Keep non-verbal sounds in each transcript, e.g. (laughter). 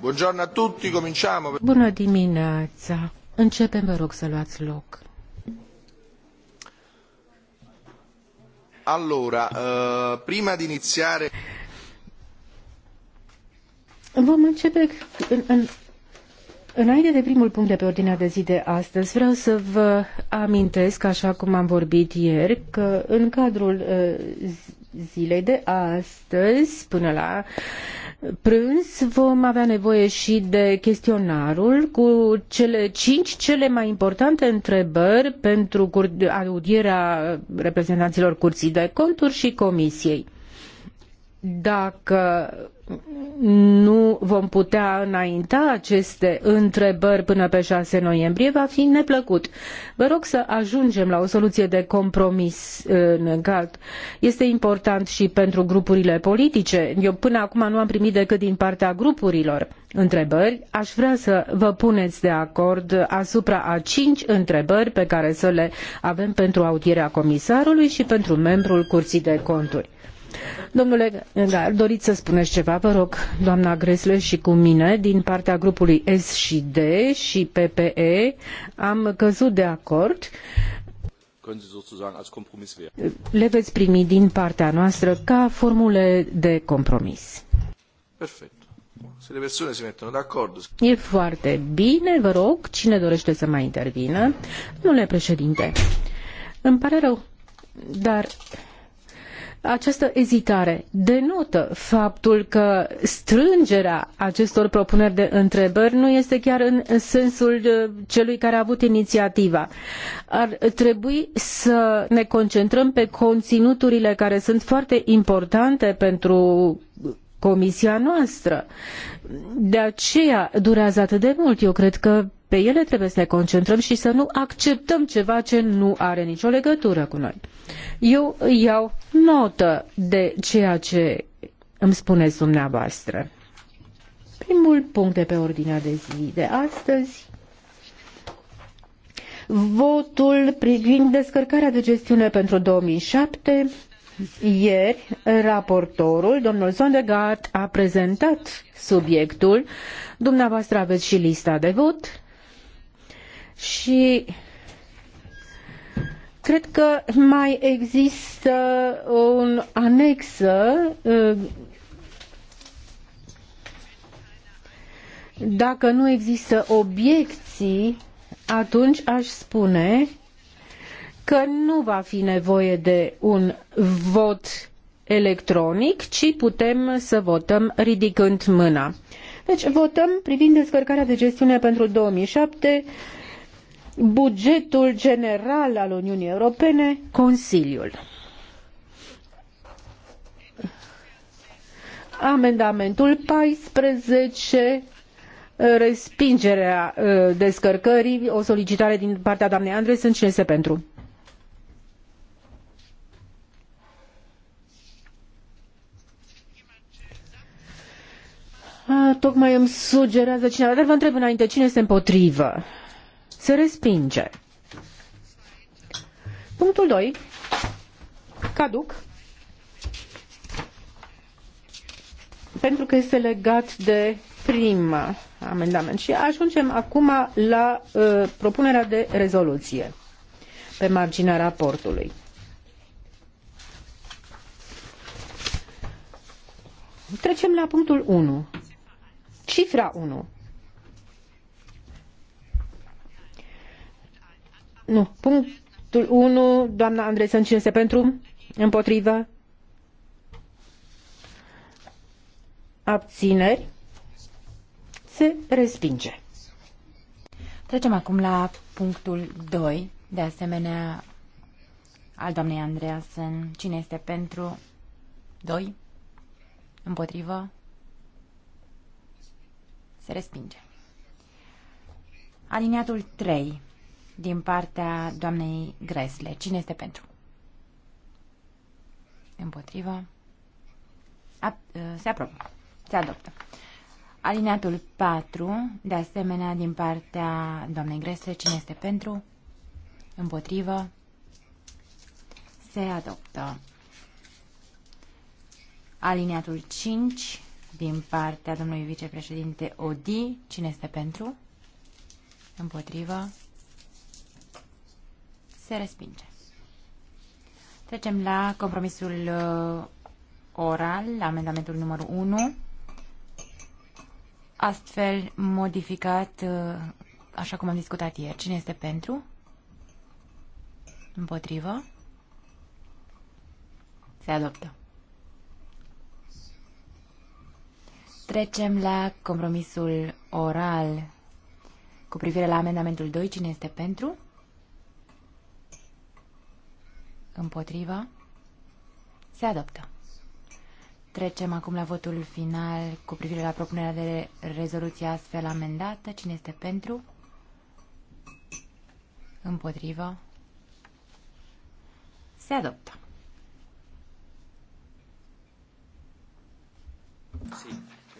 Buongiorno a tutti, cominciamo. Bună dimineața. Începem, vă rog să luați loc. Allora, uh, prima di iniziare Vom începe în, în, Înainte de primul punct de pe ordinea de zi de astăzi, vreau să vă amintesc, așa cum am vorbit ieri, că în cadrul eh, zilei de astăzi, până la prânz vom avea nevoie și de chestionarul cu cele cinci cele mai importante întrebări pentru audierea reprezentanților Curții de Conturi și Comisiei. Dacă nu vom putea înainta aceste întrebări până pe 6 noiembrie, va fi neplăcut. Vă rog să ajungem la o soluție de compromis în cald. Este important și pentru grupurile politice. Eu până acum nu am primit decât din partea grupurilor întrebări. Aș vrea să vă puneți de acord asupra a cinci întrebări pe care să le avem pentru audierea comisarului și pentru membrul Curții de Conturi. Domnule Gar, doriți să spuneți ceva, vă rog, doamna Gresle și cu mine, din partea grupului S și D și PPE, am căzut de acord. Le veți primi din partea noastră ca formule de compromis. Perfect. Se le E foarte bine, vă rog, cine dorește să mai intervină? Domnule președinte, îmi pare rău, dar această ezitare denotă faptul că strângerea acestor propuneri de întrebări nu este chiar în sensul uh, celui care a avut inițiativa. Ar trebui să ne concentrăm pe conținuturile care sunt foarte importante pentru comisia noastră. De aceea durează atât de mult. Eu cred că pe ele trebuie să ne concentrăm și să nu acceptăm ceva ce nu are nicio legătură cu noi. Eu iau notă de ceea ce îmi spuneți dumneavoastră. Primul punct de pe ordinea de zi de astăzi votul privind descărcarea de gestiune pentru 2007. Ieri, raportorul, domnul Sondegaard, a prezentat subiectul. Dumneavoastră aveți și lista de vot și cred că mai există un anexă uh, dacă nu există obiecții, atunci aș spune că nu va fi nevoie de un vot electronic, ci putem să votăm ridicând mâna. Deci votăm privind descărcarea de gestiune pentru 2007 bugetul general al Uniunii Europene, Consiliul. Amendamentul 14 respingerea uh, descărcării, o solicitare din partea doamnei Andrei, sunt cine este pentru? Tocmai îmi sugerează cineva, dar vă întreb înainte, cine este împotrivă? Se respinge. Punctul 2. Caduc. Pentru că este legat de prim amendament. Și ajungem acum la uh, propunerea de rezoluție pe marginea raportului. Trecem la punctul 1. Cifra 1. Nu. Punctul 1, doamna Andrei cine este pentru? Împotrivă? Abțineri? Se respinge. Trecem acum la punctul 2, de asemenea al doamnei Andreea Andreasen. Cine este pentru? 2. Împotrivă? Se respinge. Aliniatul 3 din partea doamnei Gresle. Cine este pentru? Împotrivă. A, ă, se aprobă. Se adoptă. Alineatul 4, de asemenea, din partea doamnei Gresle. Cine este pentru? Împotrivă. Se adoptă. Alineatul 5, din partea domnului vicepreședinte Odi. Cine este pentru? Împotrivă. Se respinge. Trecem la compromisul uh, oral, la amendamentul numărul 1, astfel modificat, uh, așa cum am discutat ieri. Cine este pentru? Împotrivă? Se adoptă. Trecem la compromisul oral cu privire la amendamentul 2. Cine este pentru? Împotriva? Se adoptă. Trecem acum la votul final cu privire la propunerea de rezoluție astfel amendată. Cine este pentru? Împotrivă? Se adoptă. Sì,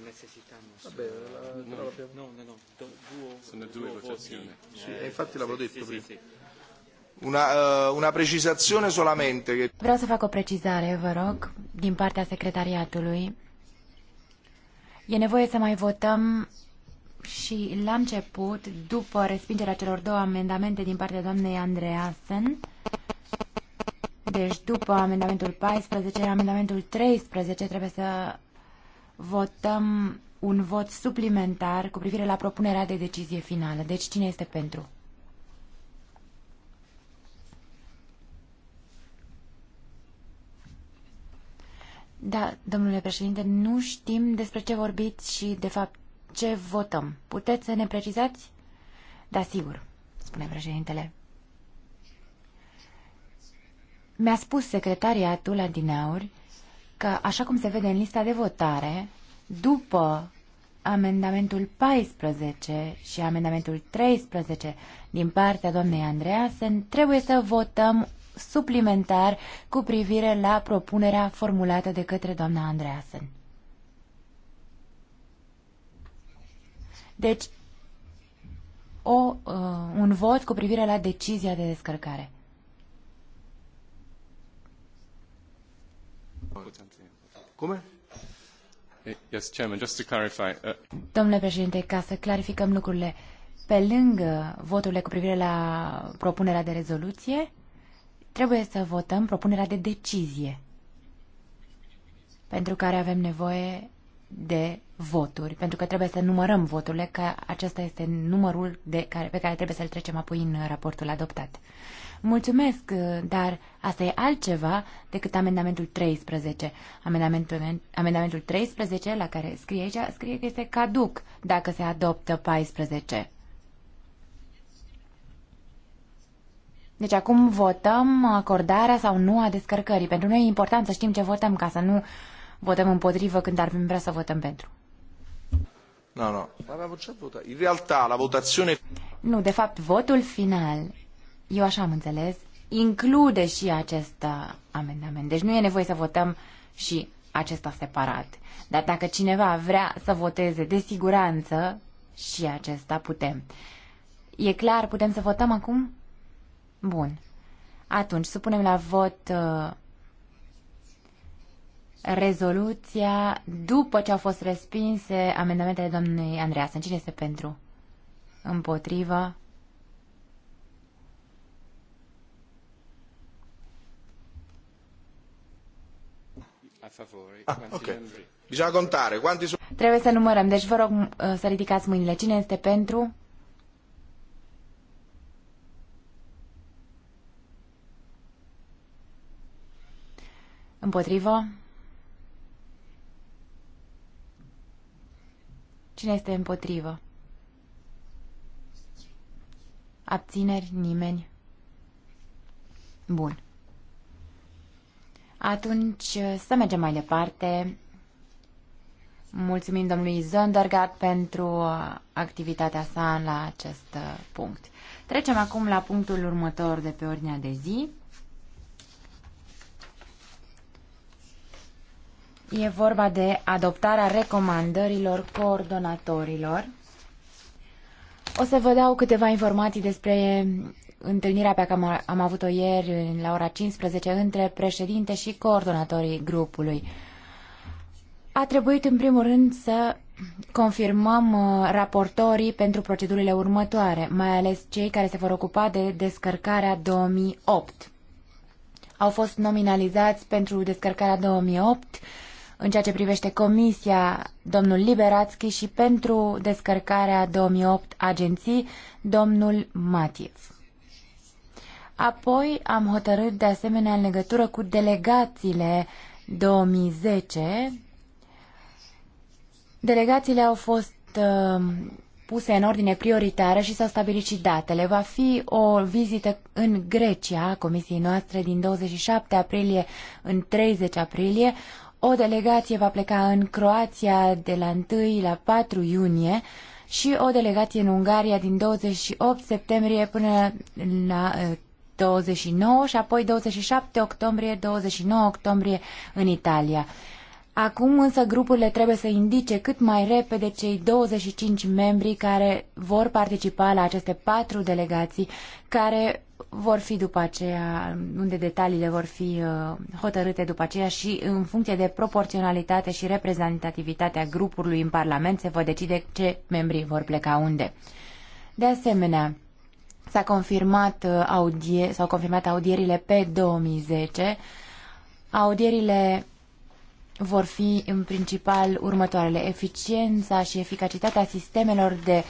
necessitiamo. Vabbè, la, no, no, no, no, duo, sono due votazioni. Sì, eh, infatti l'avevo detto prima. Una, uh, una precizazione solamente. Vreau să fac o precizare, vă rog, din partea secretariatului. E nevoie să mai votăm și la început, după respingerea celor două amendamente din partea doamnei Andreasen, deci după amendamentul 14, amendamentul 13 trebuie să votăm un vot suplimentar cu privire la propunerea de decizie finală. Deci cine este pentru? Da, domnule președinte, nu știm despre ce vorbiți și, de fapt, ce votăm. Puteți să ne precizați? Da, sigur, spune președintele. Mi-a spus secretariatul la dinauri că, așa cum se vede în lista de votare, după amendamentul 14 și amendamentul 13 din partea doamnei Andreasen, trebuie să votăm suplimentar cu privire la propunerea formulată de către doamna Andreasen. Deci, o, uh, un vot cu privire la decizia de descărcare. Cum? Yes, Chairman, just to clarify. Uh... Domnule președinte, ca să clarificăm lucrurile, pe lângă voturile cu privire la propunerea de rezoluție, Trebuie să votăm propunerea de decizie pentru care avem nevoie de voturi, pentru că trebuie să numărăm voturile, că acesta este numărul de care, pe care trebuie să-l trecem apoi în raportul adoptat. Mulțumesc, dar asta e altceva decât amendamentul 13. Amendamentul, amendamentul 13, la care scrie aici, scrie că este caduc dacă se adoptă 14. Deci acum votăm acordarea sau nu a descărcării. Pentru noi e important să știm ce votăm, ca să nu votăm împotrivă când ar vrea să votăm pentru. No, no, In realtà la votazione... Nu, de fapt, votul final, eu așa am înțeles, include și acest uh, amendament. Deci nu e nevoie să votăm și acesta separat. Dar dacă cineva vrea să voteze de siguranță, și acesta putem. E clar, putem să votăm acum? Bun. Atunci, supunem la vot uh, rezoluția după ce au fost respinse amendamentele doamnei Andreasen. Cine este pentru? Împotrivă? Ah, okay. Trebuie să numărăm, deci vă rog uh, să ridicați mâinile. Cine este pentru? Împotrivă? Cine este împotrivă? Abțineri? Nimeni? Bun. Atunci să mergem mai departe. Mulțumim domnului Zondergaard pentru activitatea sa la acest punct. Trecem acum la punctul următor de pe ordinea de zi. E vorba de adoptarea recomandărilor coordonatorilor. O să vă dau câteva informații despre întâlnirea pe care am avut-o ieri la ora 15 între președinte și coordonatorii grupului. A trebuit în primul rând să confirmăm uh, raportorii pentru procedurile următoare, mai ales cei care se vor ocupa de descărcarea 2008. Au fost nominalizați pentru descărcarea 2008 în ceea ce privește comisia, domnul Liberatski și pentru descărcarea 2008 agenții, domnul Matiev. Apoi am hotărât de asemenea în legătură cu delegațiile 2010. Delegațiile au fost uh, puse în ordine prioritară și s-au stabilit și datele. Va fi o vizită în Grecia a comisiei noastre din 27 aprilie în 30 aprilie, o delegație va pleca în Croația de la 1 la 4 iunie și o delegație în Ungaria din 28 septembrie până la 29 ă, și apoi 27 octombrie, 29 octombrie în Italia. Acum însă grupurile trebuie să indice cât mai repede cei 25 membri care vor participa la aceste patru delegații, care vor fi după aceea, unde detaliile vor fi uh, hotărâte după aceea și în funcție de proporționalitate și reprezentativitatea grupului în Parlament se vor decide ce membri vor pleca unde. De asemenea, s-a confirmat uh, audie, s-au confirmat audierile pe 2010, audierile vor fi în principal următoarele. Eficiența și eficacitatea sistemelor de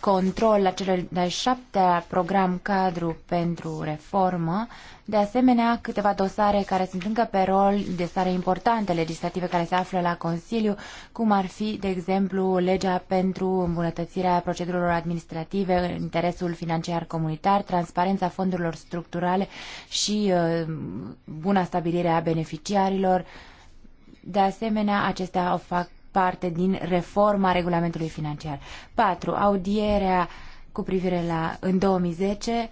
control la cel de-al șaptea program cadru pentru reformă, de asemenea câteva dosare care sunt încă pe rol, stare importante legislative care se află la Consiliu, cum ar fi, de exemplu, legea pentru îmbunătățirea procedurilor administrative în interesul financiar comunitar, transparența fondurilor structurale și uh, buna stabilire a beneficiarilor, uh, de asemenea, acestea au fac parte din reforma regulamentului financiar. 4. Audierea cu privire la în 2010,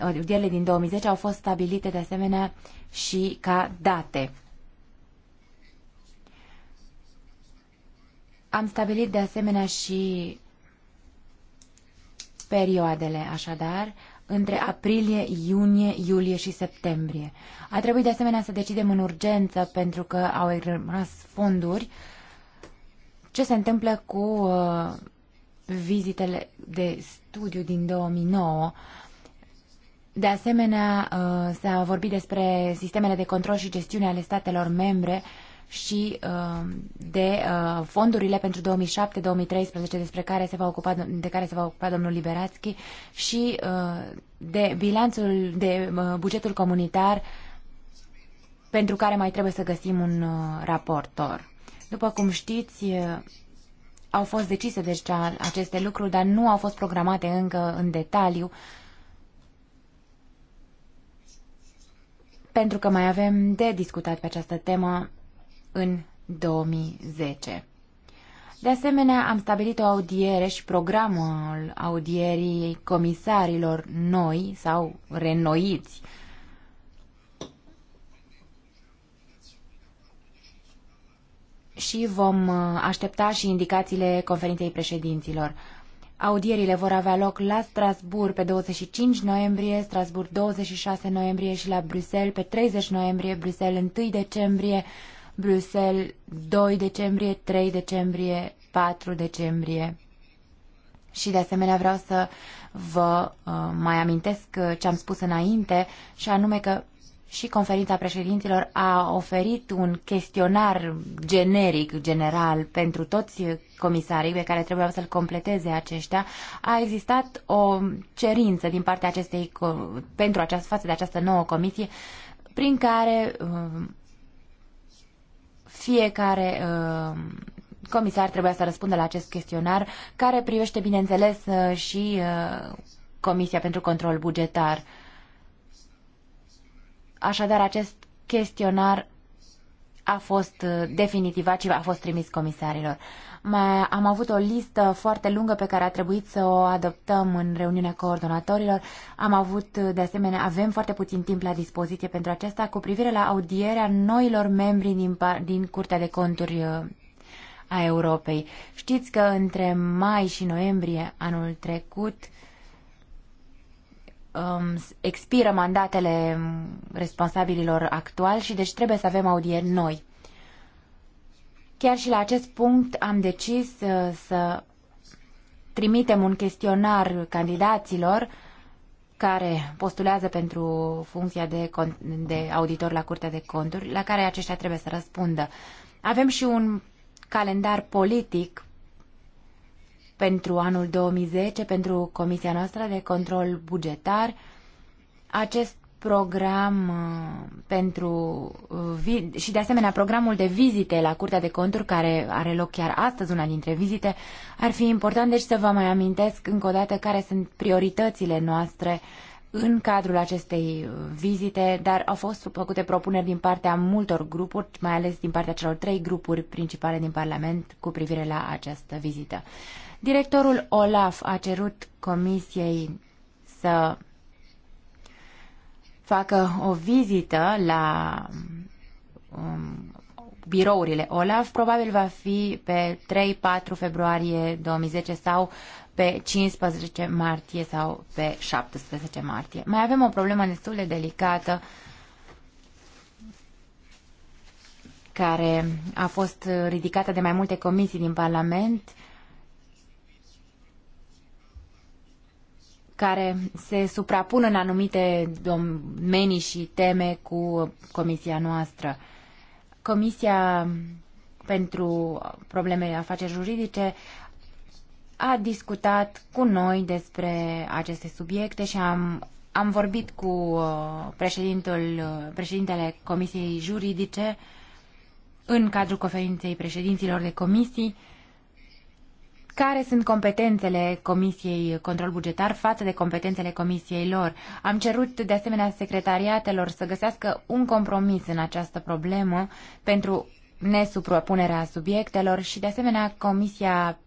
audierele din 2010 au fost stabilite de asemenea și ca date. Am stabilit de asemenea și perioadele, așadar, între aprilie, iunie, iulie și septembrie. A trebuit de asemenea să decidem în urgență, pentru că au rămas fonduri, ce se întâmplă cu uh, vizitele de studiu din 2009. De asemenea, uh, s-a vorbit despre sistemele de control și gestiune ale statelor membre și uh, de uh, fondurile pentru 2007-2013 despre care se va ocupa, de care se va ocupa domnul Liberațchi și uh, de bilanțul, de bugetul comunitar pentru care mai trebuie să găsim un raportor. După cum știți, au fost decise deja aceste lucruri, dar nu au fost programate încă în detaliu, pentru că mai avem de discutat pe această temă în 2010. De asemenea, am stabilit o audiere și programul audierii comisarilor noi sau renoiți. Și vom uh, aștepta și indicațiile conferinței președinților. Audierile vor avea loc la Strasbourg pe 25 noiembrie, Strasbourg 26 noiembrie și la Bruxelles pe 30 noiembrie, Bruxelles 1 decembrie, Bruxelles 2 decembrie, 3 decembrie, 4 decembrie. Și de asemenea vreau să vă uh, mai amintesc uh, ce am spus înainte și anume că și conferința președinților a oferit un chestionar generic, general, pentru toți comisarii pe care trebuiau să-l completeze aceștia. A existat o cerință din partea acestei, pentru această, față de această nouă comisie, prin care uh, fiecare uh, comisar trebuia să răspundă la acest chestionar, care privește, bineînțeles, uh, și uh, Comisia pentru Control Bugetar. Așadar, acest chestionar a fost uh, definitivat și a fost trimis comisarilor am avut o listă foarte lungă pe care a trebuit să o adoptăm în reuniunea coordonatorilor. Am avut, de asemenea, avem foarte puțin timp la dispoziție pentru aceasta cu privire la audierea noilor membri din, din Curtea de Conturi a Europei. Știți că între mai și noiembrie anul trecut um, expiră mandatele responsabililor actuali și deci trebuie să avem audieri noi. Chiar și la acest punct am decis uh, să trimitem un chestionar candidaților care postulează pentru funcția de, de auditor la Curtea de Conturi, la care aceștia trebuie să răspundă. Avem și un calendar politic pentru anul 2010, pentru Comisia noastră de Control Bugetar. Acest program uh, pentru uh, și de asemenea programul de vizite la Curtea de Conturi care are loc chiar astăzi, una dintre vizite, ar fi important deci să vă mai amintesc încă o dată care sunt prioritățile noastre în cadrul acestei uh, vizite, dar au fost făcute propuneri din partea multor grupuri, mai ales din partea celor trei grupuri principale din Parlament cu privire la această vizită. Directorul Olaf a cerut comisiei să facă o vizită la um, birourile OLAF, probabil va fi pe 3-4 februarie 2010 sau pe 15 martie sau pe 17 martie. Mai avem o problemă destul de delicată care a fost ridicată de mai multe comisii din Parlament care se suprapun în anumite domenii și teme cu comisia noastră. Comisia pentru probleme de afaceri juridice a discutat cu noi despre aceste subiecte și am, am vorbit cu uh, președintul, uh, președintele Comisiei Juridice în cadrul conferinței președinților de comisii care sunt competențele Comisiei Control Bugetar față de competențele Comisiei lor. Am cerut de asemenea secretariatelor să găsească un compromis în această problemă pentru nesupropunerea subiectelor și de asemenea Comisia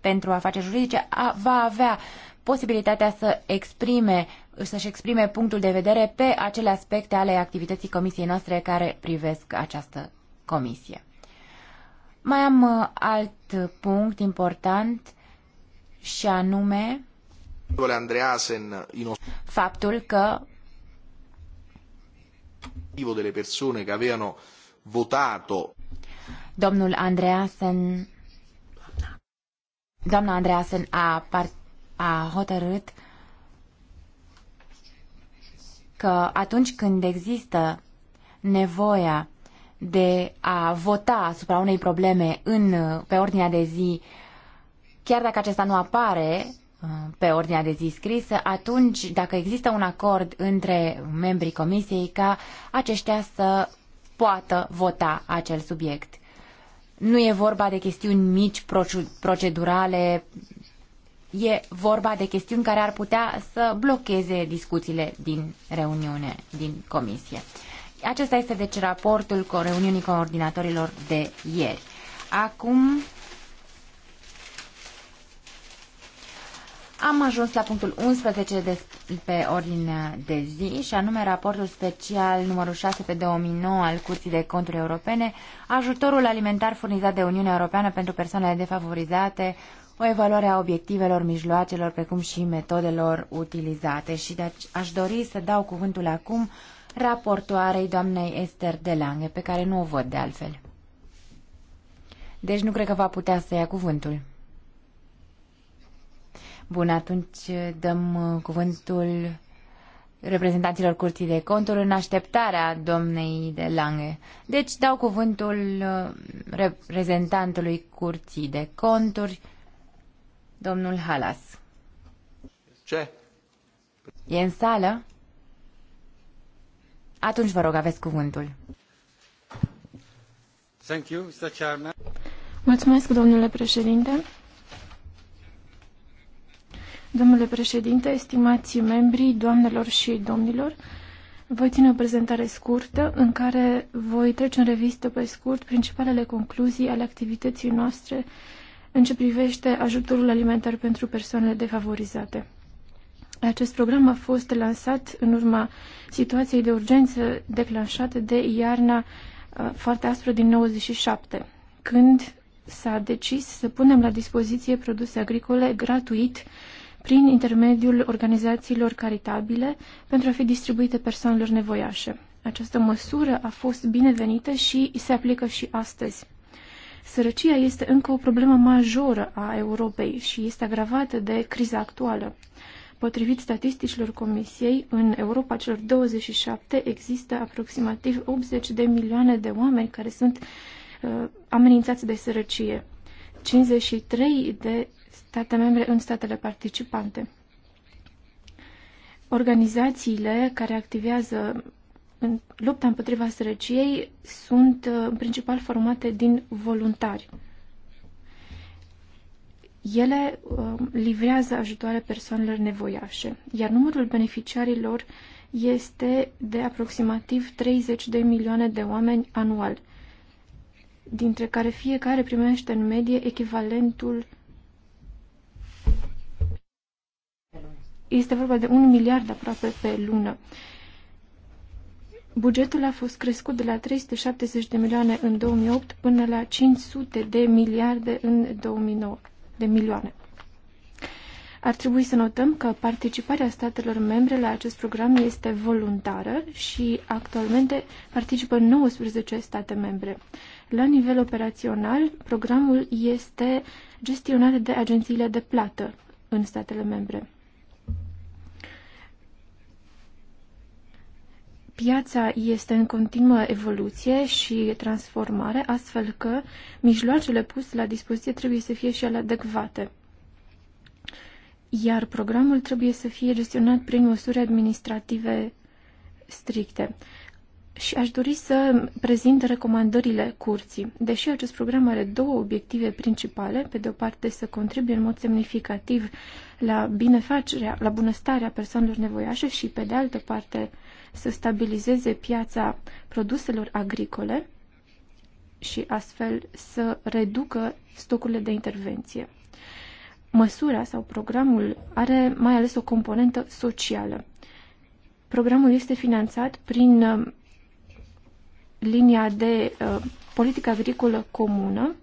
pentru Afaceri Juridice a, va avea posibilitatea să exprime, să-și exprime punctul de vedere pe acele aspecte ale activității comisiei noastre care privesc această comisie. Mai am uh, alt punct important și anume faptul că delle persone che avevano votato domnul Andreasen doamna Andreasen a, par a hotărât că atunci când există nevoia de a vota asupra unei probleme în, pe ordinea de zi, chiar dacă acesta nu apare uh, pe ordinea de zi scrisă, atunci, dacă există un acord între membrii comisiei, ca aceștia să poată vota acel subiect. Nu e vorba de chestiuni mici procedurale, e vorba de chestiuni care ar putea să blocheze discuțiile din reuniune, din comisie. Acesta este deci raportul cu reuniunii coordinatorilor de ieri. Acum am ajuns la punctul 11 de, pe ordinea de zi și anume raportul special numărul 6 pe 2009 al Curții de Conturi Europene, ajutorul alimentar furnizat de Uniunea Europeană pentru persoanele defavorizate, o evaluare a obiectivelor, mijloacelor, precum și metodelor utilizate. Și deci aș dori să dau cuvântul acum uh, raportoarei doamnei Esther de Lange, pe care nu o văd de altfel. Deci nu cred că va putea să ia cuvântul. Bun, atunci dăm uh, cuvântul reprezentanților curții de conturi în așteptarea domnei de Lange. Deci dau cuvântul uh, reprezentantului curții de conturi, domnul Halas. Ce? E în sală? Atunci vă rog, aveți cuvântul. Thank you, Mr. Chairman. Mulțumesc, domnule președinte. Domnule președinte, estimați membrii, doamnelor și domnilor, voi ține o prezentare scurtă în care voi trece în revistă pe scurt principalele concluzii ale activității noastre în ce privește ajutorul alimentar pentru persoanele defavorizate. Acest program a fost lansat în urma situației de urgență declanșată de iarna uh, foarte aspră din 97, când s-a decis să punem la dispoziție produse agricole gratuit prin intermediul organizațiilor caritabile pentru a fi distribuite persoanelor nevoiașe. Această măsură a fost binevenită și se aplică și astăzi. Sărăcia este încă o problemă majoră a Europei și este agravată de criza actuală. Potrivit statisticilor Comisiei, în Europa celor 27 există aproximativ 80 de milioane de oameni care sunt uh, amenințați de sărăcie, 53 de state membre în statele participante. Organizațiile care activează în lupta împotriva sărăciei sunt uh, în principal formate din voluntari. Ele um, livrează ajutoare persoanelor nevoiașe, iar numărul beneficiarilor este de aproximativ 30 de milioane de oameni anual, dintre care fiecare primește în medie echivalentul este vorba de un miliard aproape pe lună. Bugetul a fost crescut de la 370 de milioane în 2008 până la 500 de miliarde în 2009 de milioane. Ar trebui să notăm că participarea statelor membre la acest program este voluntară și actualmente participă 19 state membre. La nivel operațional, programul este gestionat de agențiile de plată în statele membre. Piața este în continuă evoluție și transformare, astfel că mijloacele puse la dispoziție trebuie să fie și ale adecvate. Iar programul trebuie să fie gestionat prin măsuri administrative stricte. Și aș dori să prezint recomandările curții. Deși acest program are două obiective principale, pe de o parte să contribuie în mod semnificativ la binefacerea, la bunăstarea persoanelor nevoiașe și pe de altă parte să stabilizeze piața produselor agricole și astfel să reducă stocurile de intervenție. Măsura sau programul are mai ales o componentă socială. Programul este finanțat prin uh, linia de uh, politică agricolă comună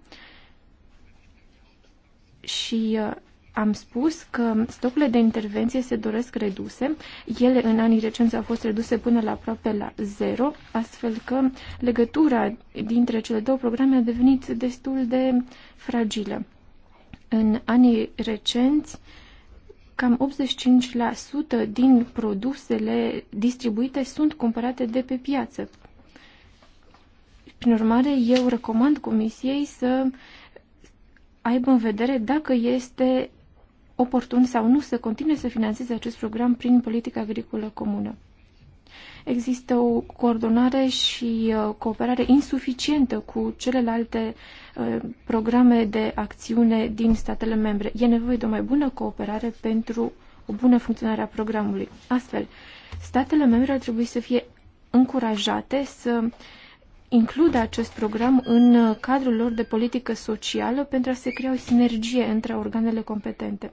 și uh, am spus că stocurile de intervenție se doresc reduse. Ele în anii recenți au fost reduse până la aproape la zero, astfel că legătura dintre cele două programe a devenit destul de fragilă. În anii recenți, cam 85% din produsele distribuite sunt cumpărate de pe piață. Prin urmare, eu recomand Comisiei să aibă în vedere dacă este oportun sau nu să continue să financeze acest program prin politica agricolă comună. Există o coordonare și uh, cooperare insuficientă cu celelalte uh, programe de acțiune din statele membre. E nevoie de o mai bună cooperare pentru o bună funcționare a programului. Astfel, statele membre ar trebui să fie încurajate să includă acest program în uh, cadrul lor de politică socială pentru a se crea o sinergie între organele competente.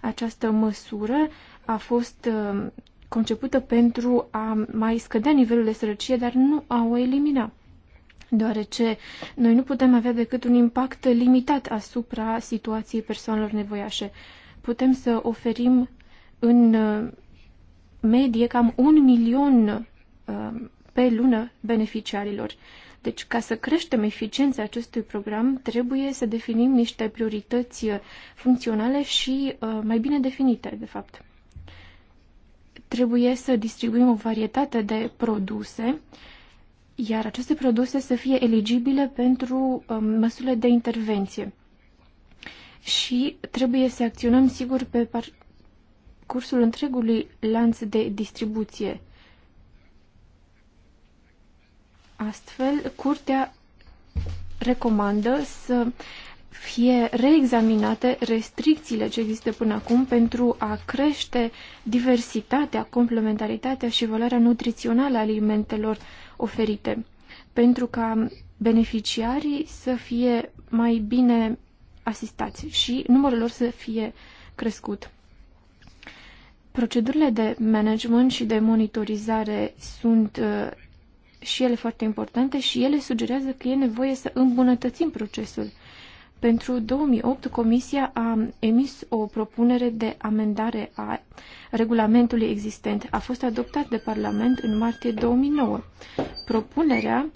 Această măsură a fost uh, concepută pentru a mai scădea nivelul de sărăcie, dar nu a o elimina deoarece noi nu putem avea decât un impact limitat asupra situației persoanelor nevoiașe. Putem să oferim în uh, medie cam un milion uh, pe lună beneficiarilor. Deci, ca să creștem eficiența acestui program, trebuie să definim niște priorități uh, funcționale și uh, mai bine definite, de fapt. Trebuie să distribuim o varietate de produse, iar aceste produse să fie eligibile pentru uh, măsurile de intervenție. Și trebuie să acționăm, sigur, pe par- cursul întregului lanț de distribuție Astfel, curtea recomandă să fie reexaminate restricțiile ce există până acum pentru a crește diversitatea, complementaritatea și valoarea nutrițională a alimentelor oferite, pentru ca beneficiarii să fie mai bine asistați și numărul lor să fie crescut. Procedurile de management și de monitorizare sunt uh, și ele foarte importante și ele sugerează că e nevoie să îmbunătățim procesul. Pentru 2008, Comisia a emis o propunere de amendare a regulamentului existent. A fost adoptat de Parlament în martie 2009. Propunerea,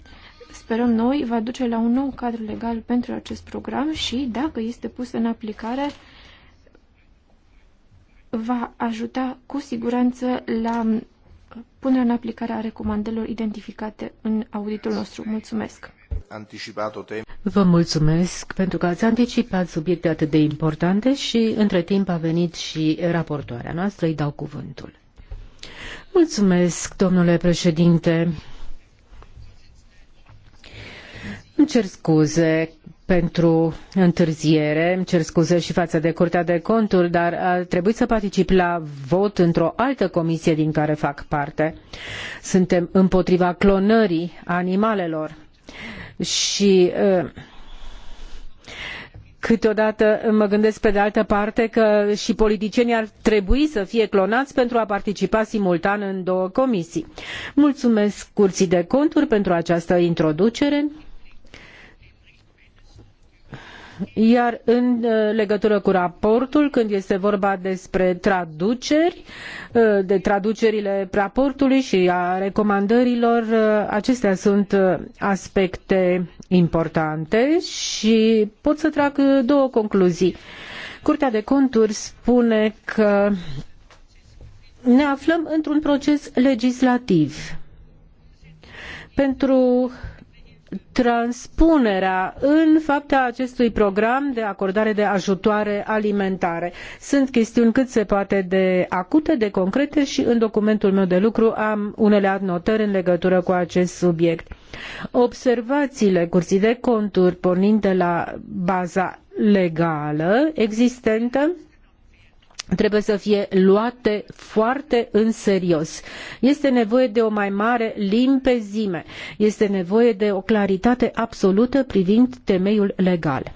sperăm noi, va duce la un nou cadru legal pentru acest program și, dacă este pus în aplicare, va ajuta cu siguranță la punerea în aplicare a recomandelor identificate în auditul nostru. Mulțumesc! Vă mulțumesc pentru că ați anticipat subiecte atât de importante și între timp a venit și raportoarea noastră, îi dau cuvântul. Mulțumesc, domnule președinte. Îmi cer scuze pentru întârziere, îmi cer scuze și față de Curtea de Conturi, dar a trebuit să particip la vot într-o altă comisie din care fac parte. Suntem împotriva clonării animalelor și ă, câteodată mă gândesc pe de altă parte că și politicienii ar trebui să fie clonați pentru a participa simultan în două comisii. Mulțumesc Curții de Conturi pentru această introducere. Iar în uh, legătură cu raportul, când este vorba despre traduceri, uh, de traducerile raportului și a recomandărilor, uh, acestea sunt aspecte importante și pot să trag două concluzii. Curtea de conturi spune că ne aflăm într-un proces legislativ. Pentru transpunerea în fapt a acestui program de acordare de ajutoare alimentare. Sunt chestiuni cât se poate de acute, de concrete și în documentul meu de lucru am unele adnotări în legătură cu acest subiect. Observațiile curții de conturi pornind de la baza legală existentă trebuie să fie luate foarte în serios. Este nevoie de o mai mare limpezime, este nevoie de o claritate absolută privind temeiul legal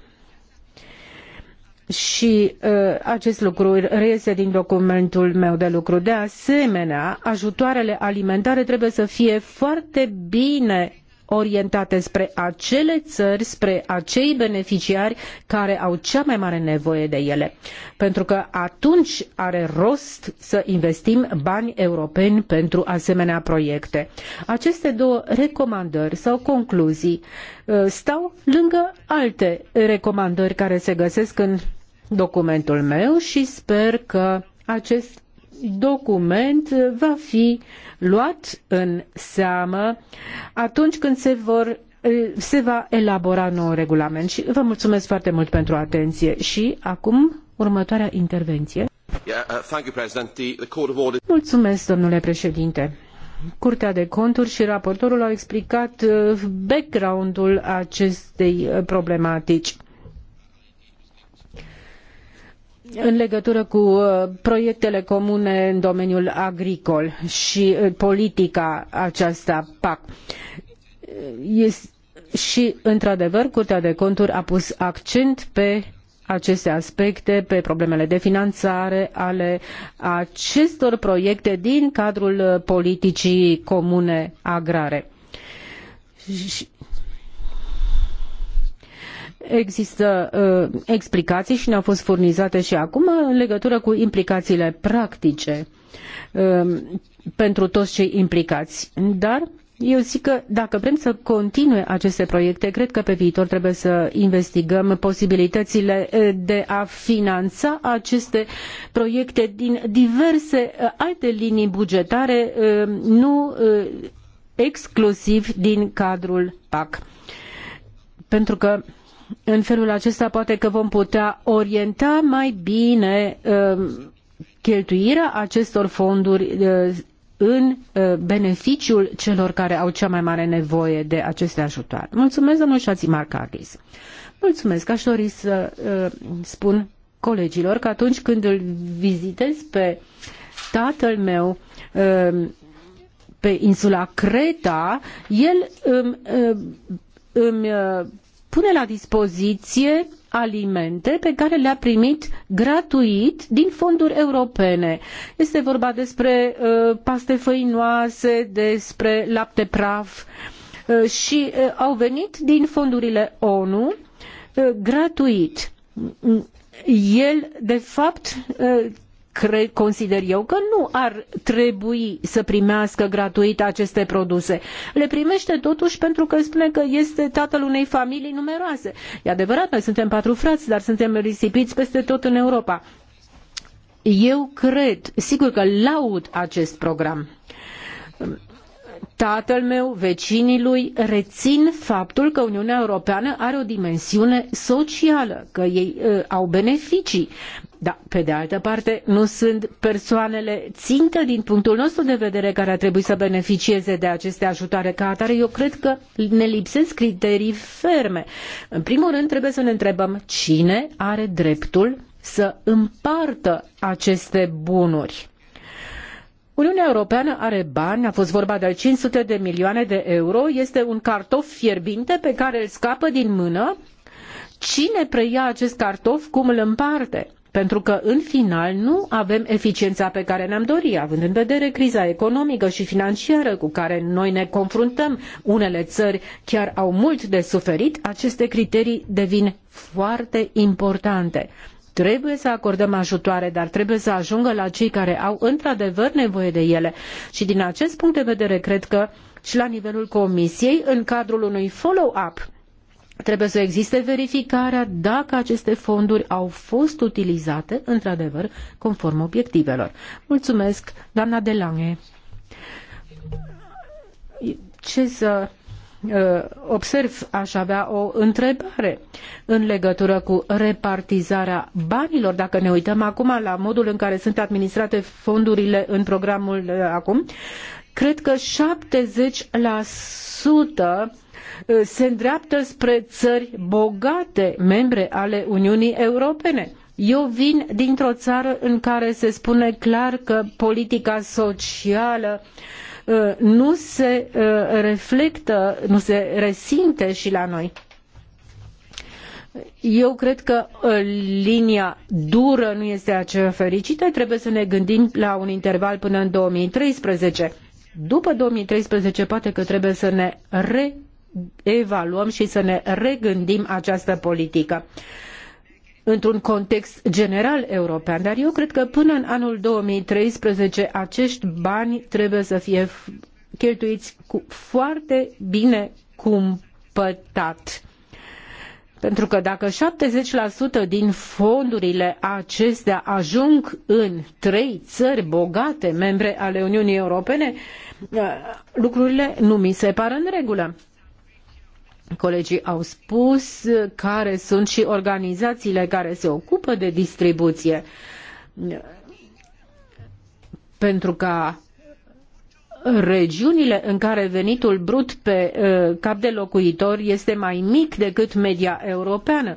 și uh, acest lucru reiese din documentul meu de lucru. De asemenea, ajutoarele alimentare trebuie să fie foarte bine orientate spre acele țări, spre acei beneficiari care au cea mai mare nevoie de ele. Pentru că atunci are rost să investim bani europeni pentru asemenea proiecte. Aceste două recomandări sau concluzii uh, stau lângă alte recomandări care se găsesc în documentul meu și sper că acest document va fi luat în seamă atunci când se vor se va elabora nou regulament și vă mulțumesc foarte mult pentru atenție și acum următoarea intervenție. Uh, mulțumesc, domnule președinte. Curtea de Conturi și raportorul au explicat uh, background-ul acestei uh, problematici în legătură cu uh, proiectele comune în domeniul agricol și uh, politica aceasta PAC. Uh, și, într-adevăr, Curtea de Conturi a pus accent pe aceste aspecte, pe problemele de finanțare ale acestor proiecte din cadrul politicii comune agrare. Există uh, explicații și ne-au fost furnizate și acum în legătură cu implicațiile practice uh, pentru toți cei implicați. Dar eu zic că dacă vrem să continue aceste proiecte, cred că pe viitor trebuie să investigăm posibilitățile uh, de a finanța aceste proiecte din diverse uh, alte linii bugetare, um, nu uh, exclusiv din cadrul PAC. Pentru că în felul acesta poate că vom putea orienta mai bine um, cheltuirea acestor fonduri uh, în uh, beneficiul celor care au cea mai mare nevoie de aceste ajutoare. Mulțumesc, domnul Șațimarcachis. Mulțumesc. Aș dori să uh, spun colegilor că atunci când îl vizitez pe tatăl meu um, pe insula Creta, el um, îmi, îmi pune la dispoziție alimente pe care le-a primit gratuit din fonduri europene. Este vorba despre uh, paste făinoase, despre lapte praf uh, și uh, au venit din fondurile ONU uh, gratuit. Mm, el, de fapt, uh, cred, consider eu că nu ar trebui să primească gratuit aceste produse. Le primește totuși pentru că spune că este tatăl unei familii numeroase. E adevărat, noi suntem patru frați, dar suntem risipiți peste tot în Europa. Eu cred, sigur că laud acest program tatăl meu, vecinii lui, rețin faptul că Uniunea Europeană are o dimensiune socială, că ei uh, au beneficii da, pe de altă parte, nu sunt persoanele țintă din punctul nostru de vedere care ar trebui să beneficieze de aceste ajutoare ca atare. Eu cred că ne lipsesc criterii ferme. În primul rând, trebuie să ne întrebăm cine are dreptul să împartă aceste bunuri. Uniunea Europeană are bani, a fost vorba de 500 de milioane de euro, este un cartof fierbinte pe care îl scapă din mână. Cine preia acest cartof, cum îl împarte? pentru că în final nu avem eficiența pe care ne-am dori, având în vedere criza economică și financiară cu care noi ne confruntăm. Unele țări chiar au mult de suferit, aceste criterii devin foarte importante. Trebuie să acordăm ajutoare, dar trebuie să ajungă la cei care au într-adevăr nevoie de ele. Și din acest punct de vedere, cred că și la nivelul Comisiei, în cadrul unui follow-up Trebuie să existe verificarea dacă aceste fonduri au fost utilizate, într-adevăr, conform obiectivelor. Mulțumesc, doamna Delange. Ce să uh, observ, aș avea o întrebare în legătură cu repartizarea banilor. Dacă ne uităm acum la modul în care sunt administrate fondurile în programul uh, acum, cred că 70% Uh, se îndreaptă spre țări bogate, membre ale Uniunii Europene. Eu vin dintr-o țară în care se spune clar că politica socială uh, nu se uh, reflectă, nu se resimte și la noi. Eu cred că linia dură nu este aceea fericită, trebuie să ne gândim la un interval până în 2013. După 2013 poate că trebuie să ne re evaluăm și să ne regândim această politică într-un context general european, dar eu cred că până în anul 2013 acești bani trebuie să fie cheltuiți cu foarte bine cumpătat. Pentru că dacă 70% din fondurile acestea ajung în trei țări bogate, membre ale Uniunii Europene, lucrurile nu mi se par în regulă. Colegii au spus care sunt și organizațiile care se ocupă de distribuție pentru ca regiunile în care venitul brut pe uh, cap de locuitor este mai mic decât media europeană.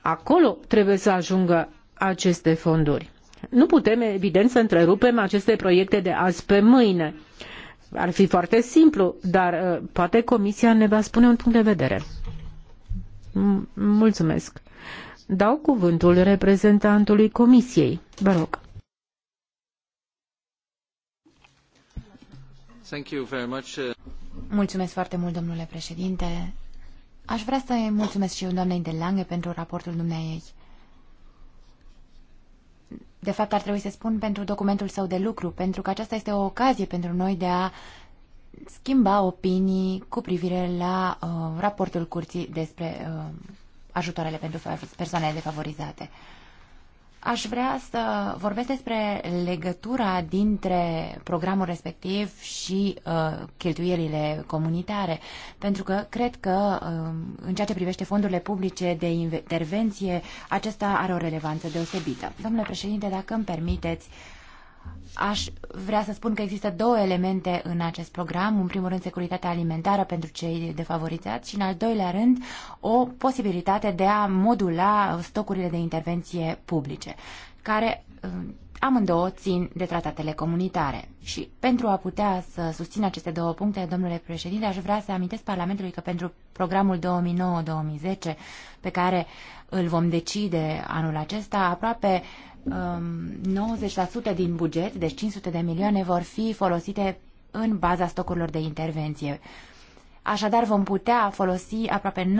Acolo trebuie să ajungă aceste fonduri. Nu putem, evident, să întrerupem aceste proiecte de azi pe mâine. Uh, ar fi foarte simplu, dar uh, poate Comisia ne va spune un punct de vedere. Mulțumesc. Dau cuvântul reprezentantului Comisiei. Vă rog. Uh. Mulțumesc foarte mult, domnule președinte. Aș vrea să mulțumesc și eu doamnei de Lange pentru raportul dumneai de fapt ar trebui să spun pentru documentul său de lucru, pentru că aceasta este o ocazie pentru noi de a schimba opinii cu privire la uh, raportul curții despre uh, ajutoarele pentru persoanele defavorizate. Uh, Aș vrea să vorbesc despre legătura dintre programul respectiv și uh, cheltuielile comunitare, pentru că cred că uh, în ceea ce privește fondurile publice de intervenție, acesta are o relevanță deosebită. Domnule președinte, dacă îmi permiteți, uh, Aș vrea să spun că există două elemente în acest program. În primul rând, securitatea alimentară pentru cei defavorizați și, în al doilea rând, o posibilitate de a modula stocurile de intervenție publice, care uh, amândouă țin de tratatele comunitare. Și pentru a putea să susțin aceste două puncte, domnule președinte, aș vrea să amintesc Parlamentului că pentru programul 2009-2010, pe care îl vom decide anul acesta, aproape uh, 90% um, din buget, deci 500 de milioane, vor fi folosite în baza stocurilor de intervenție. Așadar, vom putea folosi aproape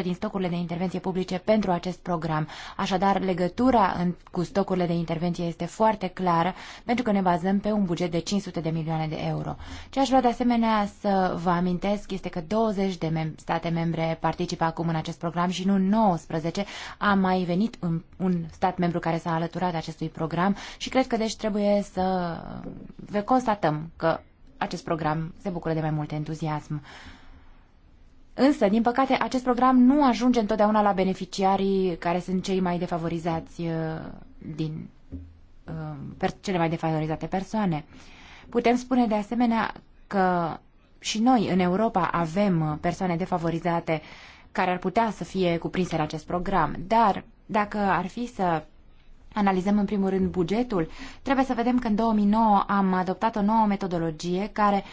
90% din stocurile de intervenție publice pentru acest program. Așadar, legătura în, cu stocurile de intervenție este foarte clară, pentru că ne bazăm pe un buget de 500 de milioane de euro. Ce aș vrea de asemenea să vă amintesc este că 20 de mem- state membre participă acum în acest program și nu 19. A mai venit un, un stat membru care s-a alăturat acestui program și cred că deci trebuie să constatăm că acest program se bucură de mai mult entuziasm. Însă, din păcate, acest program nu ajunge întotdeauna la beneficiarii care sunt cei mai defavorizați uh, din uh, cele mai defavorizate persoane. Putem spune de asemenea că și noi în Europa avem persoane defavorizate care ar putea să fie cuprinse în acest program, dar dacă ar fi să analizăm în primul rând bugetul, trebuie să vedem că în 2009 am adoptat o nouă metodologie care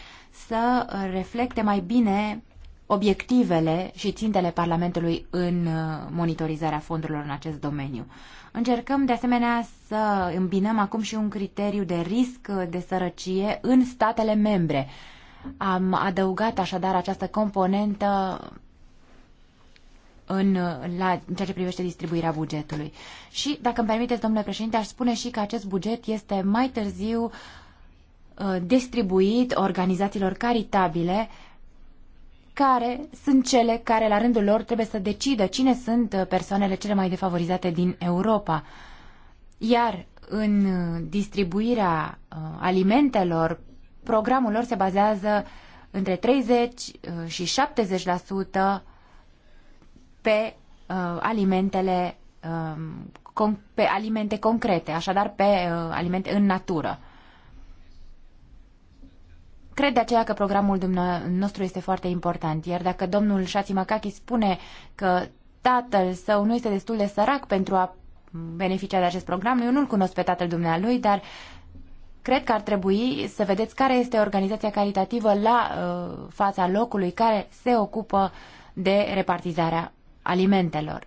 să reflecte mai bine obiectivele și țintele Parlamentului în uh, monitorizarea fondurilor în acest domeniu. Încercăm de asemenea să îmbinăm acum și un criteriu de risc uh, de sărăcie în statele membre. Am adăugat așadar această componentă în, uh, la, în ceea ce privește distribuirea bugetului. Și, dacă îmi permiteți, domnule președinte, aș spune și că acest buget este mai târziu uh, distribuit organizațiilor caritabile care sunt cele care, la rândul lor, trebuie să decidă cine sunt uh, persoanele cele mai defavorizate din Europa. Iar în distribuirea alimentelor, programul lor se bazează între 30 și 70% pe uh, alimentele uh, pe alimente concrete, așadar pe uh, alimente în natură. Cred de aceea că programul nostru este foarte important, iar dacă domnul Shatimaki spune că tatăl său nu este destul de sărac pentru a beneficia de acest program, eu nu-l cunosc pe tatăl dumnealui, dar cred că ar trebui să vedeți care este organizația caritativă la uh, fața locului care se ocupă de repartizarea alimentelor.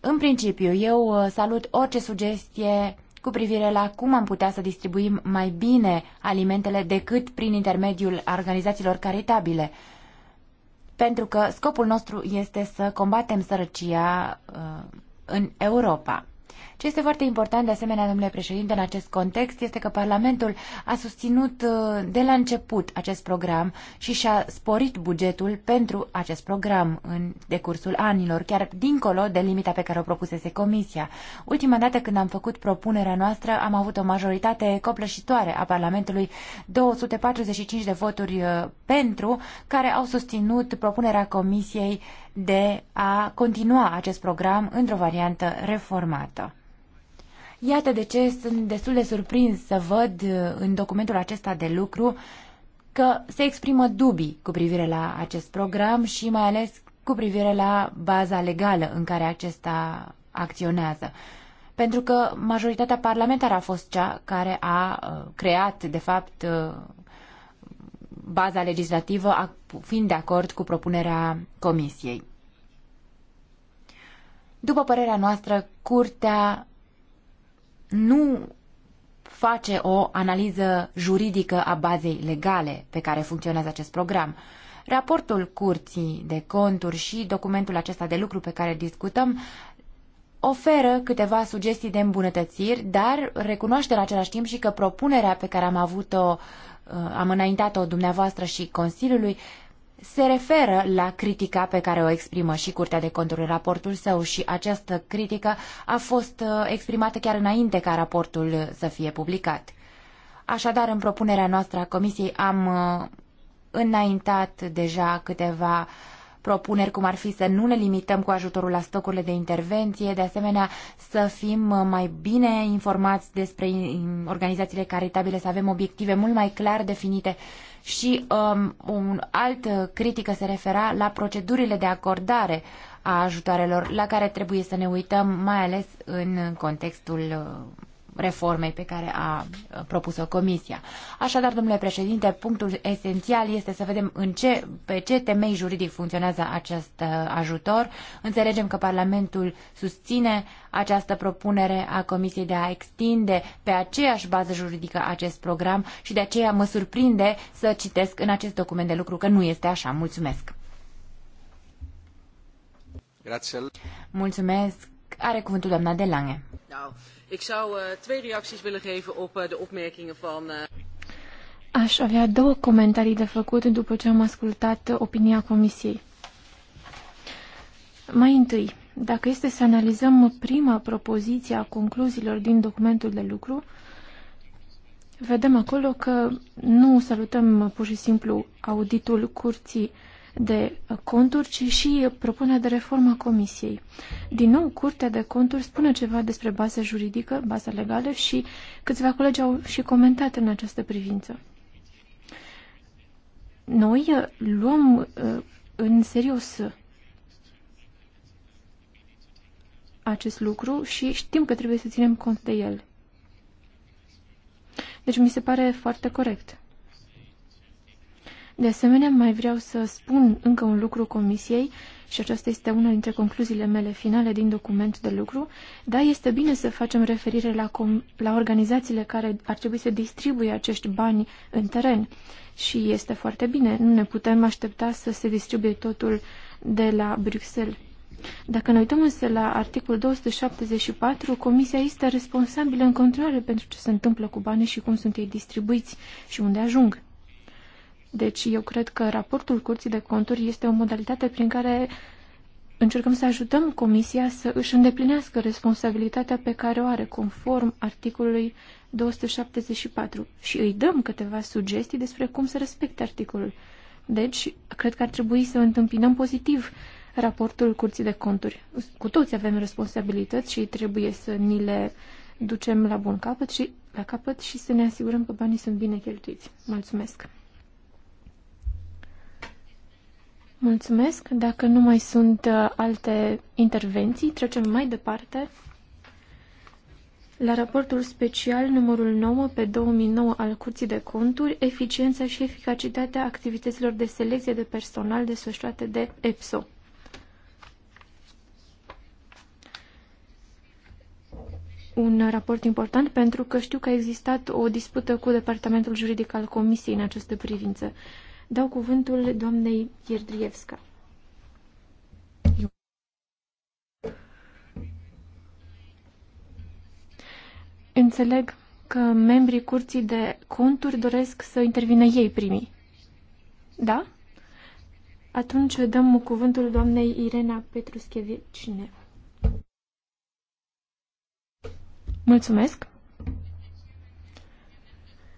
În principiu, eu uh, salut orice sugestie cu privire la cum am putea să distribuim mai bine alimentele decât prin intermediul organizațiilor caritabile. Pentru că scopul nostru este să combatem sărăcia uh, în Europa. Ce este foarte important, de asemenea, domnule președinte, în acest context, este că Parlamentul a susținut uh, de la început acest program și și-a sporit bugetul pentru acest program în decursul anilor, chiar dincolo de limita pe care o propusese Comisia. Ultima dată când am făcut propunerea noastră, am avut o majoritate copleșitoare a Parlamentului, 245 de voturi uh, pentru, care au susținut propunerea Comisiei de a continua acest program într-o variantă reformată. Iată de ce sunt destul de surprins să văd în documentul acesta de lucru că se exprimă dubii cu privire la acest program și mai ales cu privire la baza legală în care acesta acționează. Pentru că majoritatea parlamentară a fost cea care a uh, creat, de fapt, uh, baza legislativă fiind de acord cu propunerea Comisiei. După părerea noastră, Curtea nu face o analiză juridică a bazei legale pe care funcționează acest program. Raportul Curții de Conturi și documentul acesta de lucru pe care discutăm oferă câteva sugestii de îmbunătățiri, dar recunoaște în același timp și că propunerea pe care am avut-o Uh, am înaintat-o dumneavoastră și Consiliului, se referă la critica pe care o exprimă și Curtea de Conturi în raportul său și această critică a fost uh, exprimată chiar înainte ca raportul să fie publicat. Așadar, în propunerea noastră a Comisiei am uh, înaintat deja câteva uh, propuneri, cum ar fi să nu ne limităm cu ajutorul la stocurile de intervenție, de asemenea să fim mai bine informați despre organizațiile caritabile, să avem obiective mult mai clar definite și um, un alt critică se refera la procedurile de acordare a ajutoarelor la care trebuie să ne uităm, mai ales în contextul uh, reformei pe care a propus-o Comisia. Așadar, domnule președinte, punctul esențial este să vedem în ce, pe ce temei juridic funcționează acest ajutor. Înțelegem că Parlamentul susține această propunere a Comisiei de a extinde pe aceeași bază juridică acest program și de aceea mă surprinde să citesc în acest document de lucru că nu este așa. Mulțumesc! Grazie. Mulțumesc! Are cuvântul doamna Delange. Da. Ik zou uh, twee reacties willen geven op uh, de opmerkingen van... Eh, Aș avea două comentarii de făcut după ce am ascultat opinia Comisiei. Mai întâi, dacă este să analizăm prima propoziție a concluziilor din documentul de lucru, vedem acolo că nu salutăm pur și simplu auditul curții uh, de conturi, ci și propunerea de reformă a Comisiei. Din nou, Curtea de Conturi spune ceva despre baza juridică, baza legală și câțiva colegi au și comentat în această privință. Noi uh, luăm uh, în serios uh, acest lucru și știm că trebuie să ținem cont de el. Deci mi se pare foarte corect. De asemenea, mai vreau să spun încă un lucru comisiei și aceasta este una dintre concluziile mele finale din document de lucru. Da, este bine să facem referire la, com- la organizațiile care ar trebui să distribuie acești bani în teren și este foarte bine. Nu ne putem aștepta să se distribuie totul de la Bruxelles. Dacă ne uităm însă la articolul 274, Comisia este responsabilă în continuare pentru ce se întâmplă cu banii și cum sunt ei distribuiți și unde ajung. Deci eu cred că raportul Curții de Conturi este o modalitate prin care încercăm să ajutăm Comisia să își îndeplinească responsabilitatea pe care o are conform articolului 274 și îi dăm câteva sugestii despre cum să respecte articolul. Deci, cred că ar trebui să întâmpinăm pozitiv raportul Curții de Conturi. Cu toți avem responsabilități și trebuie să ni le ducem la bun capăt și la capăt și să ne asigurăm că banii sunt bine cheltuiți. Mulțumesc! Mulțumesc. Dacă nu mai sunt uh, alte intervenții, trecem mai departe la raportul special numărul 9 pe 2009 al Curții de Conturi, eficiența și eficacitatea activităților de selecție de personal desfășurate de EPSO. Un raport important pentru că știu că a existat o dispută cu Departamentul Juridic al Comisiei în această privință. Dau cuvântul doamnei Ierdrievska. Înțeleg că membrii curții de conturi doresc să intervină ei primii. Da? Atunci dăm cuvântul doamnei Irena Petruschevicine. Mulțumesc!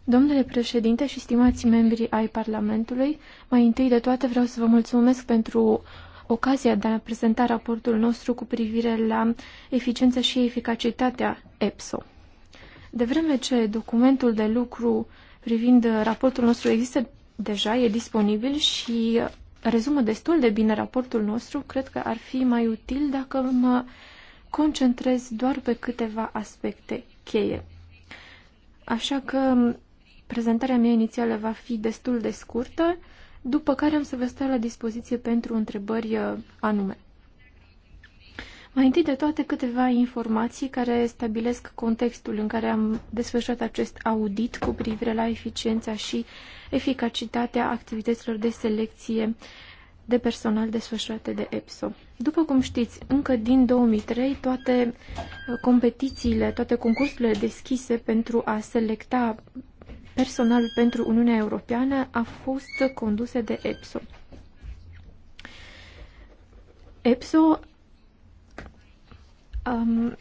Domnule președinte și stimați membri ai Parlamentului, mai întâi de toate vreau să vă mulțumesc pentru ocazia de a prezenta raportul nostru cu privire la eficiența și eficacitatea EPSO. De vreme ce documentul de lucru privind raportul nostru există deja, e disponibil și rezumă destul de bine raportul nostru, cred că ar fi mai util dacă mă concentrez doar pe câteva aspecte cheie. Așa că Prezentarea mea inițială va fi destul de scurtă, după care am să vă stau la dispoziție pentru întrebări uh, anume. Mai întâi de toate câteva informații care stabilesc contextul în care am desfășurat acest audit cu privire la eficiența și eficacitatea activităților de selecție de personal desfășurate de EPSO. După cum știți, încă din 2003 toate uh, competițiile, toate concursurile deschise pentru a selecta personal pentru Uniunea Europeană a fost conduse de EPSO. EPSO um,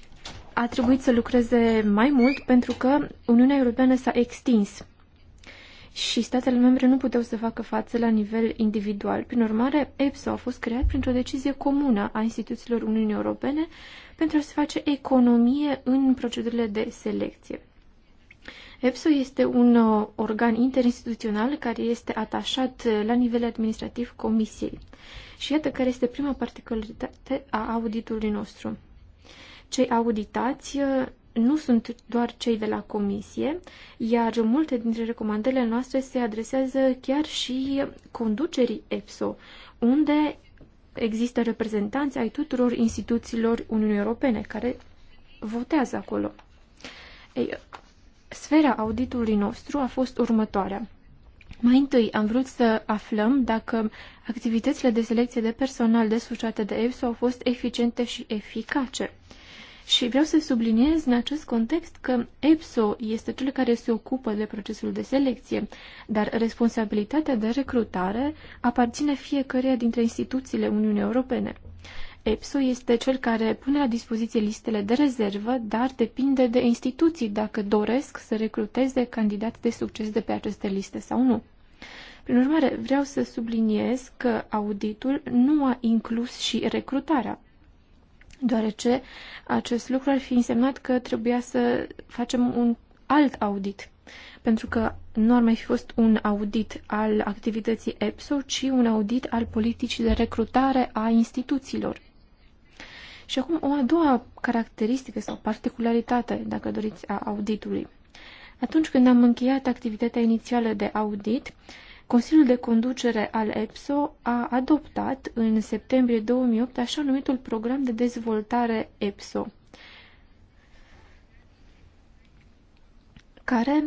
a trebuit să lucreze mai mult pentru că Uniunea Europeană s-a extins și statele membre nu puteau să facă față la nivel individual. Prin urmare, EPSO a fost creat printr-o decizie comună a instituțiilor Uniunii Europene pentru a se face economie în procedurile de selecție. EPSO este un uh, organ interinstituțional care este atașat uh, la nivel administrativ Comisiei. Și iată care este prima particularitate a auditului nostru. Cei auditați uh, nu sunt doar cei de la Comisie, iar multe dintre recomandările noastre se adresează chiar și conducerii EPSO, unde există reprezentanți ai tuturor instituțiilor Uniunii Europene care votează acolo. Ei, Sfera auditului nostru a fost următoarea. Mai întâi am vrut să aflăm dacă activitățile de selecție de personal desfășurate de EFSO au fost eficiente și eficace. Și vreau să subliniez în acest context că EPSO este cel care se ocupă de procesul de selecție, dar responsabilitatea de recrutare aparține fiecăreia dintre instituțiile Uniunii Europene. EPSO este cel care pune la dispoziție listele de rezervă, dar depinde de instituții dacă doresc să recruteze candidați de succes de pe aceste liste sau nu. Prin urmare, vreau să subliniez că auditul nu a inclus și recrutarea, deoarece acest lucru ar fi însemnat că trebuia să facem un alt audit, pentru că nu ar mai fi fost un audit al activității EPSO, ci un audit al politicii de recrutare a instituțiilor. Și acum o a doua caracteristică sau particularitate, dacă doriți, a auditului. Atunci când am încheiat activitatea inițială de audit, Consiliul de Conducere al EPSO a adoptat în septembrie 2008 așa numitul Program de Dezvoltare EPSO, care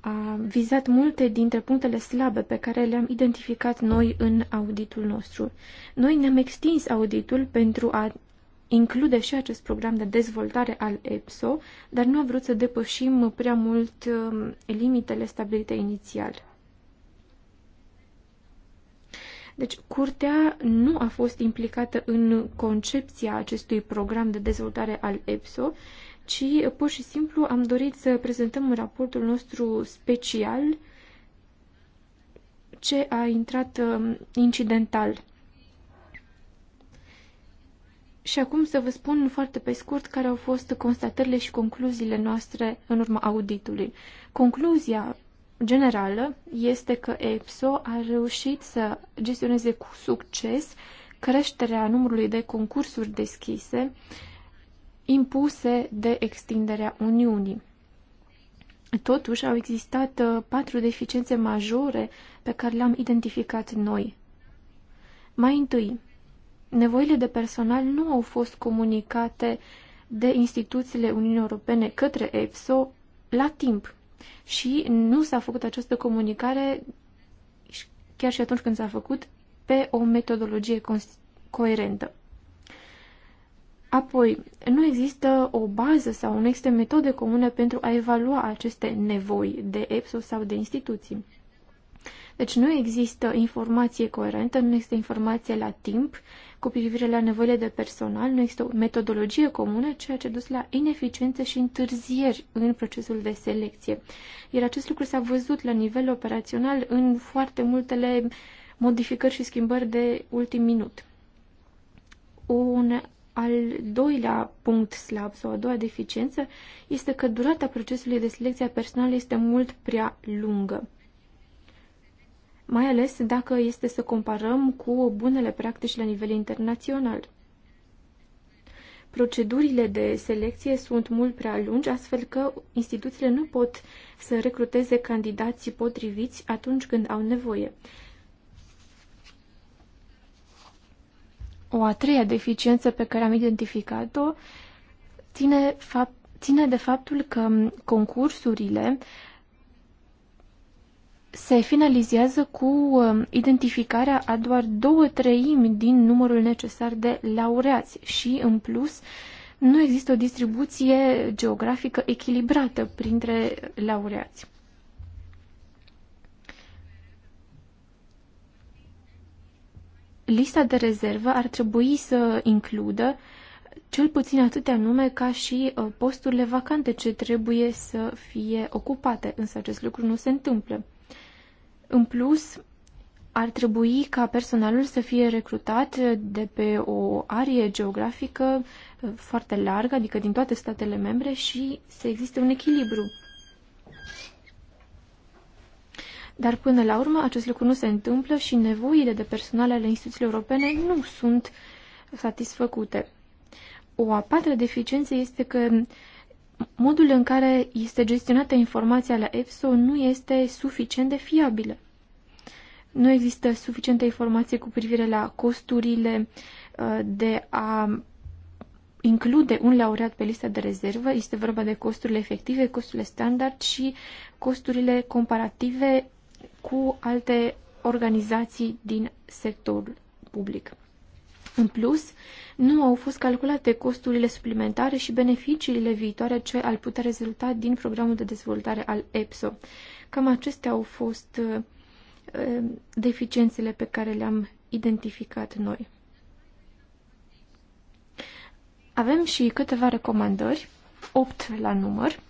a vizat multe dintre punctele slabe pe care le-am identificat noi în auditul nostru. Noi ne-am extins auditul pentru a include și acest program de dezvoltare al EPSO, dar nu a vrut să depășim prea mult um, limitele stabilite inițial. Deci, curtea nu a fost implicată în concepția acestui program de dezvoltare al EPSO, ci pur și simplu am dorit să prezentăm în raportul nostru special ce a intrat um, incidental și acum să vă spun foarte pe scurt care au fost constatările și concluziile noastre în urma auditului. Concluzia generală este că EPSO a reușit să gestioneze cu succes creșterea numărului de concursuri deschise impuse de extinderea Uniunii. Totuși, au existat uh, patru deficiențe majore pe care le-am identificat noi. Mai întâi, nevoile de personal nu au fost comunicate de instituțiile Uniunii Europene către EFSO la timp și nu s-a făcut această comunicare chiar și atunci când s-a făcut pe o metodologie coerentă. Apoi, nu există o bază sau nu există metode comune pentru a evalua aceste nevoi de EPSO sau de instituții. Deci nu există informație coerentă, nu există informație la timp cu privire la nevoile de personal, nu există o metodologie comună, ceea ce a dus la ineficiențe și întârzieri în procesul de selecție. Iar acest lucru s-a văzut la nivel operațional în foarte multele modificări și schimbări de ultim minut. Un al doilea punct slab sau a doua deficiență este că durata procesului de selecție a personalului este mult prea lungă mai ales dacă este să comparăm cu bunele practici la nivel internațional. Procedurile de selecție sunt mult prea lungi, astfel că instituțiile nu pot să recruteze candidații potriviți atunci când au nevoie. O a treia deficiență pe care am identificat-o ține, ține de faptul că concursurile se finalizează cu um, identificarea a doar două treimi din numărul necesar de laureați și, în plus, nu există o distribuție geografică echilibrată printre laureați. Lista de rezervă ar trebui să includă cel puțin atâtea nume ca și uh, posturile vacante ce trebuie să fie ocupate, însă acest lucru nu se întâmplă. În plus, ar trebui ca personalul să fie recrutat de pe o arie geografică eh, foarte largă, adică din toate statele membre și să existe un echilibru. Dar până la urmă acest lucru nu se întâmplă și nevoile de personal ale instituțiilor europene nu sunt satisfăcute. O a patra deficiență este că modul în care este gestionată informația la EPSO nu este suficient de fiabilă. Nu există suficientă informație cu privire la costurile uh, de a include un laureat pe lista de rezervă. Este vorba de costurile efective, costurile standard și costurile comparative cu alte organizații din sectorul public. În plus, nu au fost calculate costurile suplimentare și beneficiile viitoare ce ar putea rezulta din programul de dezvoltare al EPSO. Cam acestea au fost uh, Uh, deficiențele pe care le-am identificat noi. Avem și câteva recomandări, 8 la număr.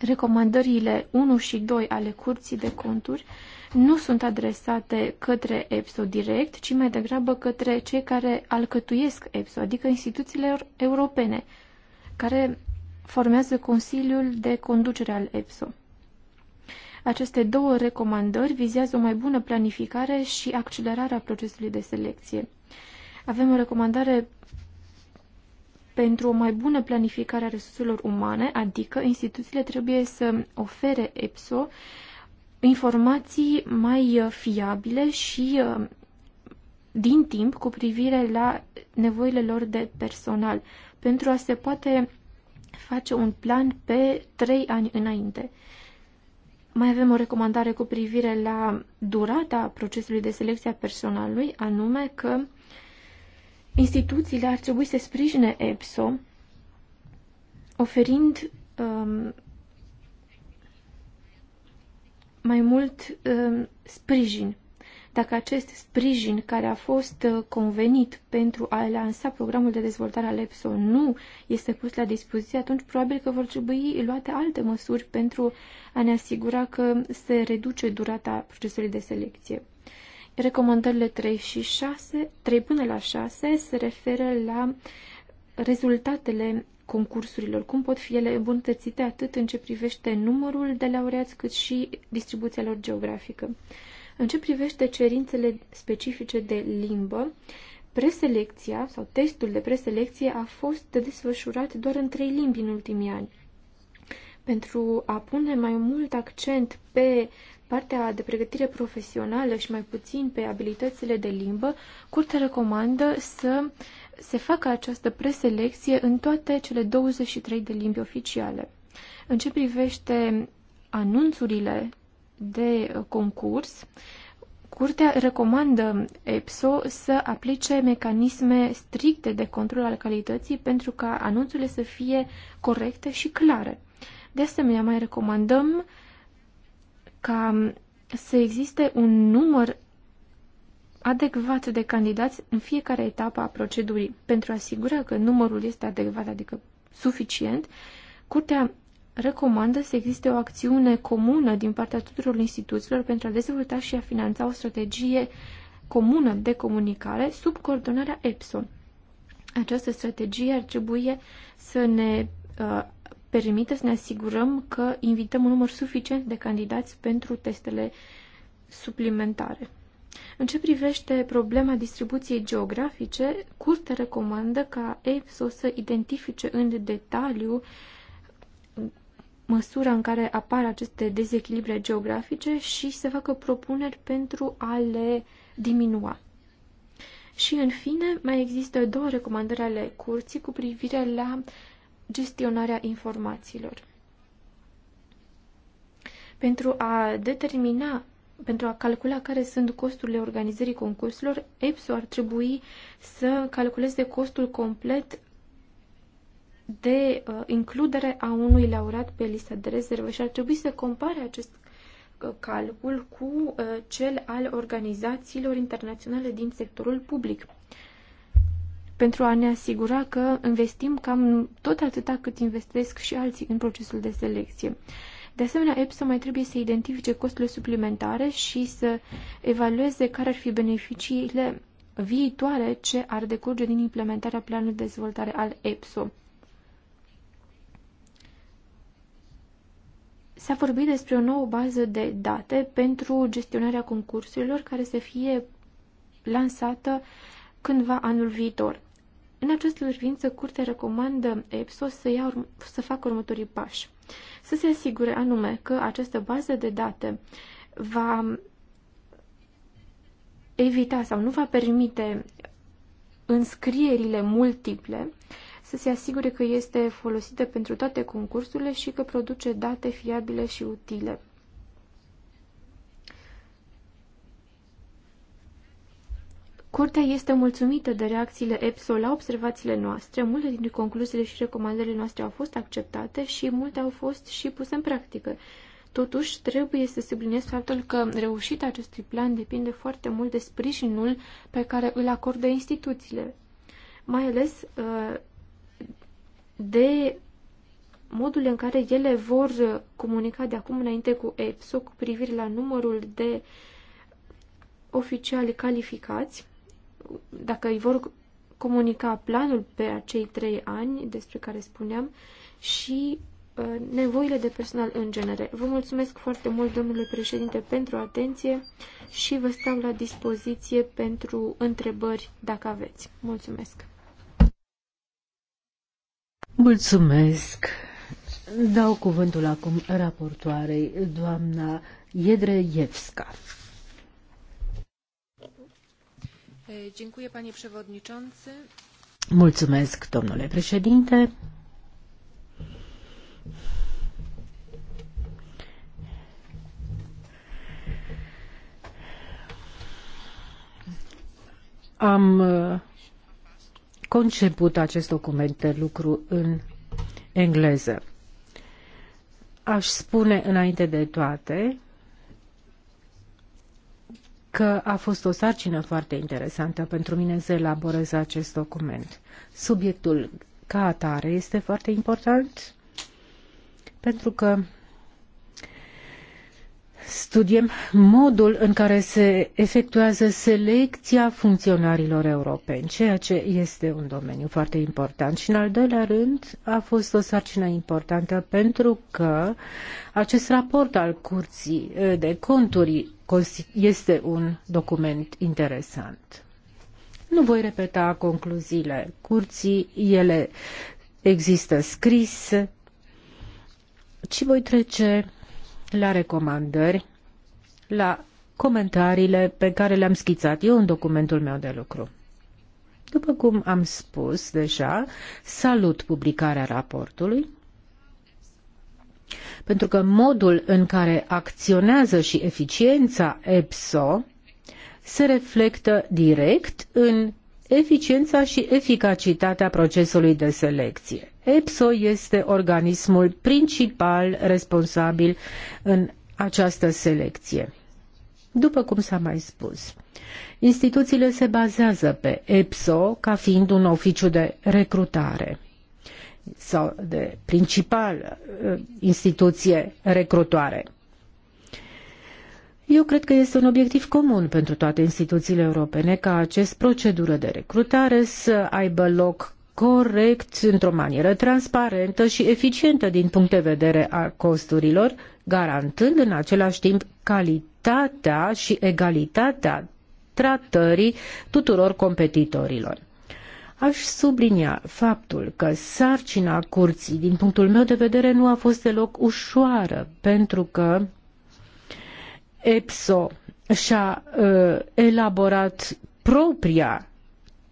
Recomandările 1 și 2 ale curții de conturi nu sunt adresate către EPSO direct, ci mai degrabă către cei care alcătuiesc EPSO, adică instituțiile europene, care formează Consiliul de Conducere al EPSO. Aceste două recomandări vizează o mai bună planificare și accelerarea procesului de selecție. Avem o recomandare pentru o mai bună planificare a resurselor umane, adică instituțiile trebuie să ofere EPSO informații mai uh, fiabile și uh, din timp cu privire la nevoile lor de personal, pentru a se poate face un plan pe trei ani înainte. Mai avem o recomandare cu privire la durata procesului de selecție a personalului, anume că instituțiile ar trebui să sprijine EPSO oferind um, mai mult um, sprijin dacă acest sprijin care a fost uh, convenit pentru a lansa programul de dezvoltare al EPSO nu este pus la dispoziție, atunci probabil că vor trebui luate alte măsuri pentru a ne asigura că se reduce durata procesului de selecție. Recomandările 3 și 6, 3 până la 6 se referă la rezultatele concursurilor, cum pot fi ele îmbunătățite atât în ce privește numărul de laureați, cât și distribuția lor geografică. În ce privește cerințele specifice de limbă, preselecția sau testul de preselecție a fost desfășurat doar în trei limbi în ultimii ani. Pentru a pune mai mult accent pe partea de pregătire profesională și mai puțin pe abilitățile de limbă, Curtea recomandă să se facă această preselecție în toate cele 23 de limbi oficiale. În ce privește anunțurile de concurs, Curtea recomandă EPSO să aplice mecanisme stricte de control al calității pentru ca anunțurile să fie corecte și clare. De asemenea, mai recomandăm ca să existe un număr adecvat de candidați în fiecare etapă a procedurii. Pentru a asigura că numărul este adecvat, adică suficient, Curtea recomandă să existe o acțiune comună din partea tuturor instituțiilor pentru a dezvolta și a finanța o strategie comună de comunicare sub coordonarea EPSO. Această strategie ar trebui să ne uh, permită să ne asigurăm că invităm un număr suficient de candidați pentru testele suplimentare. În ce privește problema distribuției geografice, Curtea recomandă ca EPSO să identifice în detaliu uh, măsura în care apar aceste dezechilibre geografice și să facă propuneri pentru a le diminua. Și, în fine, mai există două recomandări ale curții cu privire la gestionarea informațiilor. Pentru a determina, pentru a calcula care sunt costurile organizării concursurilor, EPSO ar trebui să calculeze costul complet de uh, includere a unui laureat pe lista de rezervă și ar trebui să compare acest uh, calcul cu uh, cel al organizațiilor internaționale din sectorul public pentru a ne asigura că investim cam tot atâta cât investesc și alții în procesul de selecție. De asemenea, EPSA mai trebuie să identifice costurile suplimentare și să evalueze care ar fi beneficiile viitoare ce ar decurge din implementarea planului de dezvoltare al EPSO. S-a vorbit despre o nouă bază de date pentru gestionarea concursurilor care să fie lansată cândva anul viitor. În această privință, Curtea recomandă EPSOS să, ia să facă următorii pași. Să se asigure anume că această bază de date va evita sau nu va permite înscrierile multiple, să se asigure că este folosită pentru toate concursurile și că produce date fiabile și utile. Curtea este mulțumită de reacțiile EPSO la observațiile noastre, multe dintre concluziile și recomandările noastre au fost acceptate și multe au fost și puse în practică. Totuși, trebuie să subliniez faptul că reușita acestui plan depinde foarte mult de sprijinul pe care îl acordă instituțiile. Mai ales uh, de modul în care ele vor comunica de acum înainte cu EPSO cu privire la numărul de oficiali calificați, dacă îi vor comunica planul pe acei trei ani despre care spuneam și uh, nevoile de personal în genere. Vă mulțumesc foarte mult, domnule președinte, pentru atenție și vă stau la dispoziție pentru întrebări dacă aveți. Mulțumesc! Mulțumesc. Dau cuvântul acum raportoarei, doamna Jedrejewska. Dziękuję, panie przewodniczący. Mulțumesc, domnule președinte. Am conceput acest document de lucru în engleză. Aș spune înainte de toate că a fost o sarcină foarte interesantă pentru mine să elaborez acest document. Subiectul ca atare este foarte important pentru că studiem modul în care se efectuează selecția funcționarilor europeni, ceea ce este un domeniu foarte important. Și în al doilea rând a fost o sarcină importantă pentru că acest raport al Curții de Conturi este un document interesant. Nu voi repeta concluziile curții, ele există scrise, ci voi trece la recomandări, la comentariile pe care le-am schițat eu în documentul meu de lucru. După cum am spus deja, salut publicarea raportului, pentru că modul în care acționează și eficiența EPSO se reflectă direct în eficiența și eficacitatea procesului de selecție. EPSO este organismul principal responsabil în această selecție. După cum s-a mai spus, instituțiile se bazează pe EPSO ca fiind un oficiu de recrutare sau de principal uh, instituție recrutoare. Eu cred că este un obiectiv comun pentru toate instituțiile europene ca acest procedură de recrutare să aibă loc corect, într-o manieră transparentă și eficientă din punct de vedere a costurilor, garantând în același timp calitatea și egalitatea tratării tuturor competitorilor. Aș sublinia faptul că sarcina curții, din punctul meu de vedere, nu a fost deloc ușoară, pentru că EPSO și-a uh, elaborat propria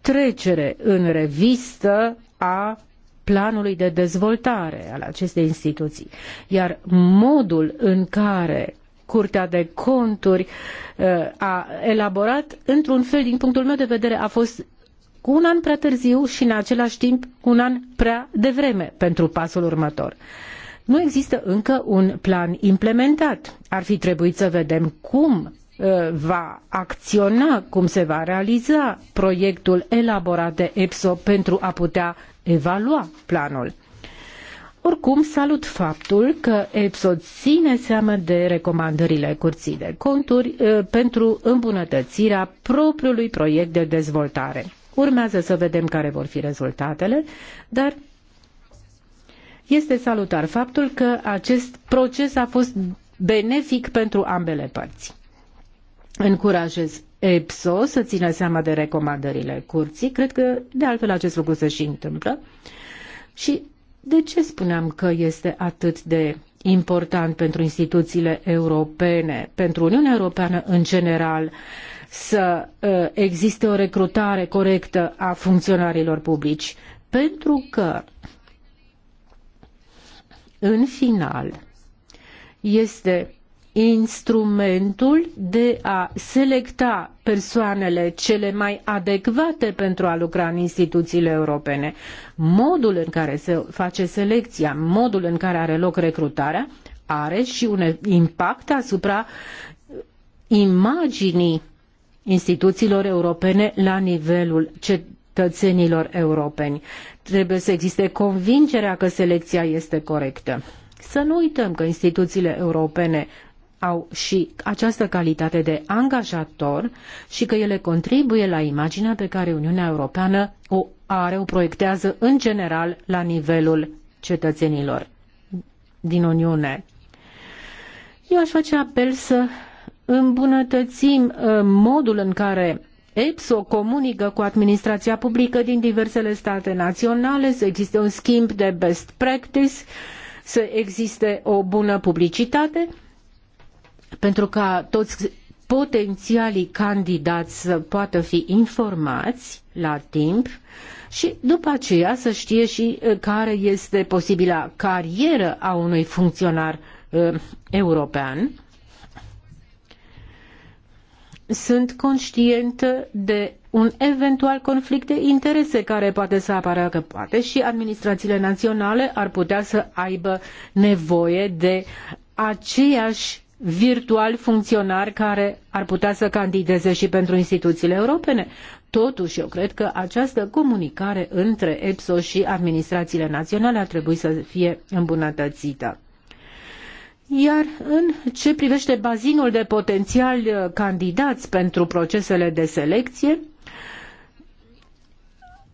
trecere în revistă a planului de dezvoltare al acestei instituții, iar modul în care Curtea de Conturi uh, a elaborat, într-un fel, din punctul meu de vedere, a fost cu un an prea târziu și, în același timp, cu un an prea devreme pentru pasul următor. Uh, nu există încă un plan implementat. Ar fi trebuit să vedem cum uh, va acționa, cum se va realiza proiectul elaborat de EPSO pentru a putea evalua planul. Oricum, salut faptul că EPSO ține seama de recomandările Curții de Conturi uh, pentru îmbunătățirea propriului proiect de dezvoltare. Urmează să vedem care vor fi rezultatele, dar este salutar faptul că acest proces a fost benefic pentru ambele părți. Încurajez EPSO să țină seama de recomandările curții. Cred că de altfel acest lucru se și întâmplă. Și de ce spuneam că este atât de important pentru instituțiile europene, pentru Uniunea Europeană în general, să uh, existe o recrutare corectă a funcționarilor publici? Pentru că în final, este instrumentul de a selecta persoanele cele mai adecvate pentru a lucra în instituțiile europene. Modul în care se face selecția, modul în care are loc recrutarea, are și un impact asupra imaginii instituțiilor europene la nivelul cetățenilor europeni. Trebuie să existe convingerea că selecția este corectă. Să nu uităm că instituțiile europene au și această calitate de angajator și că ele contribuie la imaginea pe care Uniunea Europeană o are, o proiectează în general la nivelul cetățenilor din Uniune. Eu aș face apel să îmbunătățim uh, modul în care EPSO comunică cu administrația publică din diversele state naționale, să existe un schimb de best practice, să existe o bună publicitate, pentru ca toți potențialii candidați să poată fi informați la timp și după aceea să știe și eh, care este posibila carieră a unui funcționar eh, european sunt conștientă de un eventual conflict de interese care poate să apară, că poate și administrațiile naționale ar putea să aibă nevoie de aceiași virtual funcționari care ar putea să candideze și pentru instituțiile europene. Totuși, eu cred că această comunicare între EPSO și administrațiile naționale ar trebui să fie îmbunătățită. Iar în ce privește bazinul de potențial uh, candidați pentru procesele de selecție,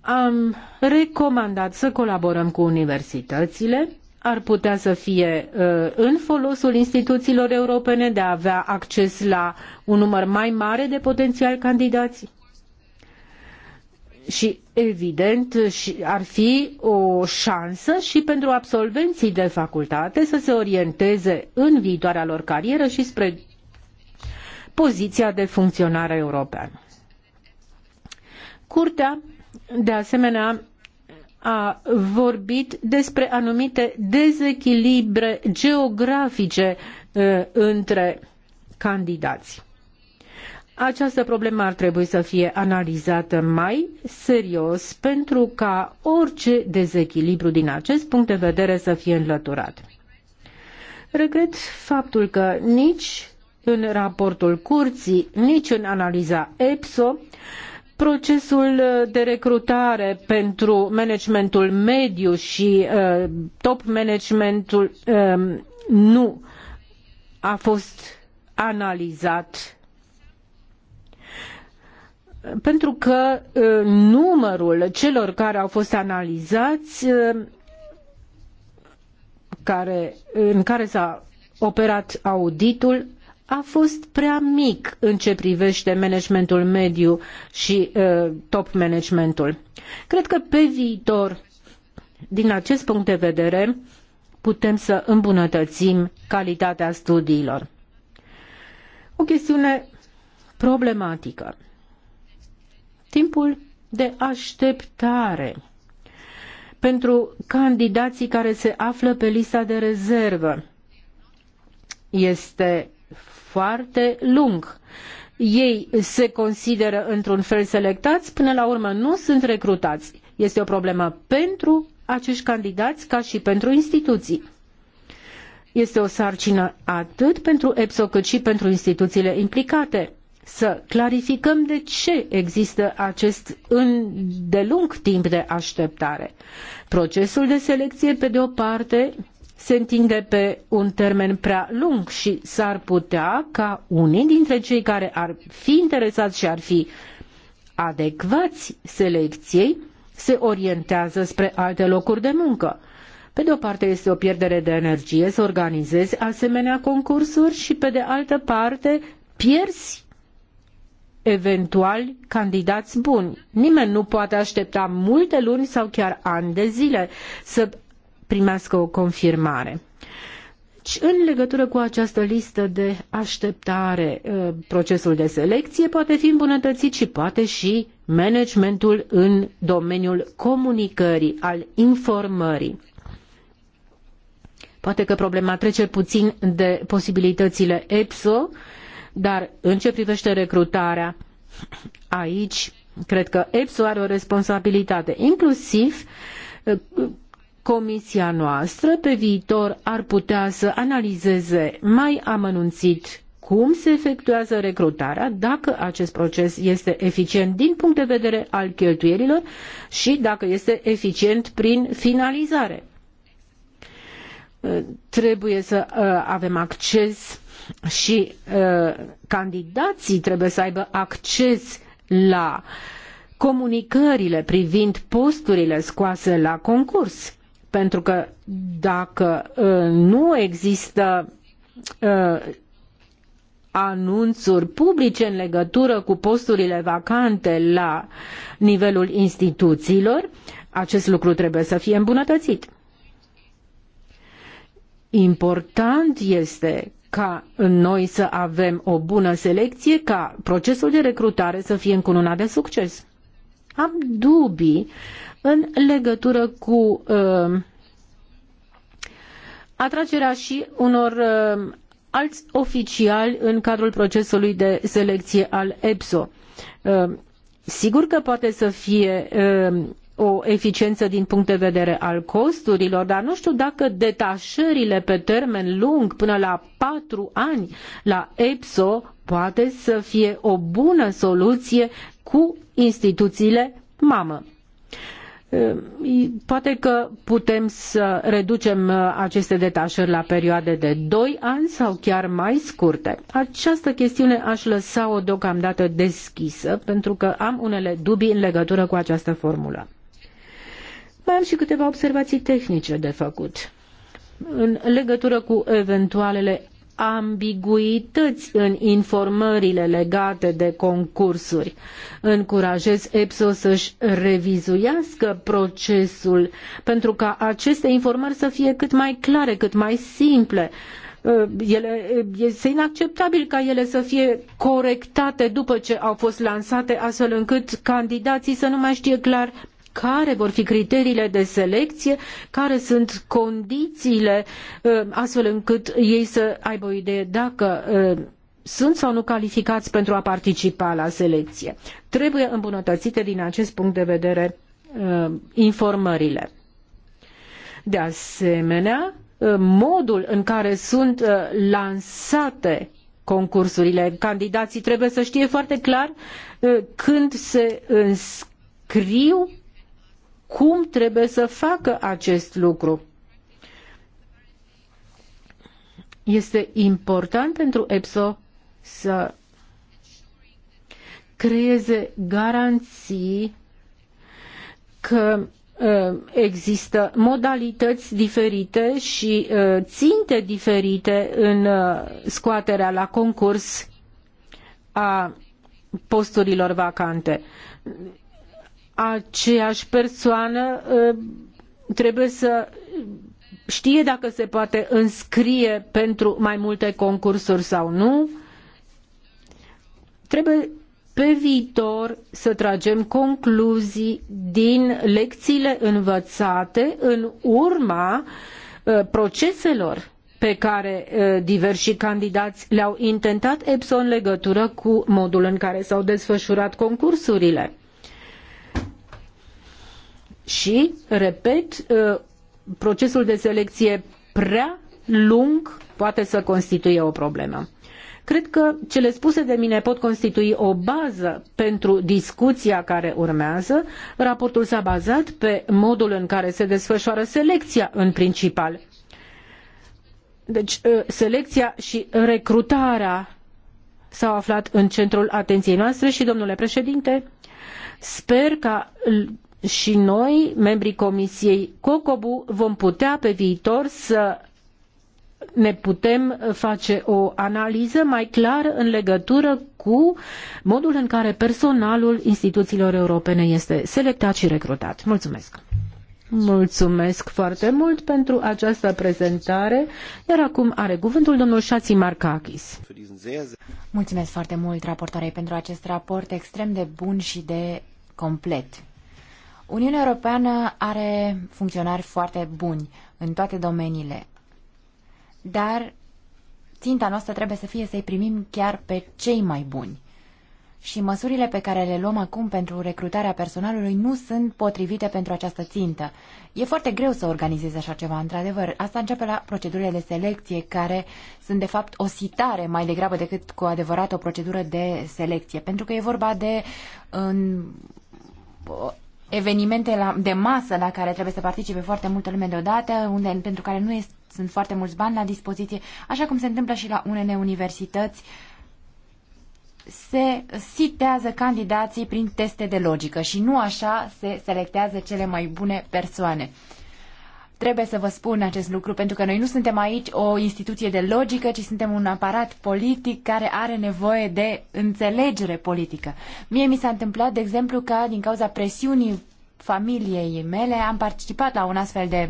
am recomandat să colaborăm cu universitățile, ar putea să fie uh, în folosul instituțiilor europene de a avea acces la un număr mai mare de potențial candidați și evident ar fi o șansă și pentru absolvenții de facultate să se orienteze în viitoarea lor carieră și spre poziția de funcționare europeană. Curtea, de asemenea, a vorbit despre anumite dezechilibre geografice uh, între candidați această problemă ar trebui să fie analizată mai serios pentru ca orice dezechilibru din acest punct de vedere să fie înlăturat. Regret faptul că nici în raportul curții, nici în analiza EPSO, procesul de recrutare pentru managementul mediu și uh, top managementul uh, nu a fost analizat pentru că uh, numărul celor care au fost analizați uh, care, în care s-a operat auditul a fost prea mic în ce privește managementul mediu și uh, top managementul. Cred că pe viitor, din acest punct de vedere, putem să îmbunătățim calitatea studiilor. O chestiune problematică Timpul de așteptare pentru candidații care se află pe lista de rezervă este foarte lung. Ei se consideră într-un fel selectați, până la urmă nu sunt recrutați. Este o problemă pentru acești candidați ca și pentru instituții. Este o sarcină atât pentru EPSO cât și pentru instituțiile implicate să clarificăm de ce există acest îndelung timp de așteptare. Procesul de selecție, pe de o parte, se întinde pe un termen prea lung și s-ar putea ca unii dintre cei care ar fi interesați și ar fi adecvați selecției se orientează spre alte locuri de muncă. Pe de o parte este o pierdere de energie să organizezi asemenea concursuri și pe de altă parte pierzi eventuali candidați buni. Nimeni nu poate aștepta multe luni sau chiar ani de zile să primească o confirmare. Deci, în legătură cu această listă de așteptare, eh, procesul de selecție poate fi îmbunătățit și poate și managementul în domeniul comunicării, al informării. Poate că problema trece puțin de posibilitățile EPSO, dar în ce privește recrutarea, aici cred că EPSO are o responsabilitate, inclusiv comisia noastră pe viitor ar putea să analizeze mai amănunțit cum se efectuează recrutarea, dacă acest proces este eficient din punct de vedere al cheltuielilor și dacă este eficient prin finalizare. Trebuie să uh, avem acces și uh, candidații trebuie să aibă acces la comunicările privind posturile scoase la concurs. Pentru că dacă uh, nu există uh, anunțuri publice în legătură cu posturile vacante la nivelul instituțiilor, acest lucru trebuie să fie îmbunătățit. Important este ca noi să avem o bună selecție, ca procesul de recrutare să fie încununat de succes. Am dubii în legătură cu uh, atragerea și unor uh, alți oficiali în cadrul procesului de selecție al EPSO. Uh, sigur că poate să fie uh, o eficiență din punct de vedere al costurilor, dar nu știu dacă detașările pe termen lung, până la patru ani, la EPSO, poate să fie o bună soluție cu instituțiile mamă. Poate că putem să reducem uh, aceste detașări la perioade de 2 ani sau chiar mai scurte. Această chestiune aș lăsa-o deocamdată deschisă pentru că am unele dubii în legătură cu această formulă. Mai am și câteva observații tehnice de făcut în legătură cu eventualele ambiguități în informările legate de concursuri. Încurajez EPSO să-și revizuiască procesul pentru ca aceste informări să fie cât mai clare, cât mai simple. Uh, ele, este inacceptabil ca ele să fie corectate după ce au fost lansate, astfel încât candidații să nu mai știe clar care vor fi criteriile de selecție, care sunt condițiile ă, astfel încât ei să aibă o idee dacă ă, sunt sau nu calificați pentru a participa la selecție. Trebuie îmbunătățite din acest punct de vedere ă, informările. De asemenea, modul în care sunt lansate concursurile. Candidații trebuie să știe foarte clar când se înscriu cum trebuie să facă acest lucru. Este important pentru EPSO să creeze garanții că uh, există modalități diferite și uh, ținte diferite în uh, scoaterea la concurs a posturilor vacante aceeași persoană ă, trebuie să știe dacă se poate înscrie pentru mai multe concursuri sau nu. Trebuie pe viitor să tragem concluzii din lecțiile învățate în urma ă, proceselor pe care ă, diversi candidați le-au intentat EPSO în legătură cu modul în care s-au desfășurat concursurile și, repet, uh, procesul de selecție prea lung poate să constituie o problemă. Cred că cele spuse de mine pot constitui o bază pentru discuția care urmează. Raportul s-a bazat pe modul în care se desfășoară selecția în principal. Deci, uh, selecția și recrutarea s-au aflat în centrul atenției noastre și, domnule președinte, sper ca și noi, membrii Comisiei COCOBU, vom putea pe viitor să ne putem face o analiză mai clară în legătură cu modul în care personalul instituțiilor europene este selectat și recrutat. Mulțumesc! Mulțumesc foarte mult pentru această prezentare, iar acum are cuvântul domnul Șații Marcachis. Mulțumesc foarte mult raportoarei pentru acest raport extrem de bun și de complet. Uniunea Europeană are funcționari foarte buni în toate domeniile, dar ținta noastră trebuie să fie să-i primim chiar pe cei mai buni. Și măsurile pe care le luăm acum pentru recrutarea personalului nu sunt potrivite pentru această țintă. E foarte greu să organizezi așa ceva, într-adevăr. Asta începe la procedurile de selecție, care sunt de fapt o sitare mai degrabă decât cu adevărat o procedură de selecție, pentru că e vorba de în, evenimente de masă la care trebuie să participe foarte multă lume deodată, unde, pentru care nu e, sunt foarte mulți bani la dispoziție, așa cum se întâmplă și la unele universități, se sitează candidații prin teste de logică și nu așa se selectează cele mai bune persoane. Trebuie să vă spun acest lucru, pentru că noi nu suntem aici o instituție de logică, ci suntem un aparat politic care are nevoie de înțelegere politică. Mie mi s-a întâmplat, de exemplu, că din cauza presiunii familiei mele am participat la un astfel de,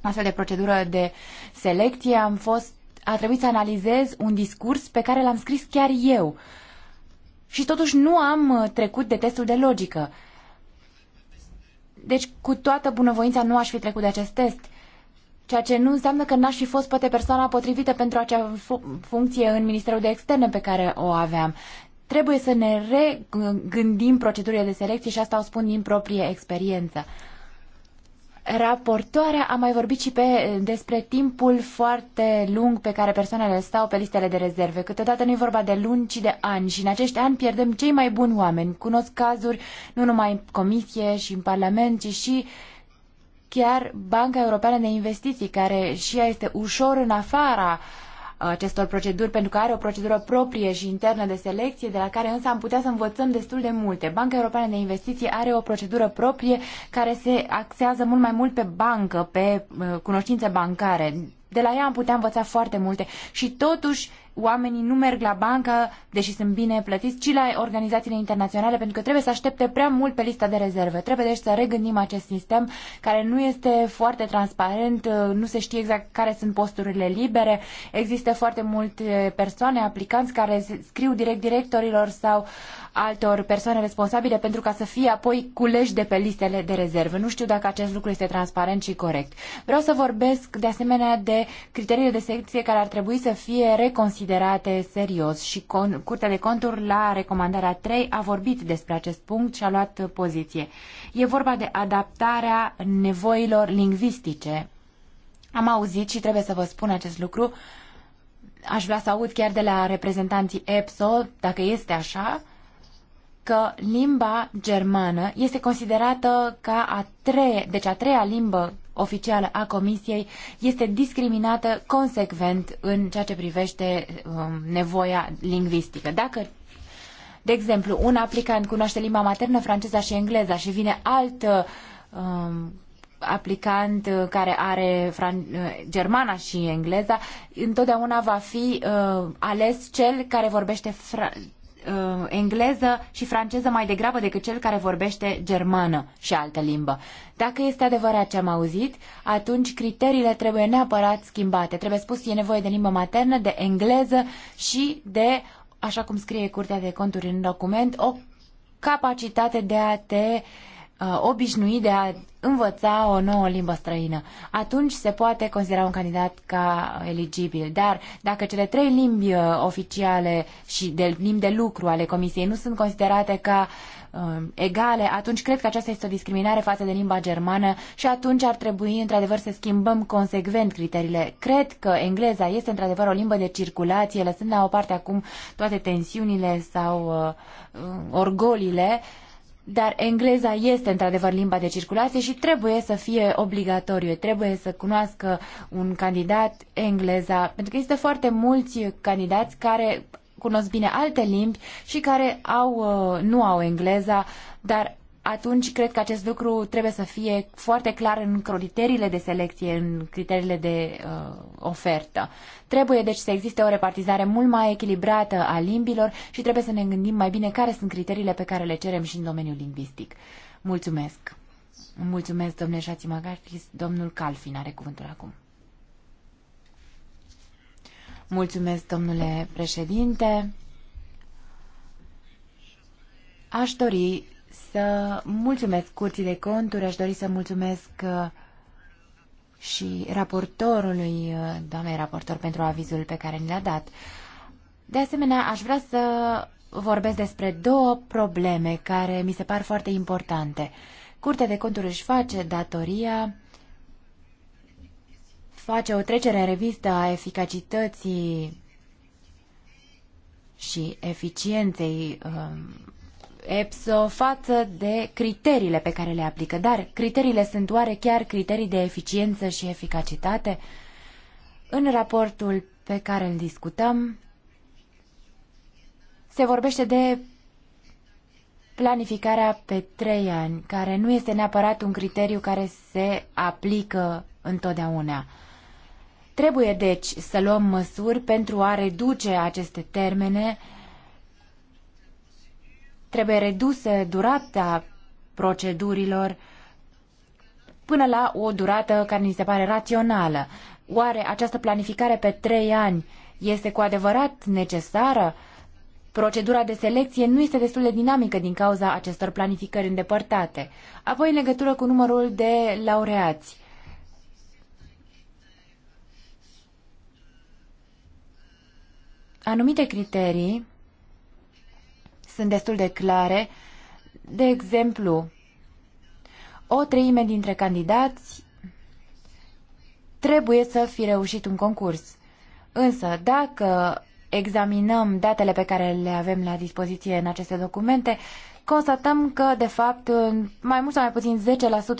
astfel de procedură de selecție, am fost, a trebuit să analizez un discurs pe care l-am scris chiar eu. Și totuși nu am uh, trecut de testul de logică. Deci, cu toată bunăvoința, nu aș fi trecut de acest test ceea ce nu înseamnă că n-aș fi fost poate persoana potrivită pentru acea funcție în Ministerul de Externe pe care o aveam. Trebuie să ne regândim procedurile de selecție și asta o spun din proprie experiență. Raportoarea a mai vorbit și pe, despre timpul foarte lung pe care persoanele stau pe listele de rezerve. Câteodată nu e vorba de luni, ci de ani și în acești ani pierdem cei mai buni oameni. Cunosc cazuri nu numai în comisie și în parlament, ci și uh, chiar Banca Europeană de Investiții, care și ea este ușor în afara acestor proceduri, pentru că are o procedură proprie și internă de selecție, de la care însă am putea să învățăm destul de multe. Banca Europeană de Investiții are o procedură proprie care se axează mult mai mult pe bancă, pe uh, cunoștințe bancare, de la ea am putea învăța foarte multe și totuși oamenii nu merg la bancă, deși sunt bine plătiți, ci la organizațiile internaționale, pentru că trebuie să aștepte prea mult pe lista de rezerve. Trebuie deci să regândim acest sistem care nu este foarte transparent, nu se știe exact care sunt posturile libere, există foarte multe persoane, aplicanți care scriu direct directorilor sau uh, altor persoane responsabile pentru ca să fie apoi culeși de pe listele de rezervă. Nu știu dacă acest lucru este transparent și corect. Vreau să vorbesc de asemenea de criteriile de selecție care ar trebui să fie reconsiderate serios și con- Curtea de Conturi la recomandarea 3 a vorbit despre acest punct și a luat poziție. E vorba de adaptarea nevoilor lingvistice. Am auzit și trebuie să vă spun acest lucru, aș vrea să aud chiar de la reprezentanții EPSO, dacă este așa, că limba germană este considerată ca a treia, deci a treia limbă oficială a Comisiei, este discriminată consecvent în ceea ce privește um, nevoia lingvistică. Dacă de exemplu, un aplicant cunoaște limba maternă, franceza și engleza și vine alt um, aplicant care are germana și engleza, întotdeauna va fi uh, ales cel care vorbește uh, engleză și franceză mai degrabă decât cel care vorbește germană și altă limbă. Dacă este adevărat ce am auzit, atunci criteriile trebuie neapărat schimbate. Trebuie spus, e nevoie de limbă maternă, de engleză și de, așa cum scrie Curtea de Conturi în document, o capacitate de a te uh, uh, obișnui de a învăța o nouă limbă străină. Atunci se poate considera un candidat ca eligibil. Dar dacă cele trei limbi uh, oficiale și de limbi de lucru ale Comisiei nu sunt considerate ca uh, egale, atunci cred că aceasta este o discriminare față de limba germană și atunci ar trebui într-adevăr să schimbăm consecvent criteriile. Cred că engleza este într-adevăr o limbă de circulație, lăsând la o parte acum toate tensiunile sau uh, uh orgolile uh, dar engleza este într-adevăr limba de circulație și trebuie să fie obligatorie, trebuie să cunoască un candidat engleza, pentru că există foarte mulți candidați care cunosc bine alte limbi și care au, uh, nu au engleza, dar atunci cred că acest lucru trebuie să fie foarte clar în criteriile de selecție, în criteriile de uh, ofertă. Trebuie deci să existe o repartizare mult mai echilibrată a limbilor și trebuie să ne gândim mai bine care sunt criteriile pe care le cerem și în domeniul lingvistic. Mulțumesc! Mulțumesc, domnule Șațimagakis. Domnul Calfin are cuvântul acum. Mulțumesc, domnule președinte. Aș dori să mulțumesc curții de conturi, aș dori să mulțumesc uh, și raportorului, uh, doamnei raportor, pentru avizul pe care ni l-a dat. De asemenea, aș vrea să vorbesc despre două probleme care mi se par foarte importante. Curtea de conturi își face datoria, face o trecere în revistă a eficacității și eficienței um, EPSO față de criteriile pe care le aplică. Dar criteriile sunt oare chiar criterii de eficiență și eficacitate? În raportul pe care îl discutăm se vorbește de planificarea pe trei ani, care nu este neapărat un criteriu care se aplică întotdeauna. Trebuie, deci, să luăm măsuri pentru a reduce aceste termene Trebuie redusă durata procedurilor până la o durată care ni se pare rațională. Oare această planificare pe trei ani este cu adevărat necesară? Procedura de selecție nu este destul de dinamică din cauza acestor planificări îndepărtate. Apoi, în legătură cu numărul de laureați. Anumite criterii sunt destul de clare. De exemplu, o treime dintre candidați trebuie să fi reușit un concurs. Însă, dacă examinăm datele pe care le avem la dispoziție în aceste documente, constatăm că, de fapt, mai mult sau mai puțin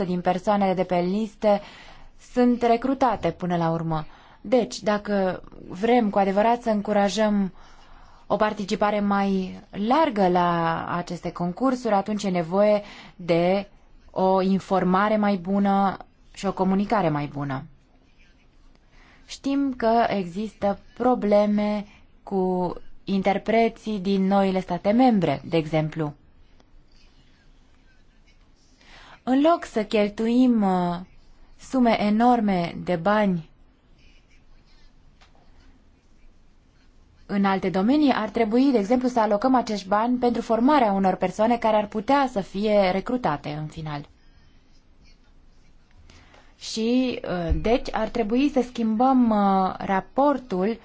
10% din persoanele de pe liste sunt recrutate până la urmă. Deci, dacă vrem cu adevărat să încurajăm uh, o participare mai largă la aceste concursuri, atunci e nevoie de o informare mai bună și o comunicare mai bună. Știm că există probleme cu interpreții din noile state membre, de exemplu. În loc să cheltuim uh, sume enorme de bani în alte domenii, ar trebui, de exemplu, să alocăm acești bani pentru formarea unor persoane care ar putea să fie recrutate în final. Și, uh, deci, ar trebui să schimbăm uh, raportul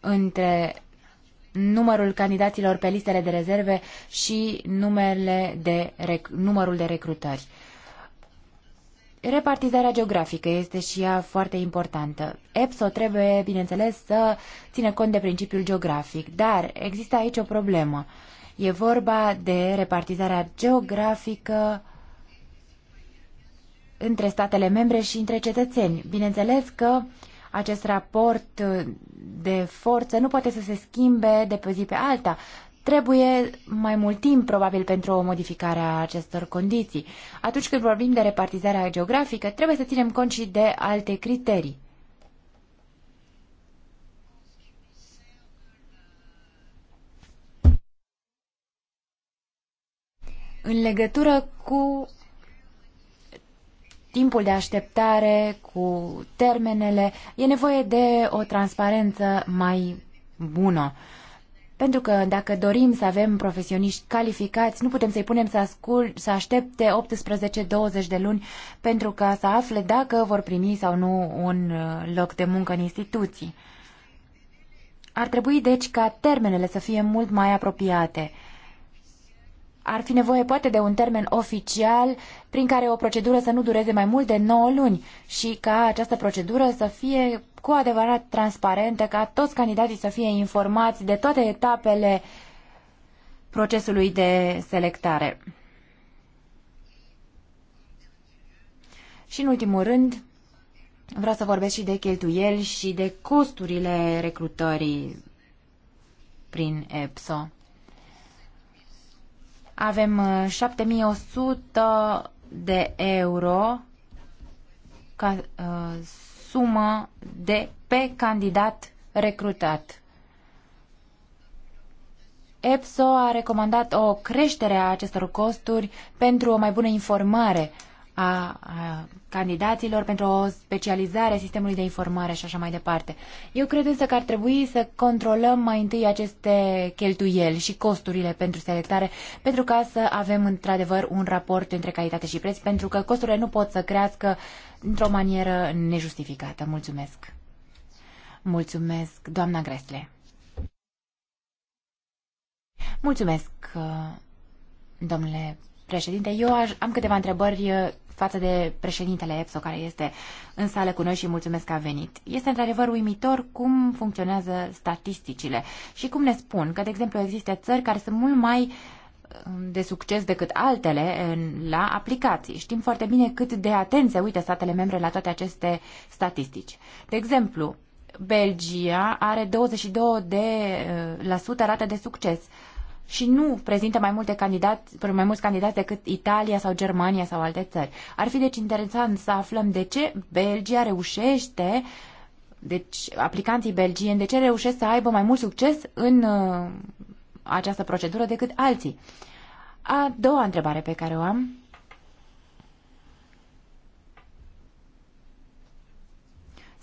între numărul candidaților pe listele de rezerve și numele de, numărul de recrutări. Repartizarea geografică este și ea foarte importantă. EPSO trebuie, bineînțeles, să ține cont de principiul geografic, dar există aici o problemă. E vorba de repartizarea geografică între statele membre și între cetățeni. Bineînțeles că acest raport de forță nu poate să se schimbe de pe zi pe alta. Trebuie mai mult timp, probabil, pentru o modificare a acestor condiții. Atunci când vorbim de repartizarea geografică, trebuie să ținem cont și de alte criterii. În legătură cu timpul de așteptare, cu termenele, e nevoie de o transparență mai bună. Uh, pentru că dacă dorim să avem profesioniști calificați, nu putem să-i punem să, ascult, să aștepte 18-20 de luni pentru ca să afle dacă vor primi sau nu un uh, loc de muncă în instituții. Ar trebui, deci, ca termenele să fie mult mai apropiate. Ar fi nevoie poate de un termen oficial prin care o procedură să nu dureze mai mult de 9 luni și ca această procedură să fie cu adevărat transparente, ca toți candidații să fie informați de toate etapele procesului de selectare. Și în ultimul rând, vreau să vorbesc și de cheltuieli și de costurile recrutării prin EPSO. Avem 7100 uh, de euro ca uh, sumă de pe candidat recrutat. EPSO a recomandat o creștere a acestor costuri pentru o mai bună informare a, a candidaților, pentru o specializare a sistemului de informare și așa mai departe. Eu cred însă că ar trebui să controlăm mai întâi aceste cheltuieli și costurile pentru selectare, pentru ca să avem într-adevăr un raport între calitate și preț, pentru că costurile nu pot să crească într-o manieră nejustificată. Mulțumesc! Mulțumesc, doamna Gresle! Mulțumesc, uh, domnule președinte. Eu aș, am câteva întrebări uh, față de președintele EPSO care este în sală cu noi și mulțumesc că a venit. Este într-adevăr uimitor cum funcționează statisticile și cum ne spun că, de exemplu, există țări care sunt mult mai um, de succes decât altele la aplicații. Știm foarte bine cât de atenți uită statele membre la toate aceste statistici. De exemplu, Belgia are 22% de, uh, la sută rată de succes și nu prezintă mai, multe candidați, mai mulți candidați decât Italia sau Germania sau alte țări. Ar fi deci interesant să aflăm de ce Belgia reușește, deci aplicanții belgieni, de ce reușesc să aibă mai mult succes în uh, această procedură decât alții. A doua întrebare pe care o am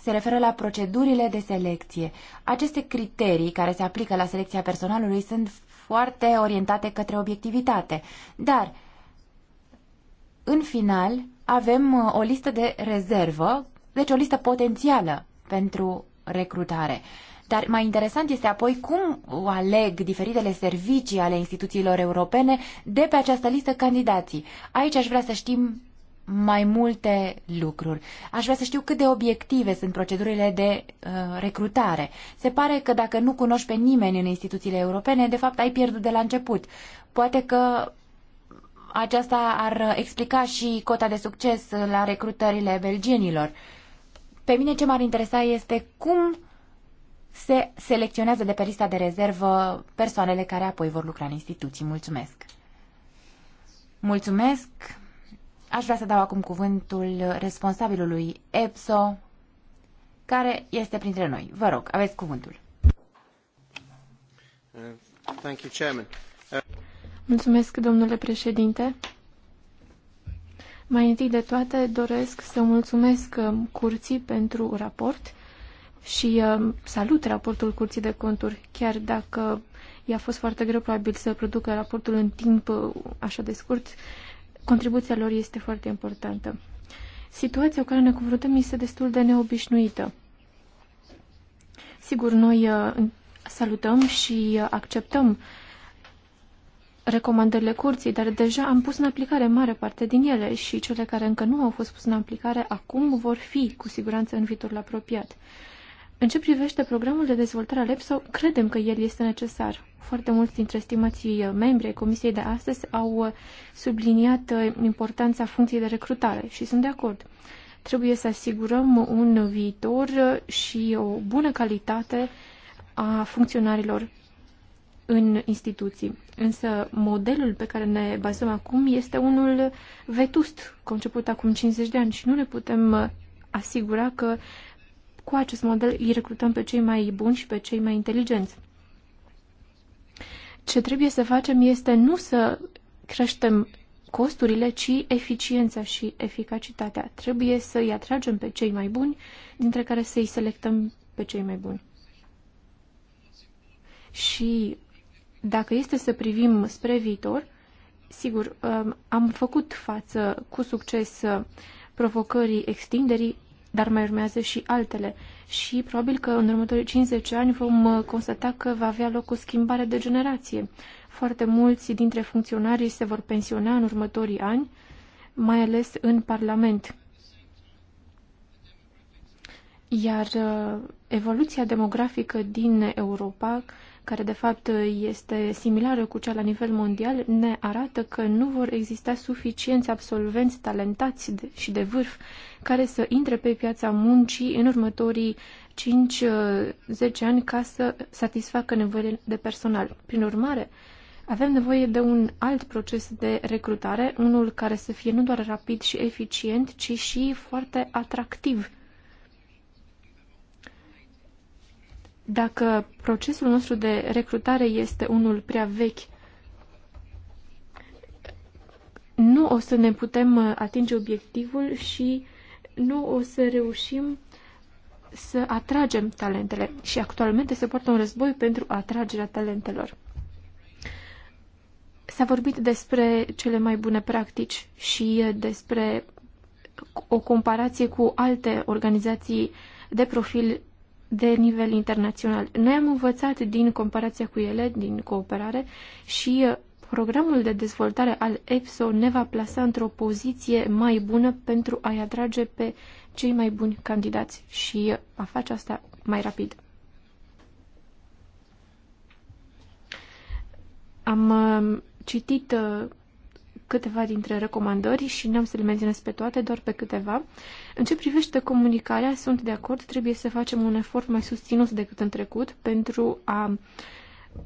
se referă la procedurile de selecție. Aceste criterii care se aplică la selecția personalului sunt foarte orientate către obiectivitate. Dar, în final, avem uh, o listă de rezervă, deci o listă potențială pentru recrutare. Dar mai interesant este apoi cum aleg diferitele servicii ale instituțiilor europene de pe această listă candidații. Aici aș vrea să știm mai multe lucruri. Aș vrea să știu cât de obiective sunt procedurile de uh, recrutare. Se pare că dacă nu cunoști pe nimeni în instituțiile europene, de fapt ai pierdut de la început. Poate că aceasta ar explica și cota de succes la recrutările belgienilor. Pe mine ce m-ar interesa este cum se selecționează de pe lista de rezervă persoanele care apoi vor lucra în instituții. Mulțumesc! Mulțumesc! Aș vrea să dau acum cuvântul responsabilului EPSO, care este printre noi. Vă rog, aveți cuvântul. Uh, thank you, Chairman. Uh, mulțumesc, domnule președinte. Mai întâi de toate doresc să mulțumesc uh, curții pentru raport și salut raportul curții de conturi, chiar dacă i-a fost foarte greu probabil să producă raportul în timp așa de scurt contribuția lor este foarte importantă. Situația cu care ne confruntăm este destul de neobișnuită. Sigur, noi uh, salutăm și uh, acceptăm recomandările curții, dar deja am pus în aplicare mare parte din ele și cele care încă nu au fost pus în aplicare acum vor fi cu siguranță în viitorul apropiat. În ce privește programul de dezvoltare al EPSO, credem că el este necesar. Foarte mulți dintre stimații uh, membri ai Comisiei de astăzi au uh, subliniat uh, importanța funcției de recrutare și sunt de acord. Trebuie să asigurăm un viitor și o bună calitate a funcționarilor în instituții. Însă modelul pe care ne bazăm acum este unul vetust, conceput acum 50 de ani și nu ne putem asigura că cu acest model îi recrutăm pe cei mai buni și pe cei mai inteligenți. Ce trebuie să facem este nu să creștem costurile, ci eficiența și eficacitatea. Trebuie să îi atragem pe cei mai buni, dintre care să îi selectăm pe cei mai buni. Și dacă este să privim spre viitor, sigur, um, am făcut față cu succes uh, provocării extinderii dar mai urmează și altele. Și probabil că în următorii 50 ani vom uh, constata că va avea loc o schimbare de generație. Foarte mulți dintre funcționarii se vor pensiona în următorii ani, mai ales în Parlament. Iar uh, evoluția demografică din Europa care de fapt este similară cu cea la nivel mondial, ne arată că nu vor exista suficienți absolvenți talentați și de vârf care să intre pe piața muncii în următorii 5-10 uh, ani ca să satisfacă nevoile de personal. Prin urmare, avem nevoie de un alt proces de recrutare, unul care să fie nu doar rapid și eficient, ci și foarte atractiv Dacă procesul nostru de recrutare este unul prea vechi, nu o să ne putem uh, atinge obiectivul și nu o să reușim să atragem talentele. Și actualmente se poartă un război pentru atragerea talentelor. S-a vorbit despre cele mai bune practici și uh, despre o comparație cu alte organizații de profil de nivel internațional. Noi am învățat din comparația cu ele, din cooperare și uh, programul de dezvoltare al EPSO ne va plasa într-o poziție mai bună pentru a-i atrage pe cei mai buni candidați și uh, a face asta mai rapid. Am uh, citit câteva dintre recomandări și n-am să le menționez pe toate, doar pe câteva. În ce privește comunicarea, sunt de acord, trebuie să facem un efort mai susținut decât în trecut pentru a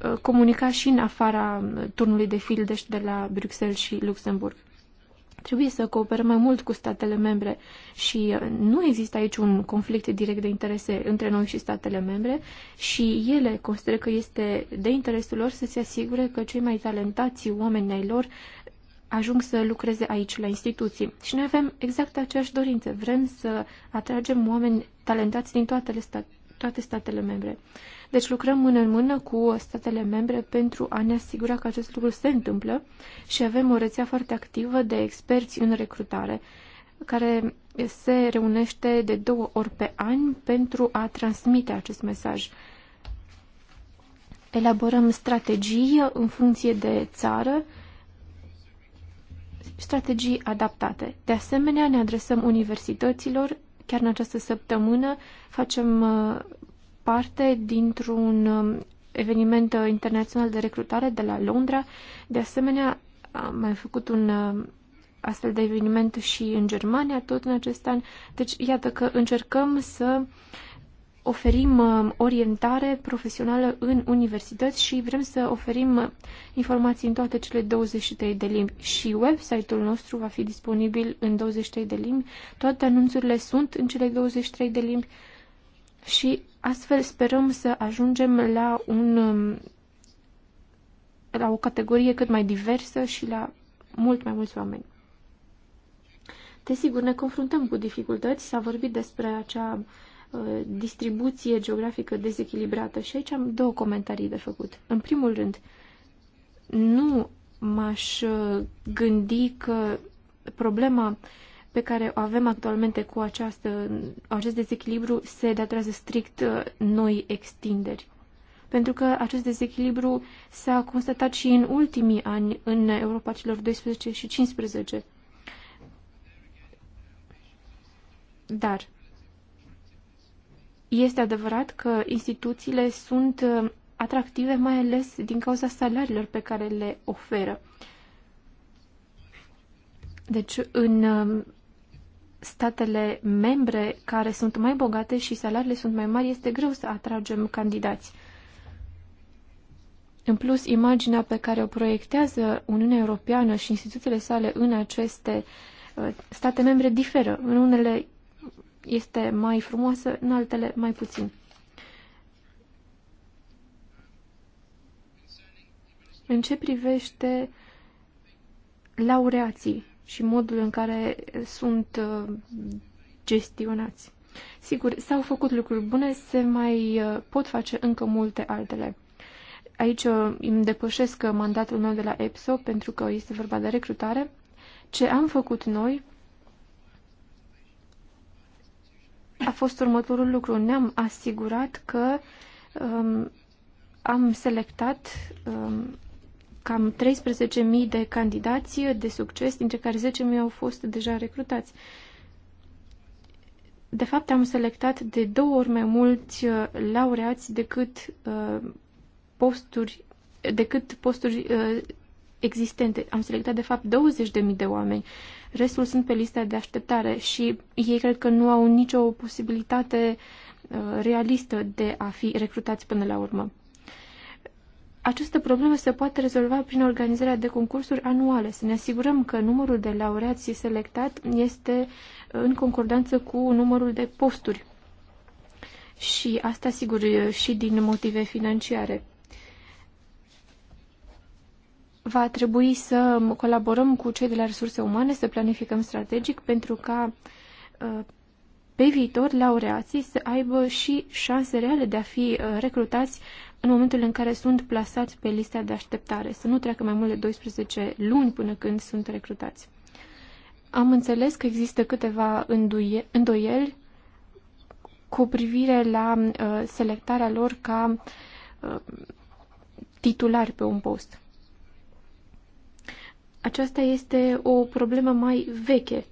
uh, comunica și în afara uh, turnului de fildeș de la Bruxelles și Luxemburg. Trebuie să cooperăm mai mult cu statele membre și uh, nu există aici un conflict direct de interese între noi și statele membre și ele consideră că este de interesul lor să se asigure că cei mai talentați oameni ai lor ajung să lucreze aici, la instituții. Și noi avem exact aceeași dorință. Vrem să atragem oameni talentați din toate, sta toate statele membre. Deci lucrăm mână în mână cu statele membre pentru a ne asigura că acest lucru se întâmplă și avem o rețea foarte activă de experți în recrutare care se reunește de două ori pe an pentru a transmite acest mesaj. Elaborăm strategii în funcție de țară, strategii adaptate. De asemenea, ne adresăm universităților. Chiar în această săptămână facem uh, parte dintr-un um, eveniment internațional de recrutare de la Londra. De asemenea, am mai făcut un um, astfel de eveniment și în Germania tot în acest an. Deci, iată că încercăm să uh, oferim uh, orientare profesională în universități și vrem să oferim uh, informații în toate cele 23 de limbi. Și website-ul nostru va fi disponibil în 23 de limbi. Toate anunțurile sunt în cele 23 de limbi și astfel sperăm să ajungem la un um, la o categorie cât mai diversă și la mult mai mulți oameni. Desigur, ne confruntăm cu dificultăți, s-a vorbit despre acea uh, Uh, distribuție geografică dezechilibrată. Și aici am două comentarii de făcut. În primul rând, nu m-aș uh, gândi că problema pe care o avem actualmente cu această, acest dezechilibru se datorează strict uh, noi extinderi. Pentru că acest dezechilibru s-a constatat și în ultimii ani în Europa celor 12 și 15. Dar este adevărat că instituțiile sunt uh, atractive mai ales din cauza salariilor pe care le oferă. Deci, în uh, statele membre care sunt mai bogate și salariile sunt mai mari, este greu să atragem candidați. În plus, imaginea pe care o proiectează Uniunea Europeană și instituțiile sale în aceste uh, state membre diferă. În unele este mai frumoasă, în altele mai puțin. În ce privește laureații și modul în care sunt uh, gestionați. Sigur, s-au făcut lucruri bune, se mai uh, pot face încă multe altele. Aici uh, îmi depășesc mandatul meu de la EPSO pentru că este vorba de recrutare. Ce am făcut noi a fost următorul lucru. Ne-am asigurat că um, am selectat um, cam 13.000 de candidați de succes, dintre care 10.000 au fost deja recrutați. De fapt, am selectat de două ori mai mulți uh, laureați decât uh, posturi decât posturi uh, existente. Am selectat, de fapt, 20.000 de oameni. Restul sunt pe lista de așteptare și ei cred că nu au nicio posibilitate uh, realistă de a fi recrutați până la urmă. Această problemă se poate rezolva prin organizarea de concursuri anuale, să ne asigurăm că numărul de laureați selectat este uh, în concordanță cu numărul de posturi. Și asta, sigur, uh, și din motive financiare va trebui să colaborăm cu cei de la resurse umane, să planificăm strategic pentru ca ă, pe viitor laureații să aibă și șanse reale de a fi ă, recrutați în momentul în care sunt plasați pe lista de așteptare, să nu treacă mai mult de 12 luni până când sunt recrutați. Am înțeles că există câteva îndoieli cu privire la ă, selectarea lor ca titulari pe un post. Aceasta este o problemă mai veche.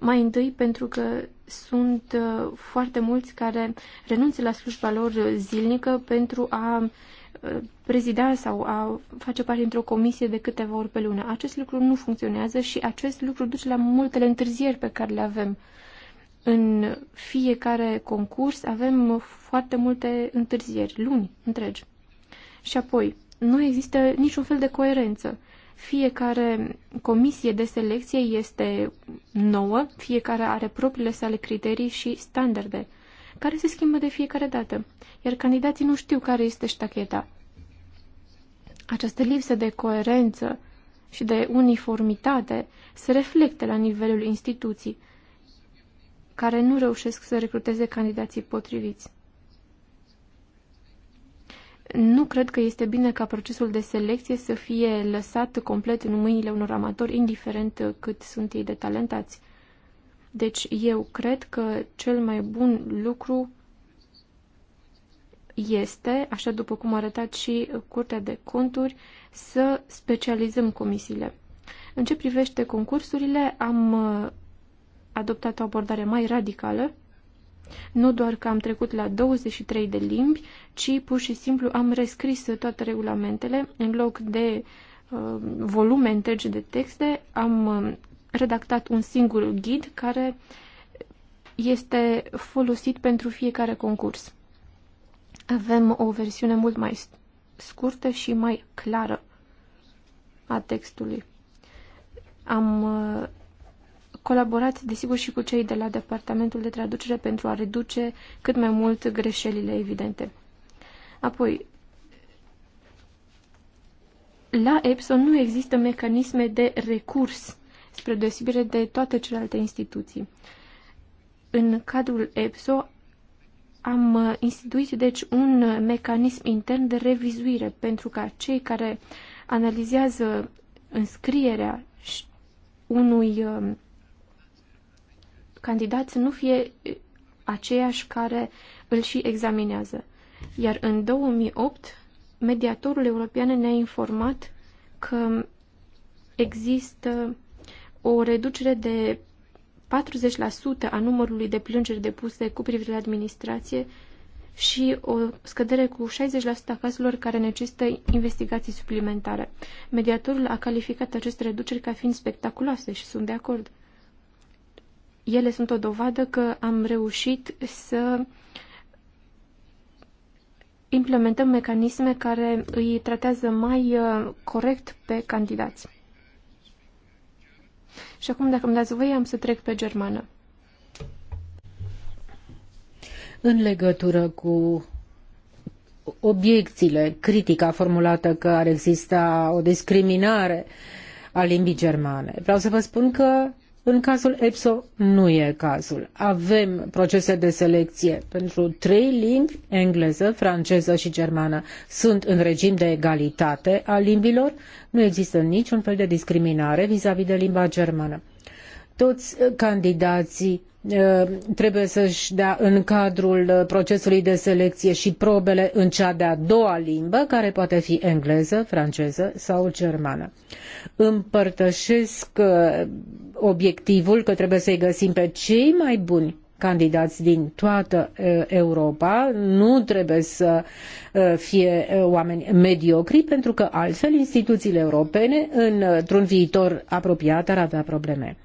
Mai întâi pentru că sunt uh, foarte mulți care renunță la slujba lor zilnică pentru a uh, prezida sau a face parte într-o comisie de câteva ori pe lună. Acest lucru nu funcționează și acest lucru duce la multele întârzieri pe care le avem. În fiecare concurs avem foarte multe întârzieri, luni întregi. Și apoi, nu există niciun fel de coerență. Fiecare comisie de selecție este nouă, fiecare are propriile sale criterii și standarde, care se schimbă de fiecare dată, iar candidații nu știu care este ștacheta. Această lipsă de coerență și de uniformitate se reflectă la nivelul instituții, care nu reușesc să recruteze candidații potriviți. Nu cred că este bine ca procesul de selecție să fie lăsat complet în mâinile unor amatori, indiferent cât sunt ei de talentați. Deci eu cred că cel mai bun lucru este, așa după cum a arătat și Curtea de Conturi, să specializăm comisiile. În ce privește concursurile, am uh, adoptat o abordare mai radicală nu doar că am trecut la 23 de limbi, ci pur și simplu am rescris toate regulamentele în loc de uh, volume întregi de texte, am uh, redactat un singur ghid care este folosit pentru fiecare concurs. Avem o versiune mult mai scurtă și mai clară a textului. Am uh, colaborat, desigur, și cu cei de la Departamentul de Traducere pentru a reduce cât mai mult greșelile evidente. Apoi, la Epson nu există mecanisme de recurs, spre deosebire de toate celelalte instituții. În cadrul EPSO am uh, instituit, deci, un mecanism intern de revizuire pentru ca cei care analizează înscrierea unui um, candidat să nu fie aceeași care îl și examinează. Iar în 2008, mediatorul european ne-a informat că există o reducere de 40% a numărului de plângeri depuse cu privire la administrație și o scădere cu 60% a cazurilor care necesită investigații suplimentare. Mediatorul a calificat aceste reduceri ca fiind spectaculoase și sunt de acord ele sunt o dovadă că am reușit să implementăm mecanisme care îi tratează mai uh, corect pe candidați. Și acum, dacă îmi dați voie, am să trec pe germană. În legătură cu obiecțiile, critica formulată că ar exista o discriminare a limbii germane, vreau să vă spun că în cazul EPSO nu e cazul. Avem procese de selecție pentru trei limbi, engleză, franceză și germană. Sunt în regim de egalitate a limbilor, nu există niciun fel de discriminare vis-a-vis -vis de limba germană. Toți uh, candidații Eh, trebuie să-și dea în cadrul eh, procesului de selecție și probele în cea de-a doua limbă, care poate fi engleză, franceză sau germană. Împărtășesc eh, obiectivul că trebuie să-i găsim pe cei mai buni candidați din toată Europa, nu trebuie să fie oameni mediocri, pentru că altfel instituțiile europene într-un viitor apropiat ar avea probleme.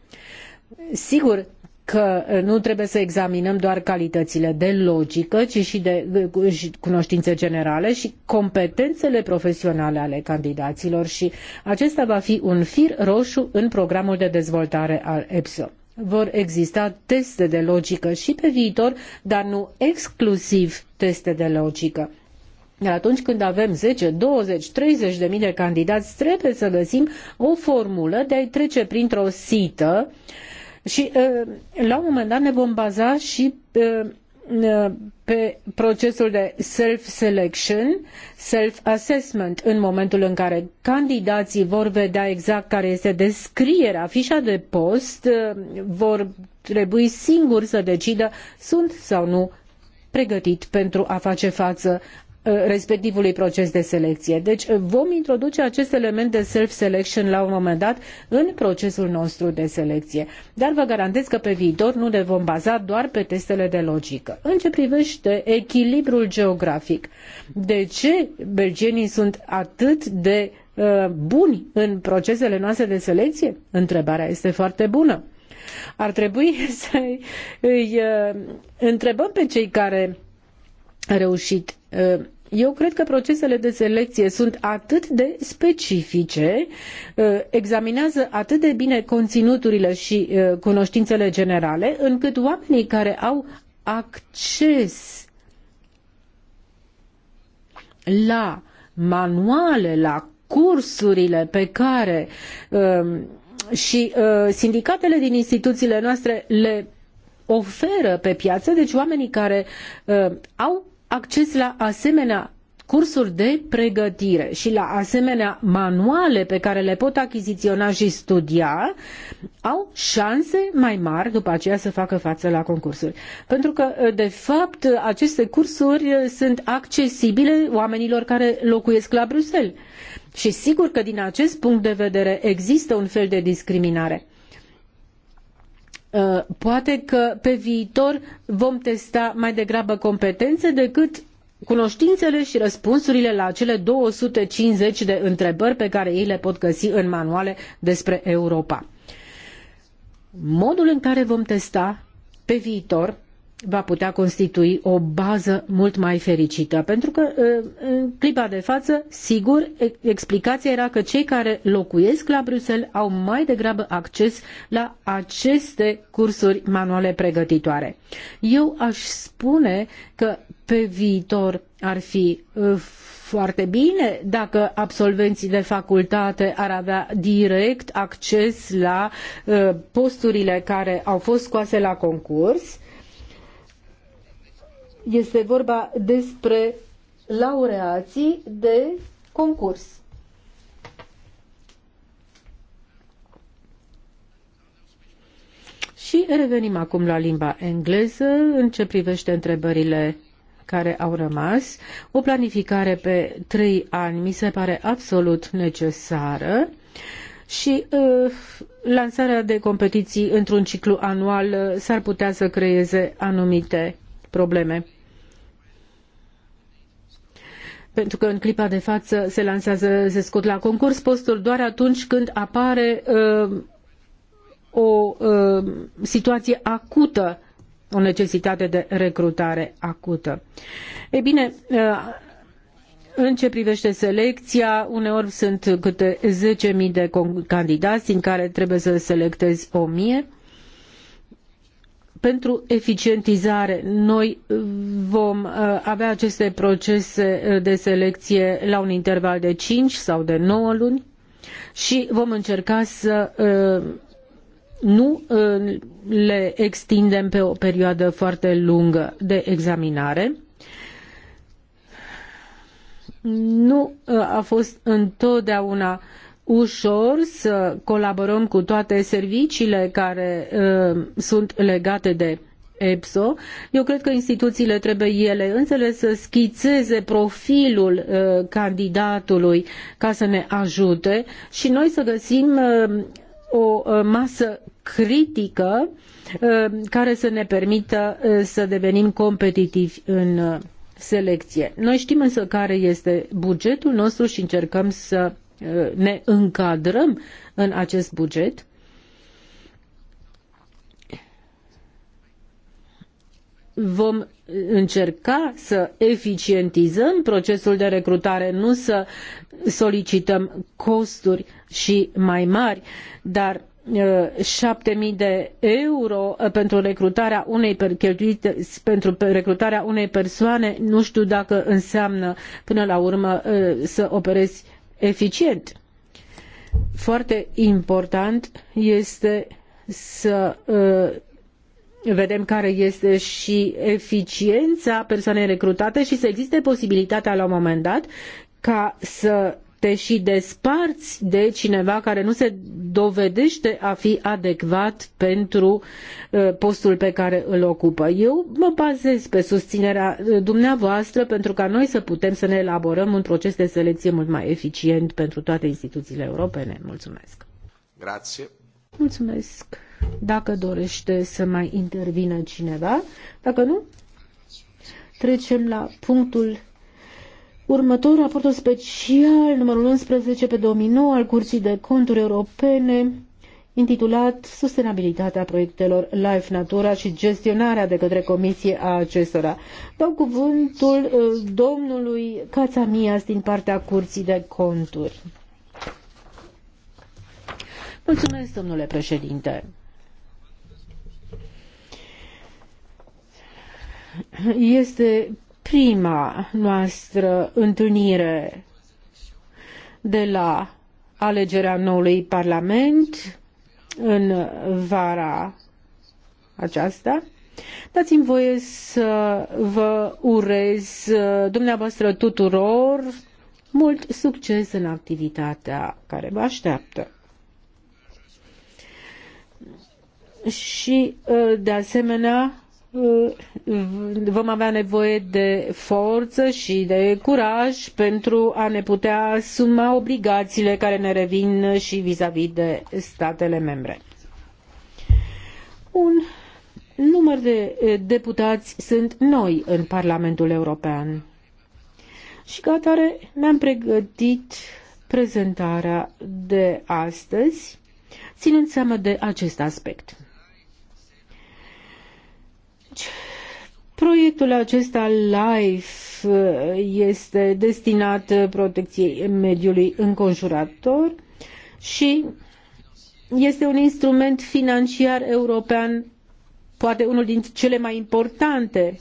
Sigur, că uh, nu trebuie să examinăm doar calitățile de logică, ci și de uh, cunoștințe generale și competențele profesionale ale candidaților și acesta va fi un fir roșu în programul de dezvoltare al EPSO. Vor exista teste de logică și pe viitor, dar nu exclusiv teste de logică. Iar atunci când avem 10, 20, 30 de mii de candidați, trebuie să găsim o formulă de a-i trece printr-o sită uh, și uh, la un moment dat ne vom baza și uh, uh, pe, procesul de self-selection, self-assessment, în momentul în care candidații vor vedea exact care este descrierea, fișa de post, vor trebui singuri să decidă sunt sau nu pregătit pentru a face față Uh, respectivului proces de selecție. Deci uh, vom introduce acest element de self-selection la un moment dat în procesul nostru de selecție. Dar vă garantez că pe viitor nu ne vom baza doar pe testele de logică. În ce privește echilibrul geografic, de ce belgenii sunt atât de uh, buni în procesele noastre de selecție? Întrebarea este foarte bună. Ar trebui (laughs) să îi uh, întrebăm pe cei care reușit uh, eu cred că procesele de selecție sunt atât de specifice, uh, examinează atât de bine conținuturile și uh, cunoștințele generale, încât oamenii care au acces la manuale, la cursurile pe care um, și uh, sindicatele din instituțiile noastre le oferă pe piață, deci oamenii care au acces la asemenea cursuri de pregătire și la asemenea manuale pe care le pot achiziționa și studia, au șanse mai mari după aceea să facă față la concursuri. Pentru că, de fapt, aceste cursuri sunt accesibile oamenilor care locuiesc la Bruxelles. Și sigur că din acest punct de vedere există un fel de discriminare. Uh, poate că pe viitor vom testa mai degrabă competențe decât cunoștințele și răspunsurile la cele 250 de întrebări pe care ei le pot găsi în manuale despre Europa. Modul în care vom testa pe viitor va putea constitui o bază mult mai fericită. Pentru că uh, în clipa de față, sigur, explicația era că cei care locuiesc la Bruxelles au mai degrabă acces la aceste cursuri manuale pregătitoare. Eu aș spune că pe viitor ar fi uh, foarte bine dacă absolvenții de facultate ar avea direct acces la uh, posturile care au fost scoase la concurs este vorba despre laureații de concurs. Și revenim acum la limba engleză în ce privește întrebările care au rămas. O planificare pe trei ani mi se pare absolut necesară și uh, lansarea de competiții într-un ciclu anual uh, s-ar putea să creeze anumite probleme pentru că în clipa de față se lansează, se scot la concurs postul doar atunci când apare uh, o uh, situație acută, o necesitate de recrutare acută. Ei bine, uh, în ce privește selecția, uneori sunt câte 10.000 de candidați din care trebuie să selectezi 1.000 pentru eficientizare. Noi uh, vom uh, avea aceste procese uh, de selecție la un interval de cinci sau de 9 luni și vom încerca să nu le extindem pe o perioadă foarte lungă de examinare. Nu a fost întotdeauna uh, ușor să colaborăm cu toate serviciile care uh, sunt legate de EPSO. Eu cred că instituțiile trebuie ele însele să schițeze profilul uh, candidatului ca să ne ajute și noi să găsim uh, o uh, masă critică uh, care să ne permită uh, să devenim competitivi în selecție. Noi știm însă care este bugetul nostru și încercăm să ne încadrăm în acest buget, vom încerca să eficientizăm procesul de recrutare, nu să solicităm costuri și mai mari, dar 7.000 uh, de euro uh, pentru recrutarea unei pentru recrutarea unei persoane, nu știu dacă înseamnă până la urmă uh, să operezi eficient. Foarte important este să uh, vedem care este și eficiența persoanei recrutate și să existe posibilitatea la un moment dat ca să te și desparți de cineva care nu se dovedește a fi adecvat pentru uh, postul pe care îl ocupă. Eu mă bazez pe susținerea uh, dumneavoastră pentru ca noi să putem să ne elaborăm un proces de selecție mult mai eficient pentru toate instituțiile europene. Mulțumesc! Mulțumesc! Dacă dorește să mai intervină cineva, dacă nu, trecem la punctul Următor, raportul special numărul 11 pe 2009 al Curții de Conturi Europene, intitulat Sustenabilitatea proiectelor Life Natura și gestionarea de către Comisie a acestora. Dau cuvântul uh, domnului Cațamias din partea Curții de Conturi. Mulțumesc, domnule președinte. Este prima noastră întâlnire de la alegerea noului Parlament în vara aceasta. Dați-mi voie să vă urez uh, dumneavoastră tuturor mult succes în activitatea care vă așteaptă. Și, uh, de asemenea, Mm, vom avea nevoie de forță și de curaj pentru a ne putea asuma obligațiile care ne revin și vis-a-vis de statele membre. Un număr de eh, deputați sunt noi în Parlamentul European. Și ca atare mi-am pregătit prezentarea de astăzi, ținând seama de acest aspect. Proiectul acesta LIFE uh, este destinat uh, protecției mediului înconjurator și este un instrument financiar european, poate unul dintre cele mai importante.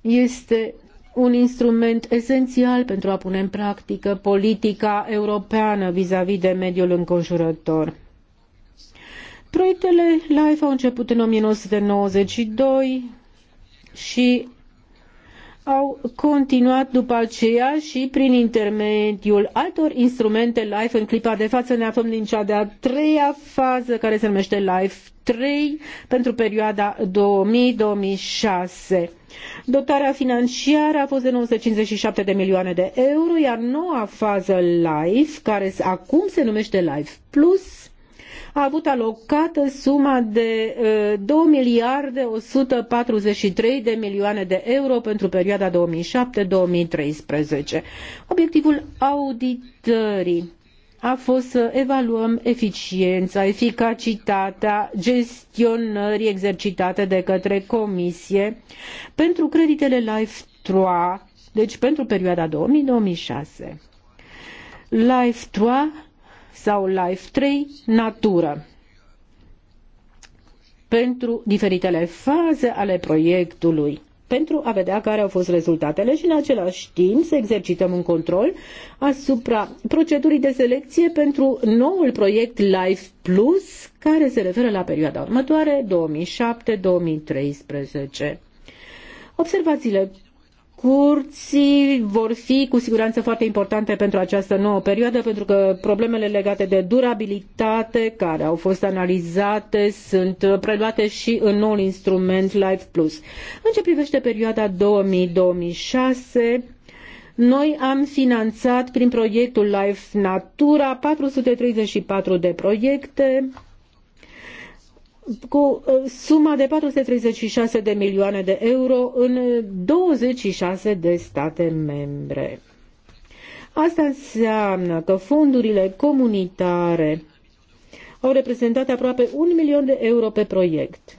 Este un instrument esențial pentru a pune în practică politica europeană vis-a-vis -vis de mediul înconjurător. Proiectele LIFE au început în 1992 și au continuat după aceea și prin intermediul altor instrumente LIFE. În clipa de față ne aflăm din cea de-a treia fază care se numește LIFE 3 pentru perioada 2000-2006. Dotarea financiară a fost de 957 de milioane de euro, iar noua fază LIFE, care acum se numește LIFE Plus, a avut alocată suma de 2 uh, miliarde 143 de milioane de euro pentru perioada 2007-2013. Obiectivul auditării a fost să evaluăm eficiența, eficacitatea gestionării exercitate de către comisie pentru creditele Life 3, deci pentru perioada 2000-2006. Life 3 sau Life 3 Natură pentru diferitele faze ale proiectului pentru a vedea care au fost rezultatele și în același timp să exercităm un control asupra procedurii de selecție pentru noul proiect Life Plus care se referă la perioada următoare 2007-2013. Observațiile curții vor fi cu siguranță foarte importante pentru această nouă perioadă, pentru că problemele legate de durabilitate care au fost analizate sunt preluate și în noul instrument Life Plus. În ce privește perioada 2000-2006, noi am finanțat prin proiectul Life Natura 434 de proiecte cu uh, suma de 436 de milioane de euro în 26 de state membre. Asta înseamnă că fondurile comunitare au reprezentat aproape un milion de euro pe proiect.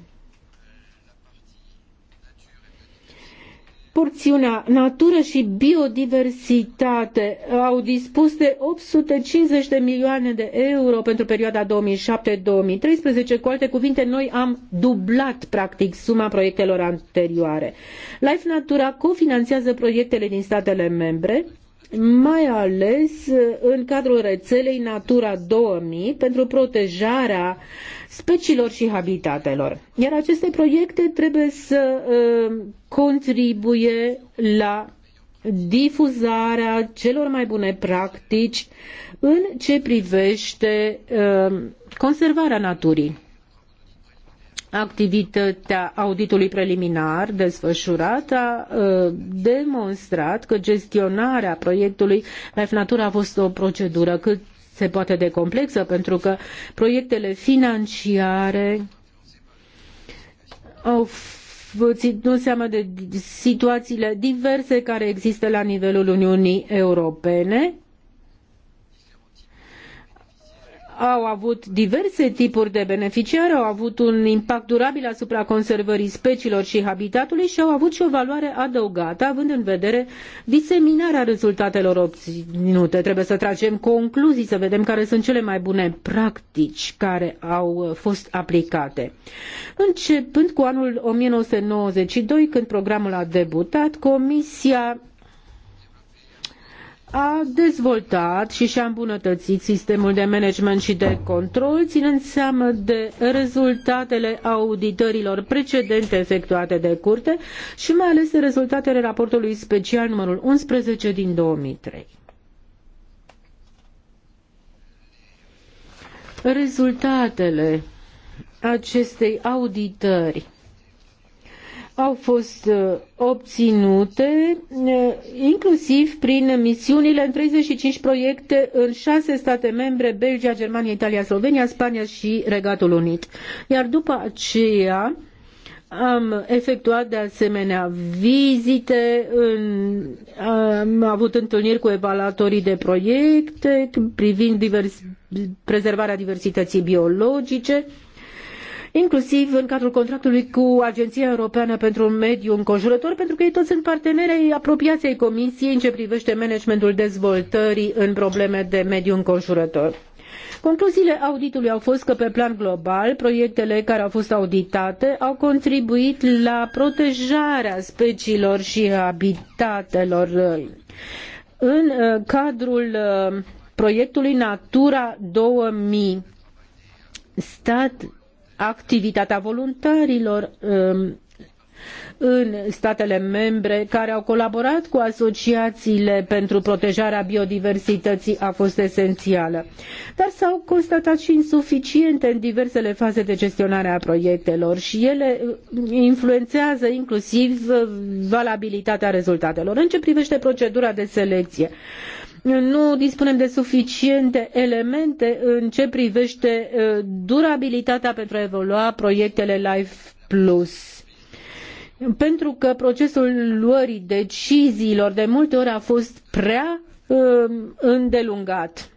porțiunea natură și biodiversitate au dispus de 850 de milioane de euro pentru perioada 2007-2013. Cu alte cuvinte, noi am dublat practic suma proiectelor anterioare. Life Natura cofinanțează proiectele din statele membre mai ales uh, în cadrul rețelei Natura 2000 pentru protejarea speciilor și habitatelor. Iar aceste proiecte trebuie să uh, contribuie la difuzarea celor mai bune practici în ce privește uh, conservarea naturii. Activitatea auditului preliminar desfășurat a ă, demonstrat că gestionarea proiectului Life Natura a fost o procedură cât se poate de complexă, pentru că proiectele financiare au ținut seama de situațiile diverse care există la nivelul Uniunii Europene au avut diverse tipuri de beneficiari, au avut un impact durabil asupra conservării speciilor și habitatului și au avut și o valoare adăugată, având în vedere diseminarea rezultatelor obținute. Trebuie să tragem concluzii, să vedem care sunt cele mai bune practici care au fost aplicate. Începând cu anul 1992, când programul a debutat, Comisia a dezvoltat și și-a îmbunătățit sistemul de management și de control, ținând seama de rezultatele auditărilor precedente efectuate de curte și mai ales de rezultatele raportului special numărul 11 din 2003. Rezultatele acestei auditări au fost uh, obținute uh, inclusiv prin misiunile în 35 proiecte în 6 state membre, Belgia, Germania, Italia, Slovenia, Spania și Regatul Unit. Iar după aceea am efectuat de asemenea vizite, în, am avut întâlniri cu evaluatorii de proiecte privind divers, prezervarea diversității biologice, inclusiv în cadrul contractului cu Agenția Europeană pentru Mediu Înconjurător, pentru că ei toți sunt partenerii apropiați ai Comisiei în ce privește managementul dezvoltării în probleme de mediu înconjurător. Concluziile auditului au fost că pe plan global, proiectele care au fost auditate au contribuit la protejarea speciilor și habitatelor în uh, cadrul uh, proiectului Natura 2000. Stat, activitatea voluntarilor um, în statele membre care au colaborat cu asociațiile pentru protejarea biodiversității a fost esențială. Dar s-au constatat și insuficiente în diversele faze de gestionare a proiectelor și ele uh, influențează inclusiv uh, valabilitatea rezultatelor. În ce privește procedura de selecție, nu dispunem de suficiente elemente în ce privește uh, durabilitatea pentru a evolua proiectele Life Plus. Pentru că procesul luării deciziilor de multe ori a fost prea uh, îndelungat.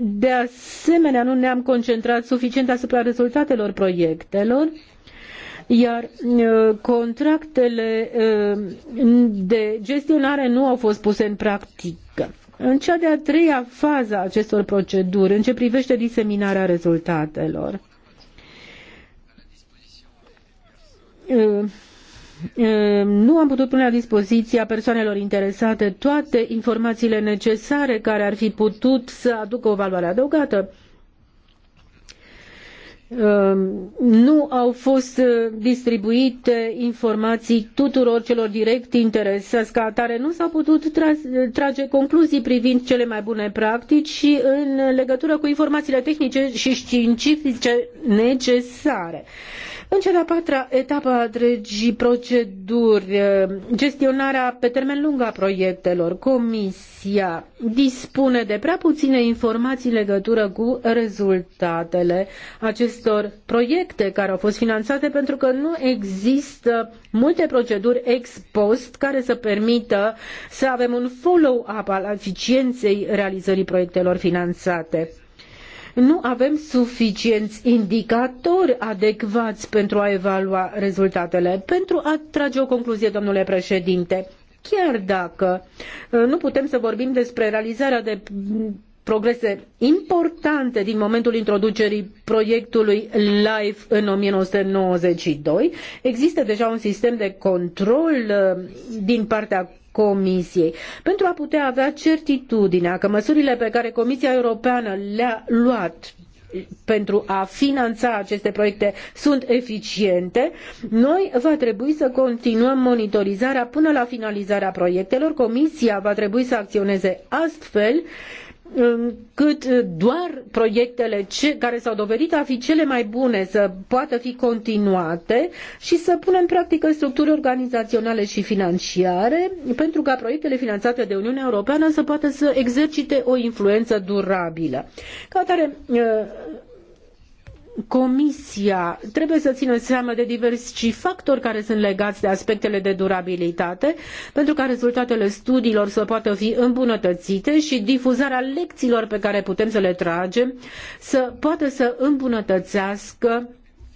De asemenea, nu ne-am concentrat suficient asupra rezultatelor proiectelor iar uh, contractele uh, de gestionare nu au fost puse în practică. În cea de-a treia fază a acestor proceduri, în ce privește diseminarea rezultatelor, uh, nu am putut pune la dispoziția persoanelor interesate toate informațiile necesare care ar fi putut să aducă o valoare adăugată Um, nu au fost uh, distribuite informații tuturor celor direct interesați ca atare, nu s-au putut trage concluzii privind cele mai bune practici și în legătură cu informațiile tehnice și științifice necesare. În cea de-a patra etapă a întregii proceduri, eh, gestionarea pe termen lung a proiectelor, Comisia dispune de prea puține informații în legătură cu rezultatele acestor proiecte care au fost finanțate pentru că nu există multe proceduri ex post care să permită să avem un follow-up al eficienței realizării proiectelor finanțate nu avem suficienți indicatori adecvați pentru a evalua rezultatele. Pentru a trage o concluzie, domnule președinte, chiar dacă uh, nu putem să vorbim despre realizarea de mm, progrese importante din momentul introducerii proiectului LIFE în 1992. Există deja un sistem de control uh, din partea Comisiei, pentru a putea avea certitudinea că măsurile pe care Comisia Europeană le-a luat pentru a finanța aceste proiecte sunt eficiente, noi va trebui să continuăm monitorizarea până la finalizarea proiectelor. Comisia va trebui să acționeze astfel uh, încât doar proiectele ce, care s-au dovedit a fi cele mai bune să poată fi continuate și să punem în practică structuri organizaționale și financiare pentru ca proiectele finanțate de Uniunea Europeană să poată să exercite o influență durabilă. Ca atare, Comisia trebuie să țină seama de diversi factori care sunt legați de aspectele de durabilitate, pentru ca rezultatele studiilor să poată fi îmbunătățite și difuzarea lecțiilor pe care putem să le tragem să poată să îmbunătățească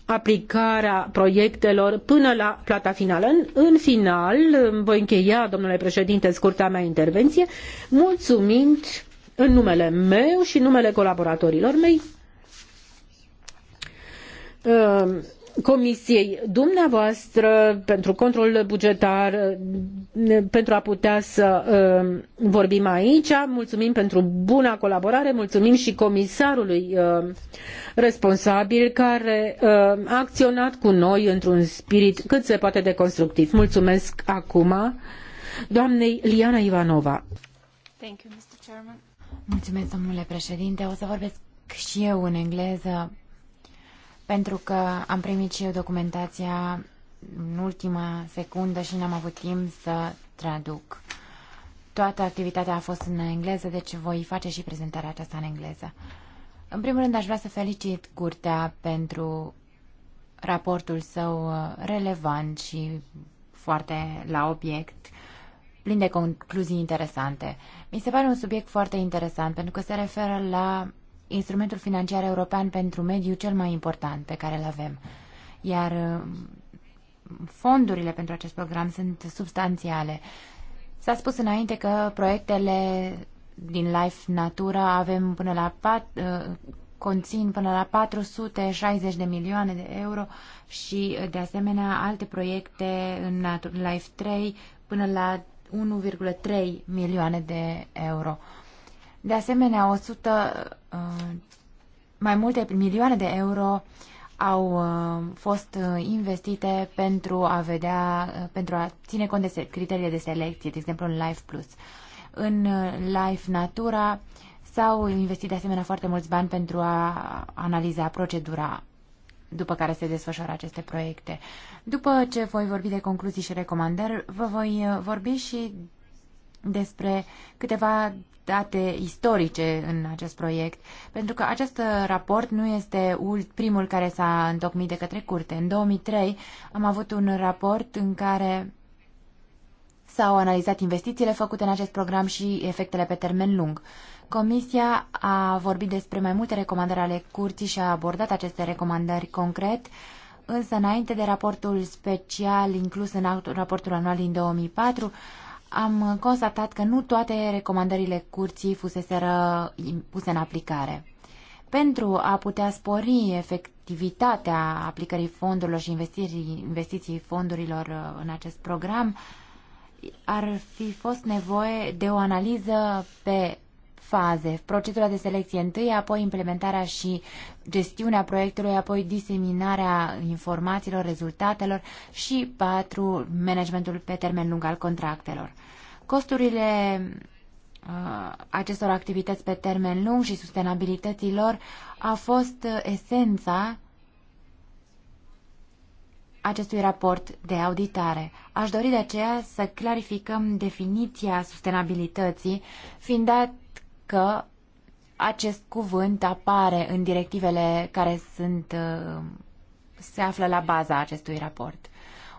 aplicarea proiectelor până la plata finală. În, în final, voi încheia, domnule președinte, scurta mea intervenție, mulțumind în numele meu și în numele colaboratorilor mei Uh, comisiei dumneavoastră pentru controlul bugetar, uh, pentru a putea să uh, vorbim aici. Mulțumim pentru buna colaborare, mulțumim și comisarului responsabil care a acționat cu noi într-un spirit cât se poate de constructiv. Mulțumesc acum doamnei Liana Ivanova. Mulțumesc, domnule președinte. O să vorbesc și eu în engleză pentru că am primit și eu documentația în ultima secundă și n-am avut timp să traduc. Toată activitatea a fost în engleză, deci voi face și prezentarea aceasta în engleză. În primul rând aș vrea să felicit Curtea pentru raportul său uh, relevant și foarte la obiect, plin de concluzii interesante. Mi se pare un subiect foarte interesant pentru că se referă la instrumentul financiar european pentru mediu cel mai important pe care îl avem. Iar um, fondurile pentru acest program sunt substanțiale. S-a spus înainte că proiectele din Life Natura avem până la pat, uh, conțin până la 460 de milioane de euro și uh, de asemenea alte proiecte în Life 3 până la 1,3 milioane de euro. De asemenea, 100 Uh, mai multe milioane de euro au uh, fost uh, investite pentru a vedea, pentru a ține cont de criteriile de selecție, de exemplu în Life Plus. În Life Natura s-au investit de asemenea foarte mulți bani pentru a analiza procedura după care se desfășoară aceste proiecte. După ce voi vorbi de concluzii și recomandări, vă voi vorbi și despre câteva date istorice în acest proiect, pentru că acest raport nu este primul care s-a întocmit de către curte. În 2003 am avut un raport în care s-au analizat investițiile făcute în acest program și efectele pe termen lung. Comisia a vorbit despre mai multe recomandări ale curții și a abordat aceste recomandări concret, însă înainte de raportul special inclus în raportul anual din 2004, am constatat că nu toate recomandările curții fuseseră puse în aplicare. Pentru a putea spori efectivitatea aplicării fondurilor și investiției fondurilor uh, în acest program, ar fi fost nevoie de o analiză pe faze. Procedura de selecție întâi, apoi implementarea și gestiunea proiectului, apoi diseminarea informațiilor, rezultatelor și patru managementul pe termen lung al contractelor. Costurile uh, acestor activități pe termen lung și sustenabilității lor a fost esența acestui raport de auditare. Aș dori de aceea să clarificăm definiția sustenabilității, fiind dat că acest cuvânt apare în directivele care sunt, uh, se află la baza acestui raport.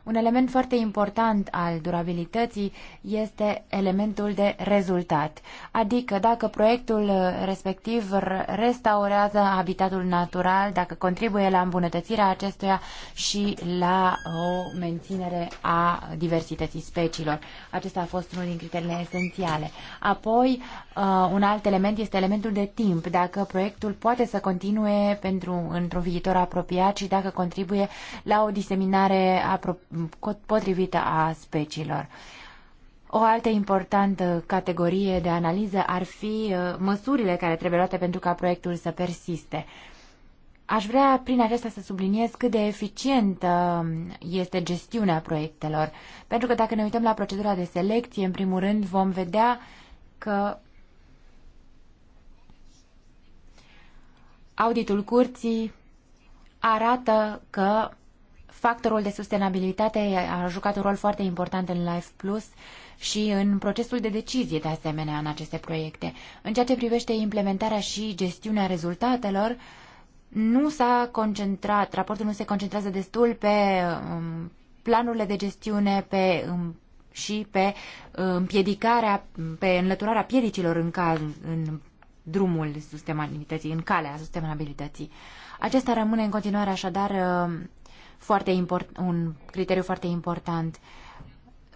Un element foarte important al durabilității este elementul de rezultat, adică dacă proiectul respectiv restaurează habitatul natural, dacă contribuie la îmbunătățirea acestuia și la o menținere a diversității speciilor. Acesta a fost unul din criteriile esențiale. Apoi, uh, un alt element este elementul de timp, dacă proiectul poate să continue pentru într-un viitor apropiat și dacă contribuie la o diseminare apropiată potrivită a speciilor. O altă importantă categorie de analiză ar fi uh, măsurile care trebuie luate pentru ca proiectul să persiste. Aș vrea prin acesta să subliniez cât de eficientă um, este gestiunea proiectelor, pentru că dacă ne uităm la procedura de selecție, în primul rând vom vedea că auditul curții arată că factorul de sustenabilitate a jucat un rol foarte important în Life Plus și în procesul de decizie, de asemenea, în aceste proiecte. În ceea ce privește implementarea și gestiunea rezultatelor, nu s-a concentrat, raportul nu se concentrează destul pe um, planurile de gestiune, pe um, și pe împiedicarea, um, pe înlăturarea piedicilor în, caz, în drumul sustenabilității, în calea sustenabilității. Acesta rămâne în continuare așadar um, foarte import, un criteriu foarte important.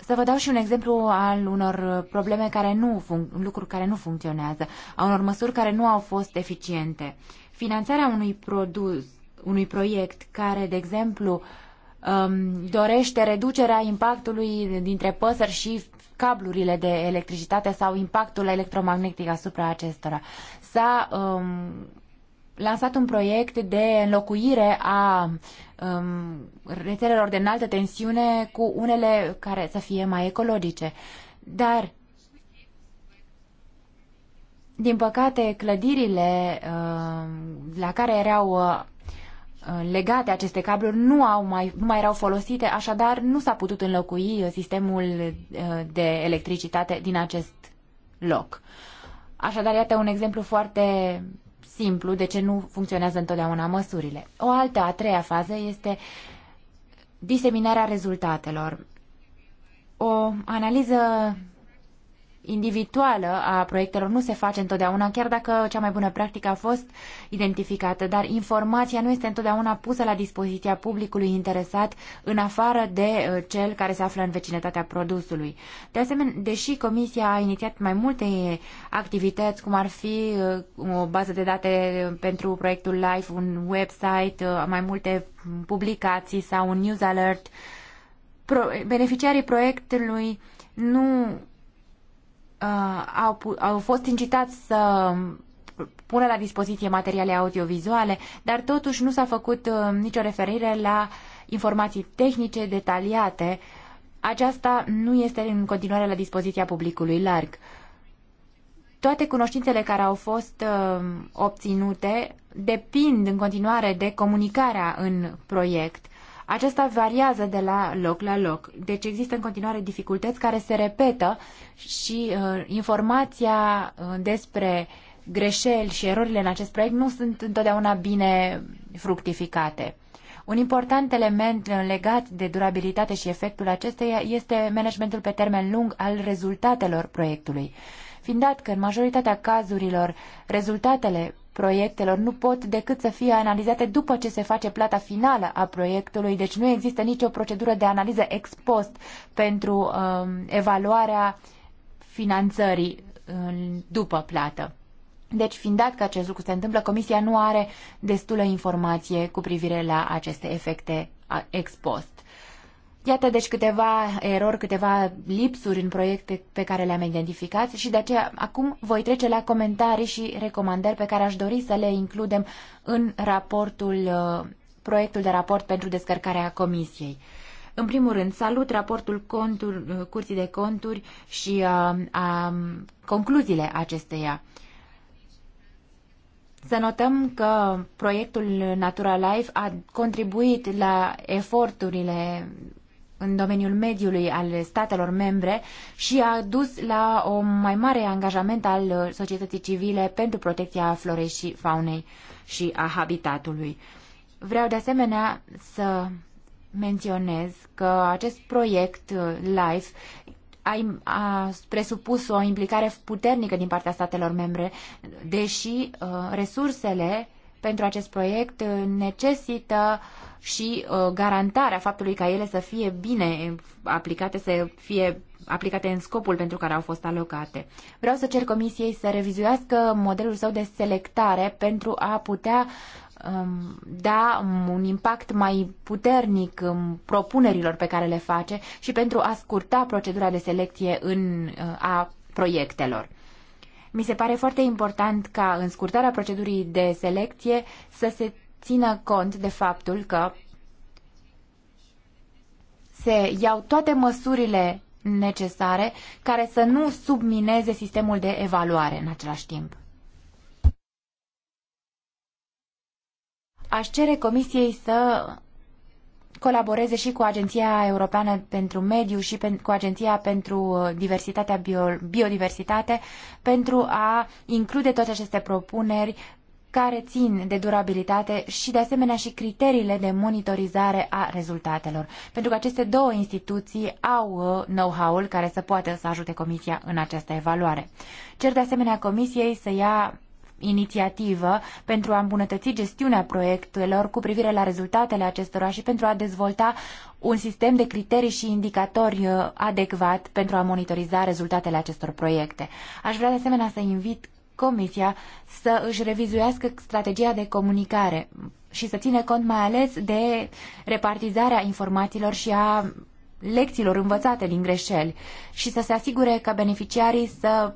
Să vă dau și un exemplu al unor probleme care nu lucruri care nu funcționează, a unor măsuri care nu au fost eficiente. Finanțarea unui produs, unui proiect care, de exemplu, um, dorește reducerea impactului dintre păsări și cablurile de electricitate sau impactul electromagnetic asupra acestora. S-a um, lansat un proiect de înlocuire a um, rețelelor de înaltă tensiune cu unele care să fie mai ecologice. Dar, din păcate, clădirile uh, la care erau uh, legate aceste cabluri nu, au mai, nu mai erau folosite, așadar nu s-a putut înlocui uh, sistemul uh, de electricitate din acest loc. Așadar, iată un exemplu foarte simplu de ce nu funcționează întotdeauna măsurile. O altă, a treia fază este diseminarea rezultatelor. O analiză individuală a proiectelor nu se face întotdeauna, chiar dacă cea mai bună practică a fost identificată, dar informația nu este întotdeauna pusă la dispoziția publicului interesat în afară de uh, cel care se află în vecinătatea produsului. De asemenea, deși Comisia a inițiat mai multe activități, cum ar fi uh, o bază de date pentru proiectul Life, un website, uh, mai multe publicații sau un news alert, beneficiarii proiectului nu uh, au, au fost incitați să pună la dispoziție materiale audiovizuale, dar totuși nu s-a făcut uh, nicio referire la informații tehnice detaliate. Aceasta nu este în continuare la dispoziția publicului larg. Toate cunoștințele care au fost uh, obținute depind în continuare de comunicarea în proiect acesta variază de la loc la loc. Deci există în continuare dificultăți care se repetă și uh, informația uh, despre greșeli și erorile în acest proiect nu sunt întotdeauna bine fructificate. Un important element uh, legat de durabilitate și efectul acesteia este managementul pe termen lung al rezultatelor proiectului. Fiind dat că în majoritatea cazurilor rezultatele proiectelor nu pot decât să fie analizate după ce se face plata finală a proiectului, deci nu există nicio procedură de analiză ex post pentru um, evaluarea finanțării în, după plată. Deci, fiind dat că acest lucru se întâmplă, Comisia nu are destulă informație cu privire la aceste efecte ex post. Iată deci câteva erori, câteva lipsuri în proiecte pe care le-am identificat și de aceea acum voi trece la comentarii și recomandări pe care aș dori să le includem în raportul, uh, proiectul de raport pentru descărcarea comisiei. În primul rând, salut raportul contur, uh, Curții de Conturi și a, uh, a, concluziile acesteia. Să notăm că proiectul Natura Life a contribuit la eforturile în domeniul mediului al statelor membre și a dus la o mai mare angajament al uh, societății civile pentru protecția florei și faunei și a habitatului. Vreau de asemenea să menționez că acest proiect uh, LIFE a, presupus o implicare puternică din partea statelor membre, deși uh, resursele pentru acest proiect uh, necesită și uh, garantarea faptului ca ele să fie bine aplicate, să fie aplicate în scopul pentru care au fost alocate. Vreau să cer Comisiei să revizuiască modelul său de selectare pentru a putea um, da un impact mai puternic um, propunerilor pe care le face și pentru a scurta procedura de selecție în, uh, a proiectelor. Mi se pare foarte important ca în scurtarea procedurii de selecție să se țină cont de faptul că se iau toate măsurile necesare care să nu submineze sistemul de evaluare în același timp. Aș cere Comisiei să colaboreze și cu Agenția Europeană pentru Mediu și cu Agenția pentru uh, Diversitatea Bio, Biodiversitate pentru a include toate aceste propuneri care țin de durabilitate și de asemenea și criteriile de monitorizare a rezultatelor. Pentru că aceste două instituții au uh, know-how-ul care să poată să ajute Comisia în această evaluare. Cer de asemenea Comisiei să ia inițiativă pentru a îmbunătăți gestiunea proiectelor cu privire la rezultatele acestora și pentru a dezvolta un sistem de criterii și indicatori uh, adecvat pentru a monitoriza rezultatele acestor proiecte. Aș vrea de asemenea să invit Comisia să își revizuiască strategia de comunicare și să ține cont mai ales de repartizarea informațiilor și a lecțiilor învățate din greșeli și să se asigure ca beneficiarii să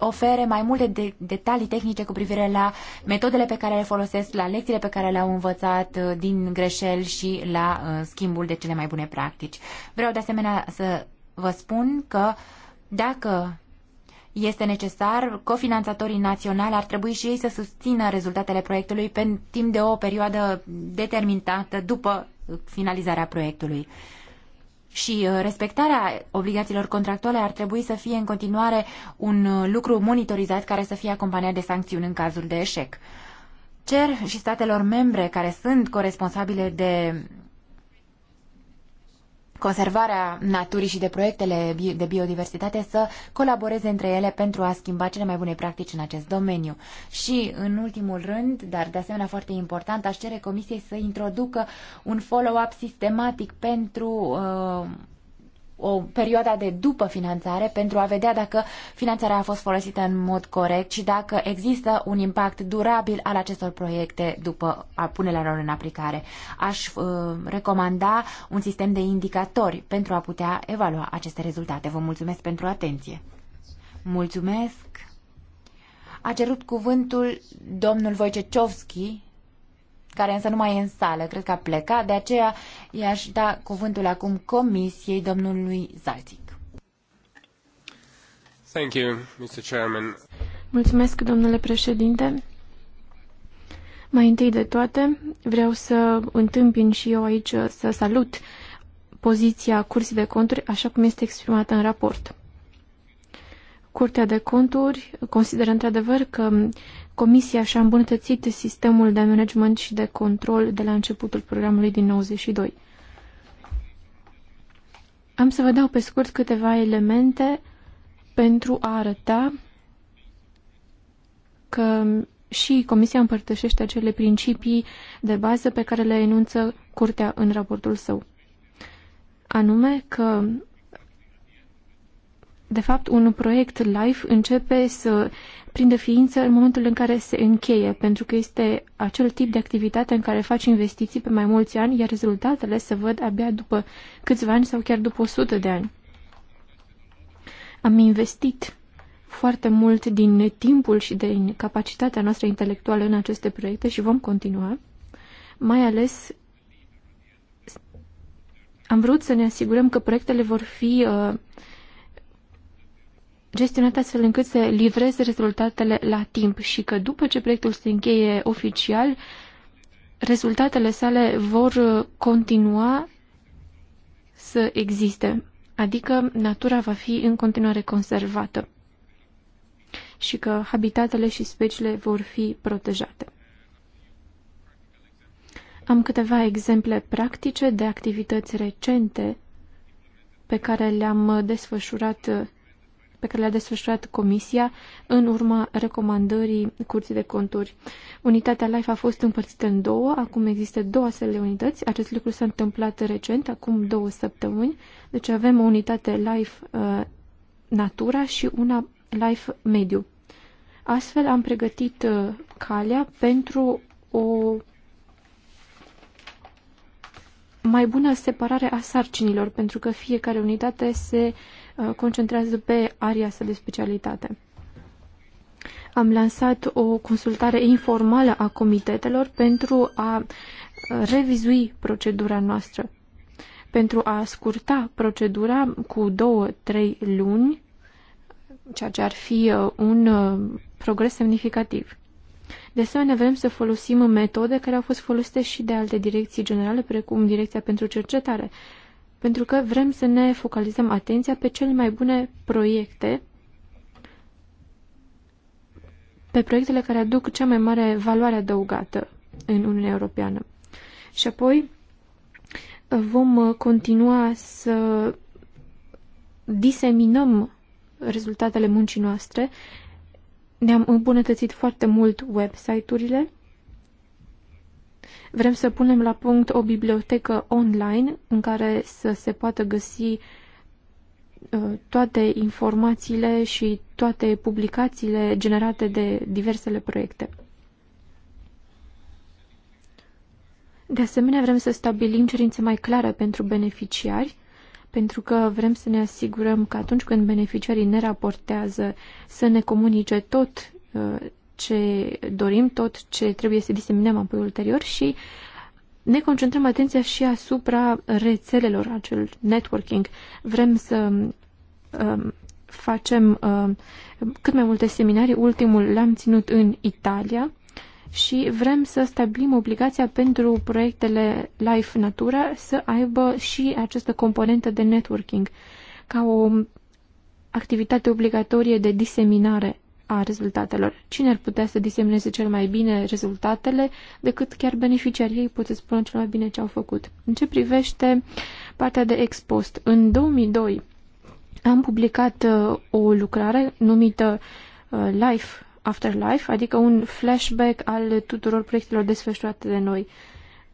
ofere mai multe de detalii tehnice cu privire la metodele pe care le folosesc, la lecțiile pe care le-au învățat uh, din greșeli și la uh, schimbul de cele mai bune practici. Vreau de asemenea să vă spun că dacă este necesar, cofinanțatorii naționali ar trebui și ei să susțină rezultatele proiectului pe timp de o perioadă determinată după finalizarea proiectului și uh, respectarea obligațiilor contractuale ar trebui să fie în continuare un uh, lucru monitorizat care să fie acompaniat de sancțiuni în cazul de eșec. Cer și statelor membre care sunt coresponsabile de conservarea naturii și de proiectele de biodiversitate să colaboreze între ele pentru a schimba cele mai bune practici în acest domeniu. Și, în ultimul rând, dar de asemenea foarte important, aș cere Comisiei să introducă un follow-up sistematic pentru uh, o perioada de după finanțare pentru a vedea dacă finanțarea a fost folosită în mod corect și dacă există un impact durabil al acestor proiecte după a punerea lor în aplicare. Aș uh, recomanda un sistem de indicatori pentru a putea evalua aceste rezultate. Vă mulțumesc pentru atenție. Mulțumesc. A cerut cuvântul domnul Wojciechowski care însă nu mai e în sală, cred că a plecat, de aceea i-aș da cuvântul acum comisiei domnului Zaltic. Thank you, Mr. Chairman. Mulțumesc, domnule președinte. Mai întâi de toate, vreau să întâmpin și eu aici să salut poziția Curții de Conturi așa cum este exprimată în raport. Curtea de Conturi consideră într-adevăr că Comisia și-a îmbunătățit sistemul de management și de control de la începutul programului din 92. Am să vă dau pe scurt câteva elemente pentru a arăta că și Comisia împărtășește acele principii de bază pe care le enunță Curtea în raportul său. Anume că de fapt, un proiect live începe să prindă ființă în momentul în care se încheie, pentru că este acel tip de activitate în care faci investiții pe mai mulți ani, iar rezultatele se văd abia după câțiva ani sau chiar după 100 de ani. Am investit foarte mult din timpul și din capacitatea noastră intelectuală în aceste proiecte și vom continua, mai ales am vrut să ne asigurăm că proiectele vor fi uh, gestionat astfel încât să livreze rezultatele la timp și că după ce proiectul se încheie oficial, rezultatele sale vor uh, continua să existe, adică natura va fi în continuare conservată și că habitatele și speciile vor fi protejate. Am câteva exemple practice de activități recente pe care le-am uh, desfășurat uh, pe care le-a desfășurat Comisia în urma recomandării Curții de Conturi. Unitatea LIFE a fost împărțită în două, acum există două astfel de unități. Acest lucru s-a întâmplat recent, acum două săptămâni. Deci avem o unitate LIFE uh, Natura și una LIFE Mediu. Astfel am pregătit uh, calea pentru o mai bună separare a sarcinilor, pentru că fiecare unitate se uh, Uh, concentrează pe aria sa de specialitate. Am lansat o consultare informală a comitetelor pentru a uh, revizui procedura noastră, pentru a scurta procedura cu două-trei luni, ceea ce ar fi uh, un progres semnificativ. De asemenea, vrem să folosim metode care au fost folosite și de alte direcții generale, precum Direcția pentru Cercetare, pentru că vrem să ne focalizăm atenția pe cele mai bune proiecte, pe proiectele care aduc cea mai mare valoare adăugată în Uniunea Europeană. Și apoi vom continua să diseminăm rezultatele muncii noastre. Ne-am îmbunătățit foarte mult website-urile Vrem să punem la punct o bibliotecă online în care să se poată găsi uh, toate informațiile și toate publicațiile generate de diversele proiecte. De asemenea, vrem să stabilim cerințe mai clare pentru beneficiari, pentru că vrem să ne asigurăm că atunci când beneficiarii ne raportează, să ne comunice tot uh, ce dorim, tot ce trebuie să diseminăm apoi ulterior și ne concentrăm atenția și asupra rețelelor, acel networking. Vrem să um, facem um, cât mai multe seminarii, ultimul l-am ținut în Italia și vrem să stabilim obligația pentru proiectele Life Natura să aibă și această componentă de networking ca o activitate obligatorie de diseminare a rezultatelor. Cine ar putea să disemneze cel mai bine rezultatele decât chiar beneficiarii ei pot să spună cel mai bine ce au făcut. În ce privește partea de expost, în 2002 am publicat uh, o lucrare numită uh, Life After Life, adică un flashback al tuturor proiectelor desfășurate de noi.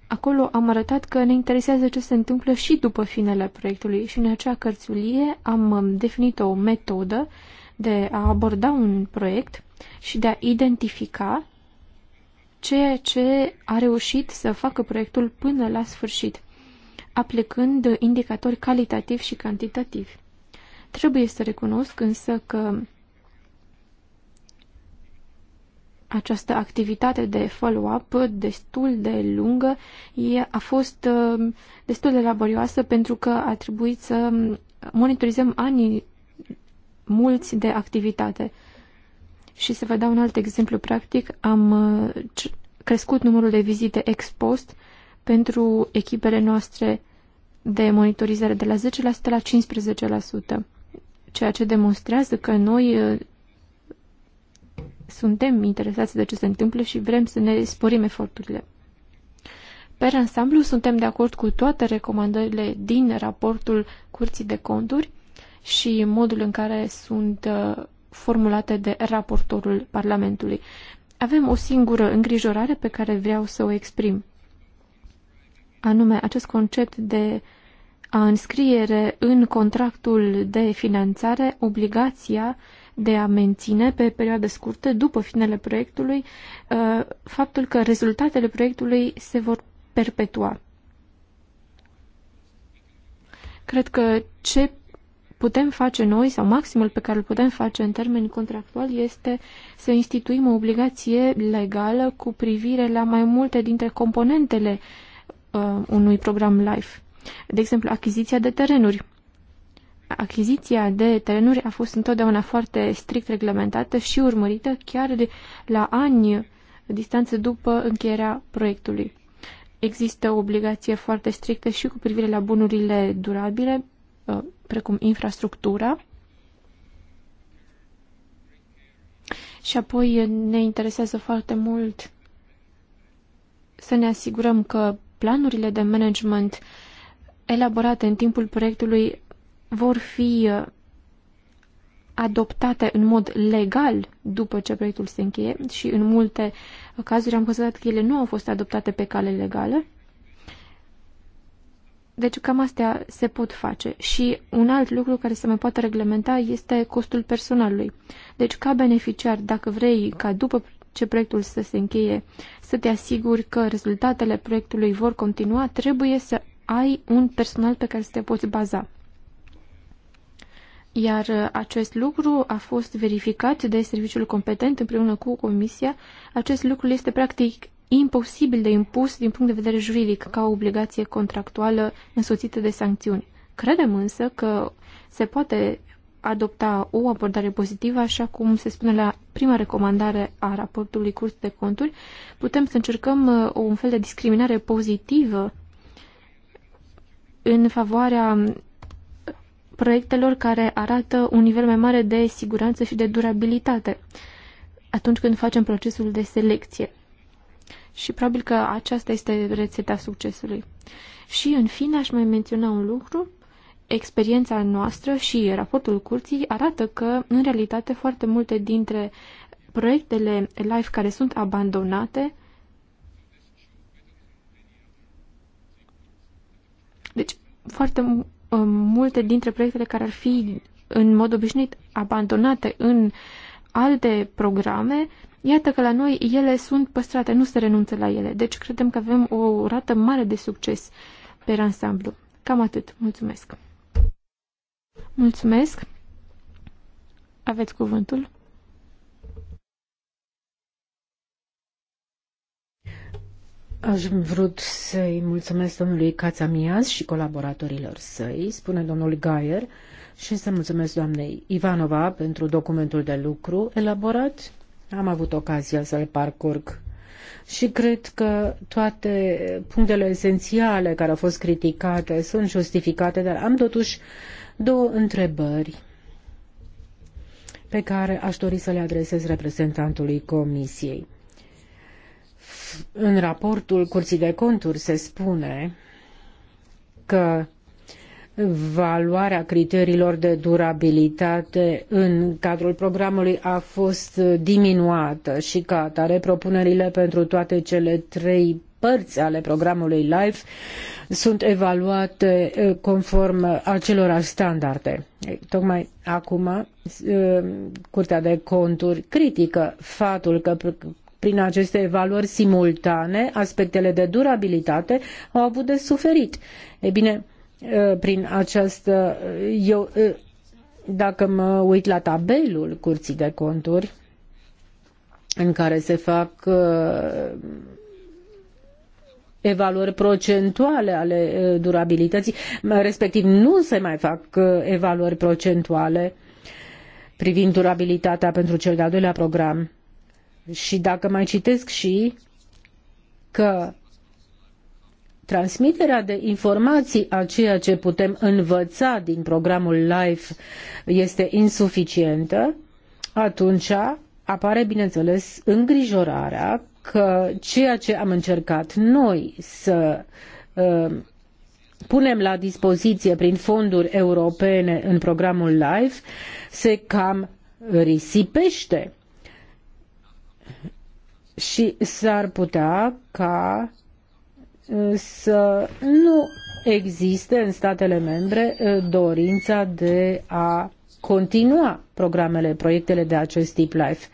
Acolo am arătat că ne interesează ce se întâmplă și după finele proiectului și în acea cărțulie am um, definit o metodă uh, de a aborda un proiect și de a identifica ceea ce a reușit să facă proiectul până la sfârșit, aplicând indicatori calitativ și cantitativ. Trebuie să recunosc însă că această activitate de follow-up destul de lungă a fost uh, destul de laborioasă pentru că a trebuit să monitorizăm ani mulți de activitate. Și să vă dau un alt exemplu practic, am uh, crescut numărul de vizite ex post pentru echipele noastre de monitorizare de la 10% la 15%, ceea ce demonstrează că noi uh, suntem interesați de ce se întâmplă și vrem să ne sporim eforturile. Per ansamblu, suntem de acord cu toate recomandările din raportul Curții de Conturi și modul în care sunt uh, formulate de raportorul Parlamentului. Avem o singură îngrijorare pe care vreau să o exprim, anume acest concept de a înscriere în contractul de finanțare obligația de a menține pe perioade scurte, după finele proiectului, uh, faptul că rezultatele proiectului se vor perpetua. Cred că ce putem face noi, sau maximul pe care îl putem face în termeni contractuali, este să instituim o obligație legală cu privire la mai multe dintre componentele uh, unui program LIFE. De exemplu, achiziția de terenuri. Achiziția de terenuri a fost întotdeauna foarte strict reglementată și urmărită chiar de la ani distanță după încheierea proiectului. Există o obligație foarte strictă și cu privire la bunurile durabile, Uh, precum infrastructura. Și apoi ne interesează foarte mult să ne asigurăm că planurile de management elaborate în timpul proiectului vor fi uh, adoptate în mod legal după ce proiectul se încheie și în multe cazuri am constatat că ele nu au fost adoptate pe cale legală. Deci cam astea se pot face. Și un alt lucru care se mai poate reglementa este costul personalului. Deci ca beneficiar, dacă vrei ca după ce proiectul să se încheie, să te asiguri că rezultatele proiectului vor continua, trebuie să ai un personal pe care să te poți baza. Iar acest lucru a fost verificat de serviciul competent împreună cu comisia. Acest lucru este practic imposibil de impus din punct de vedere juridic ca o obligație contractuală însoțită de sancțiuni. Credem însă că se poate adopta o abordare pozitivă, așa cum se spune la prima recomandare a raportului Curs de Conturi, putem să încercăm uh, un fel de discriminare pozitivă în favoarea uh, proiectelor care arată un nivel mai mare de siguranță și de durabilitate atunci când facem procesul de selecție și probabil că aceasta este rețeta succesului. Și în fine aș mai menționa un lucru, experiența noastră și raportul curții arată că în realitate foarte multe dintre proiectele live care sunt abandonate Deci, foarte uh, multe dintre proiectele care ar fi în mod obișnuit abandonate în alte programe Iată că la noi ele sunt păstrate, nu se renunță la ele. Deci credem că avem o rată mare de succes pe ansamblu. Cam atât. Mulțumesc. Mulțumesc. Aveți cuvântul. Aș vrut să-i mulțumesc domnului Cațamias și colaboratorilor săi, spune domnul Gaier, și să mulțumesc doamnei Ivanova pentru documentul de lucru elaborat am avut ocazia să-l parcurg și cred că toate punctele esențiale care au fost criticate sunt justificate, dar am totuși două întrebări pe care aș dori să le adresez reprezentantului Comisiei. În raportul Curții de Conturi se spune că valoarea criteriilor de durabilitate în cadrul programului a fost diminuată și ca atare propunerile pentru toate cele trei părți ale programului LIFE sunt evaluate eh, conform acelorași standarde. Tocmai acum, eh, Curtea de Conturi critică faptul că prin aceste evaluări simultane, aspectele de durabilitate au avut de suferit. Ei bine, Uh, prin această. Uh, eu, uh, dacă mă uit la tabelul curții de conturi, în care se fac evaluări procentuale ale durabilității, respectiv nu se mai fac evaluări procentuale privind durabilitatea pentru cel de-al doilea program. Și dacă mai citesc și că transmiterea de informații a ceea ce putem învăța din programul LIFE este insuficientă, atunci apare, bineînțeles, îngrijorarea că ceea ce am încercat noi să uh, punem la dispoziție prin fonduri europene în programul LIFE se cam risipește și s-ar putea ca să nu existe în statele membre dorința de a continua programele, proiectele de acest tip LIFE.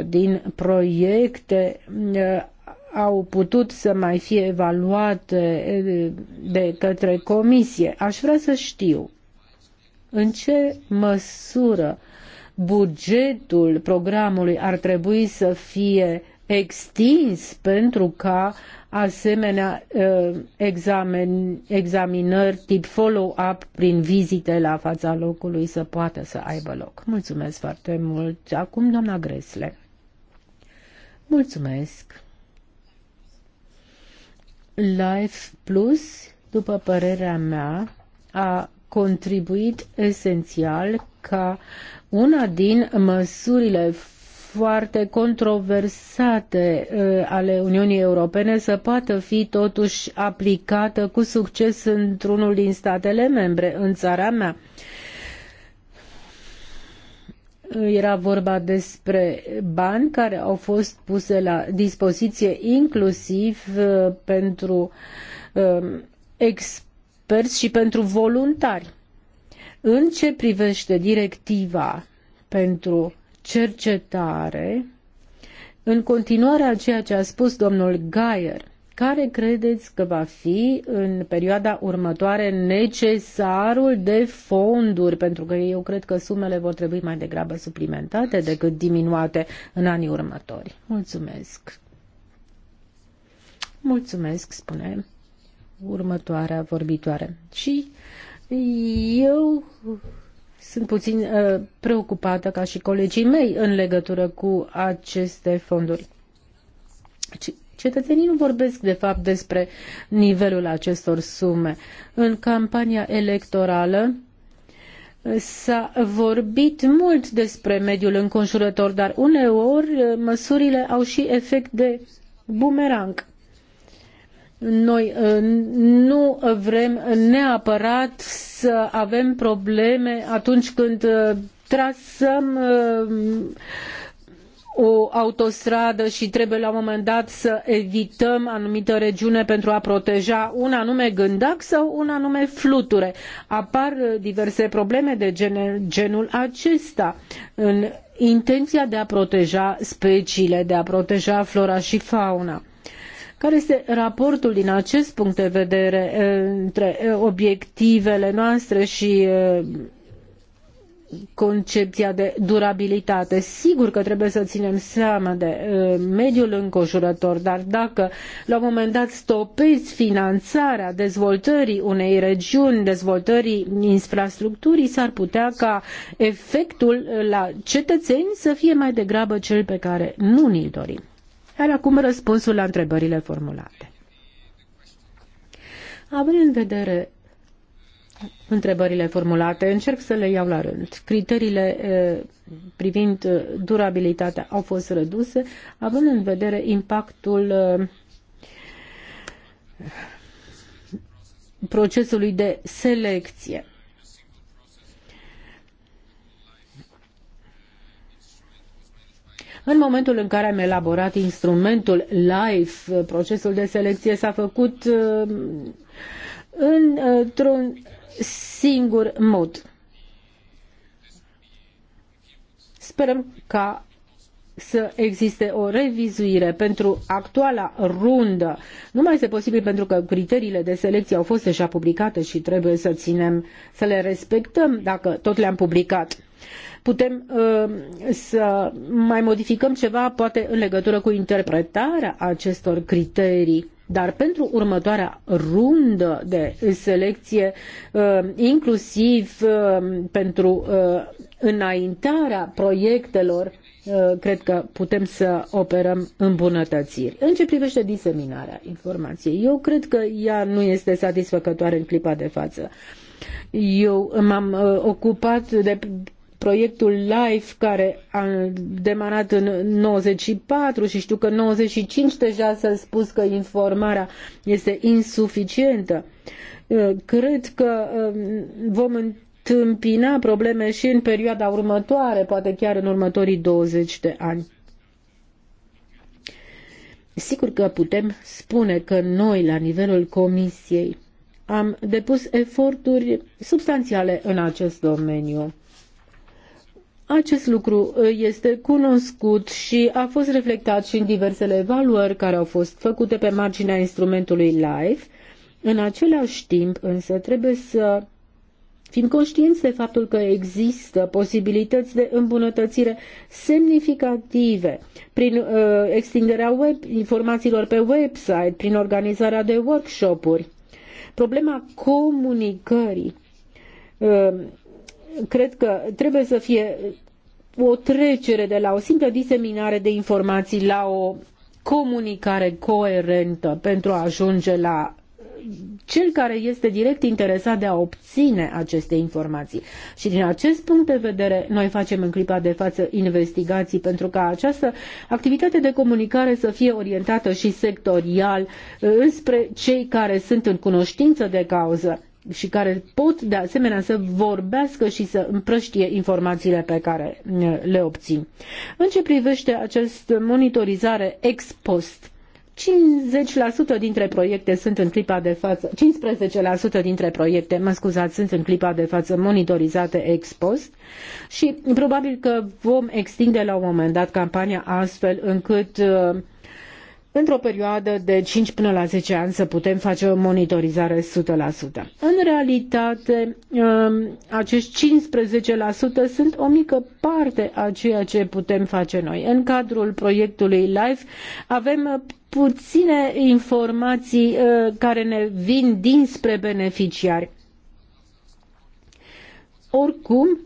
15% din proiecte au putut să mai fie evaluate de către comisie. Aș vrea să știu în ce măsură bugetul programului ar trebui să fie uh, extins pentru ca asemenea ă, examen, examinări tip follow-up prin vizite la fața locului să poată să aibă loc. Mulțumesc foarte mult. Acum, doamna Gresle. Mulțumesc. Life Plus, după părerea mea, a contribuit esențial ca una din măsurile foarte controversate uh, ale Uniunii Europene să poată fi totuși aplicată cu succes într-unul din statele membre, în țara mea. Era vorba despre bani care au fost puse la dispoziție inclusiv uh, pentru um, experți și pentru voluntari. În ce privește directiva pentru cercetare, în continuare a ceea ce a spus domnul Gaier, care credeți că va fi în perioada următoare necesarul de fonduri? Pentru că eu cred că sumele vor trebui mai degrabă suplimentate decât diminuate în anii următori. Mulțumesc! Mulțumesc, spune următoarea vorbitoare. Și eu sunt puțin uh, preocupată ca și colegii mei în legătură cu aceste fonduri. Cetățenii nu vorbesc, de fapt, despre nivelul acestor sume. În campania electorală uh, s-a vorbit mult despre mediul înconjurător, dar uneori uh, măsurile au și efect de bumerang. Noi uh, nu vrem neapărat să avem probleme atunci când uh, trasăm uh, o autostradă și trebuie la un moment dat să evităm anumită regiune pentru a proteja un anume gândac sau un anume fluture. Apar diverse probleme de genul acesta în intenția de a proteja speciile, de a proteja flora și fauna. Care este raportul din acest punct de vedere eh, între eh, obiectivele noastre și eh, concepția de durabilitate. Sigur că trebuie să ținem seama de uh, mediul înconjurător, dar dacă la un moment dat stopezi finanțarea dezvoltării unei regiuni, dezvoltării infrastructurii, s-ar putea ca efectul la cetățeni să fie mai degrabă cel pe care nu ni-l dorim. Iar acum răspunsul la întrebările formulate. Având în vedere întrebările formulate, încerc să le iau la rând. Criteriile privind durabilitatea au fost reduse, având în vedere impactul procesului de selecție. În momentul în care am elaborat instrumentul LIFE, procesul de selecție s-a făcut uh, într-un singur mod. Sperăm ca să existe o revizuire pentru actuala rundă. Nu mai este posibil pentru că criteriile de selecție au fost deja publicate și trebuie să ținem, să le respectăm dacă tot le-am publicat putem uh, să mai modificăm ceva, poate în legătură cu interpretarea acestor criterii. Dar pentru următoarea rundă de selecție, uh, inclusiv uh, pentru înaintarea proiectelor, cred că putem să operăm îmbunătățiri. În ce privește diseminarea informației, eu cred că ea nu este satisfăcătoare în clipa de față. Eu m-am ocupat de proiectul LIFE care a demarat în 94 și știu că în 95 deja s-a spus că informarea este insuficientă. Uh, cred că um, vom întâmpina probleme și în perioada următoare, poate chiar în următorii 20 de ani. Sigur că putem spune că noi, la nivelul Comisiei, am depus eforturi substanțiale în acest domeniu. Acest lucru uh, este cunoscut și a fost reflectat și în diversele evaluări care au fost făcute pe marginea instrumentului LIFE. În același timp, însă, trebuie să fim conștienți de faptul că există posibilități de îmbunătățire semnificative prin uh, extinderea web, informațiilor pe website, prin organizarea de workshop-uri. Problema comunicării uh, cred că trebuie să fie o trecere de la o simplă diseminare de informații la o comunicare coerentă pentru a ajunge la cel care este direct interesat de a obține aceste informații. Și din acest punct de vedere, noi facem în clipa de față investigații pentru ca această activitate de comunicare să fie orientată și sectorial uh, înspre cei care sunt în cunoștință de cauză și care pot de asemenea să vorbească și să împrăștie informațiile pe care uh, le obțin. În ce privește acest monitorizare ex post, 50% dintre proiecte sunt în clipa de față, 15% dintre proiecte, mă scuzați, sunt în clipa de față monitorizate ex post și probabil că vom extinde la un moment dat campania astfel încât uh, într-o perioadă de 5 până la 10 ani să putem face o monitorizare 100%. În realitate, um, acești 15% sunt o mică parte a ceea ce putem face noi. În cadrul proiectului LIFE avem puține informații uh, care ne vin dinspre beneficiari. Oricum,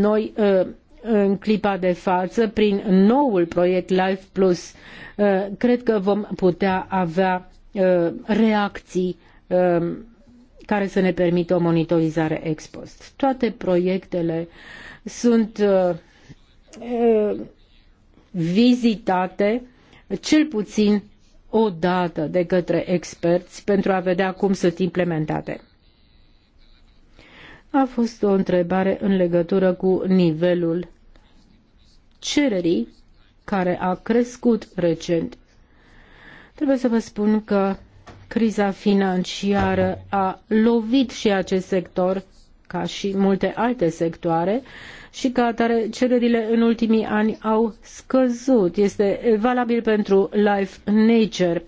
noi uh, în clipa de față prin noul proiect Life Plus. Uh, cred că vom putea avea uh, reacții um, care să ne permită o monitorizare ex post. Toate proiectele sunt uh, vizitate cel puțin o dată de către experți pentru a vedea cum sunt implementate a fost o întrebare în legătură cu nivelul cererii care a crescut recent. Trebuie să vă spun că criza financiară a lovit și acest sector ca și multe alte sectoare și ca atare cererile în ultimii ani au scăzut. Este valabil pentru Life Nature.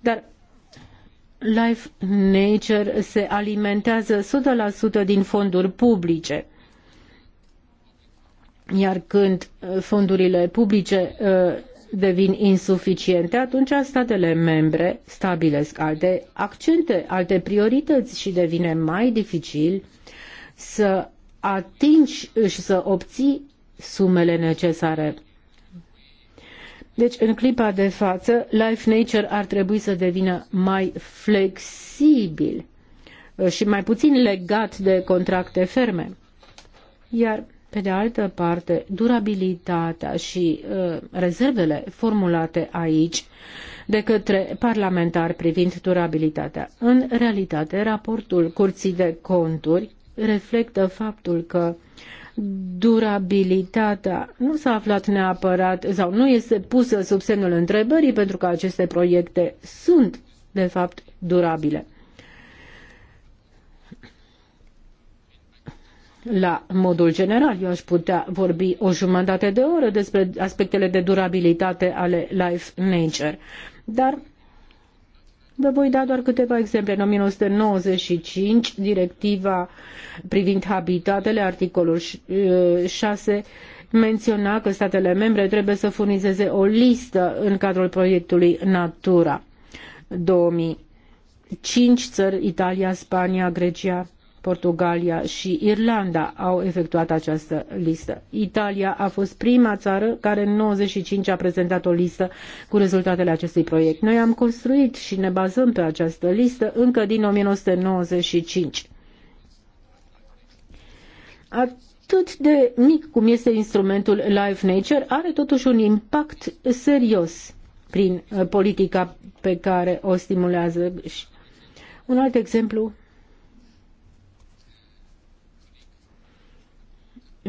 Dar Life Nature se alimentează 100% din fonduri publice. Iar când uh, fondurile publice uh, devin insuficiente, atunci statele membre stabilesc alte accente, alte priorități și devine mai dificil să atingi și să obții sumele necesare. Deci, în clipa de față, Life Nature ar trebui să devină mai flexibil uh, și mai puțin legat de contracte ferme. Iar, pe de altă parte, durabilitatea și uh, rezervele formulate aici de către parlamentari privind durabilitatea. În realitate, raportul Curții de Conturi reflectă faptul că durabilitatea nu s-a aflat neapărat sau nu este pusă sub semnul întrebării pentru că aceste proiecte sunt de fapt durabile. La modul general, eu aș putea vorbi o jumătate de oră despre aspectele de durabilitate ale Life Nature, dar Vă voi da doar câteva exemple. În 1995, directiva privind habitatele, articolul 6, menționa că statele membre trebuie să furnizeze o listă în cadrul proiectului Natura 2000. Cinci țări, Italia, Spania, Grecia, Portugalia și Irlanda au efectuat această listă. Italia a fost prima țară care în 95 a prezentat o listă cu rezultatele acestui proiect. Noi am construit și ne bazăm pe această listă încă din 1995. Atât de mic cum este instrumentul Life Nature, are totuși un impact serios prin uh, politica pe care o stimulează. Un alt exemplu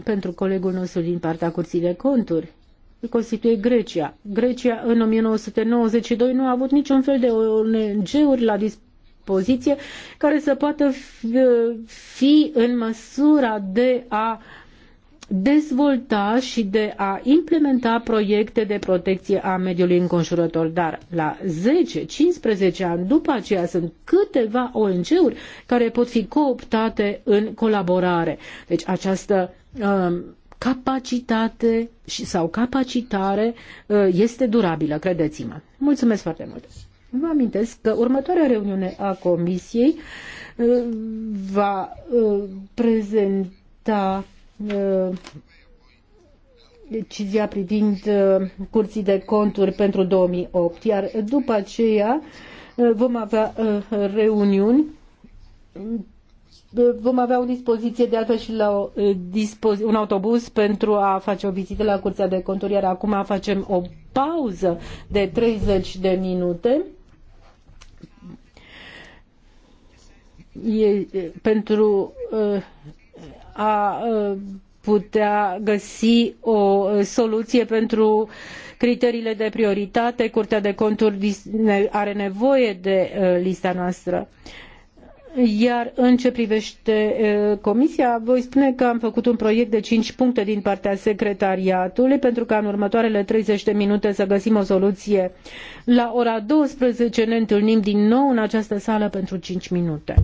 pentru colegul nostru din partea Curții de Conturi, constituie Grecia. Grecia în 1992 nu a avut niciun fel de ONG-uri la dispoziție care să poată fi în măsura de a dezvolta și de a implementa proiecte de protecție a mediului înconjurător. Dar la 10-15 ani după aceea sunt câteva ONG-uri care pot fi cooptate în colaborare. Deci această Um, capacitate și, sau capacitare uh, este durabilă, credeți-mă. Mulțumesc foarte mult! Vă amintesc că următoarea reuniune a Comisiei uh, va uh, prezenta decizia privind curții de conturi pentru 2008, iar după aceea vom avea reuniuni vom avea o dispoziție de altfel și la o, un autobuz pentru a face o vizită la Curtea de Conturi, iar acum facem o pauză de 30 de minute. E, pentru a putea găsi o soluție pentru criteriile de prioritate. Curtea de conturi are nevoie de lista noastră. Uh, iar în ce privește comisia, voi spune că am făcut un proiect de cinci puncte din partea secretariatului pentru ca în următoarele 30 de minute să găsim o soluție. La ora 12 ne întâlnim din nou în această sală pentru cinci minute.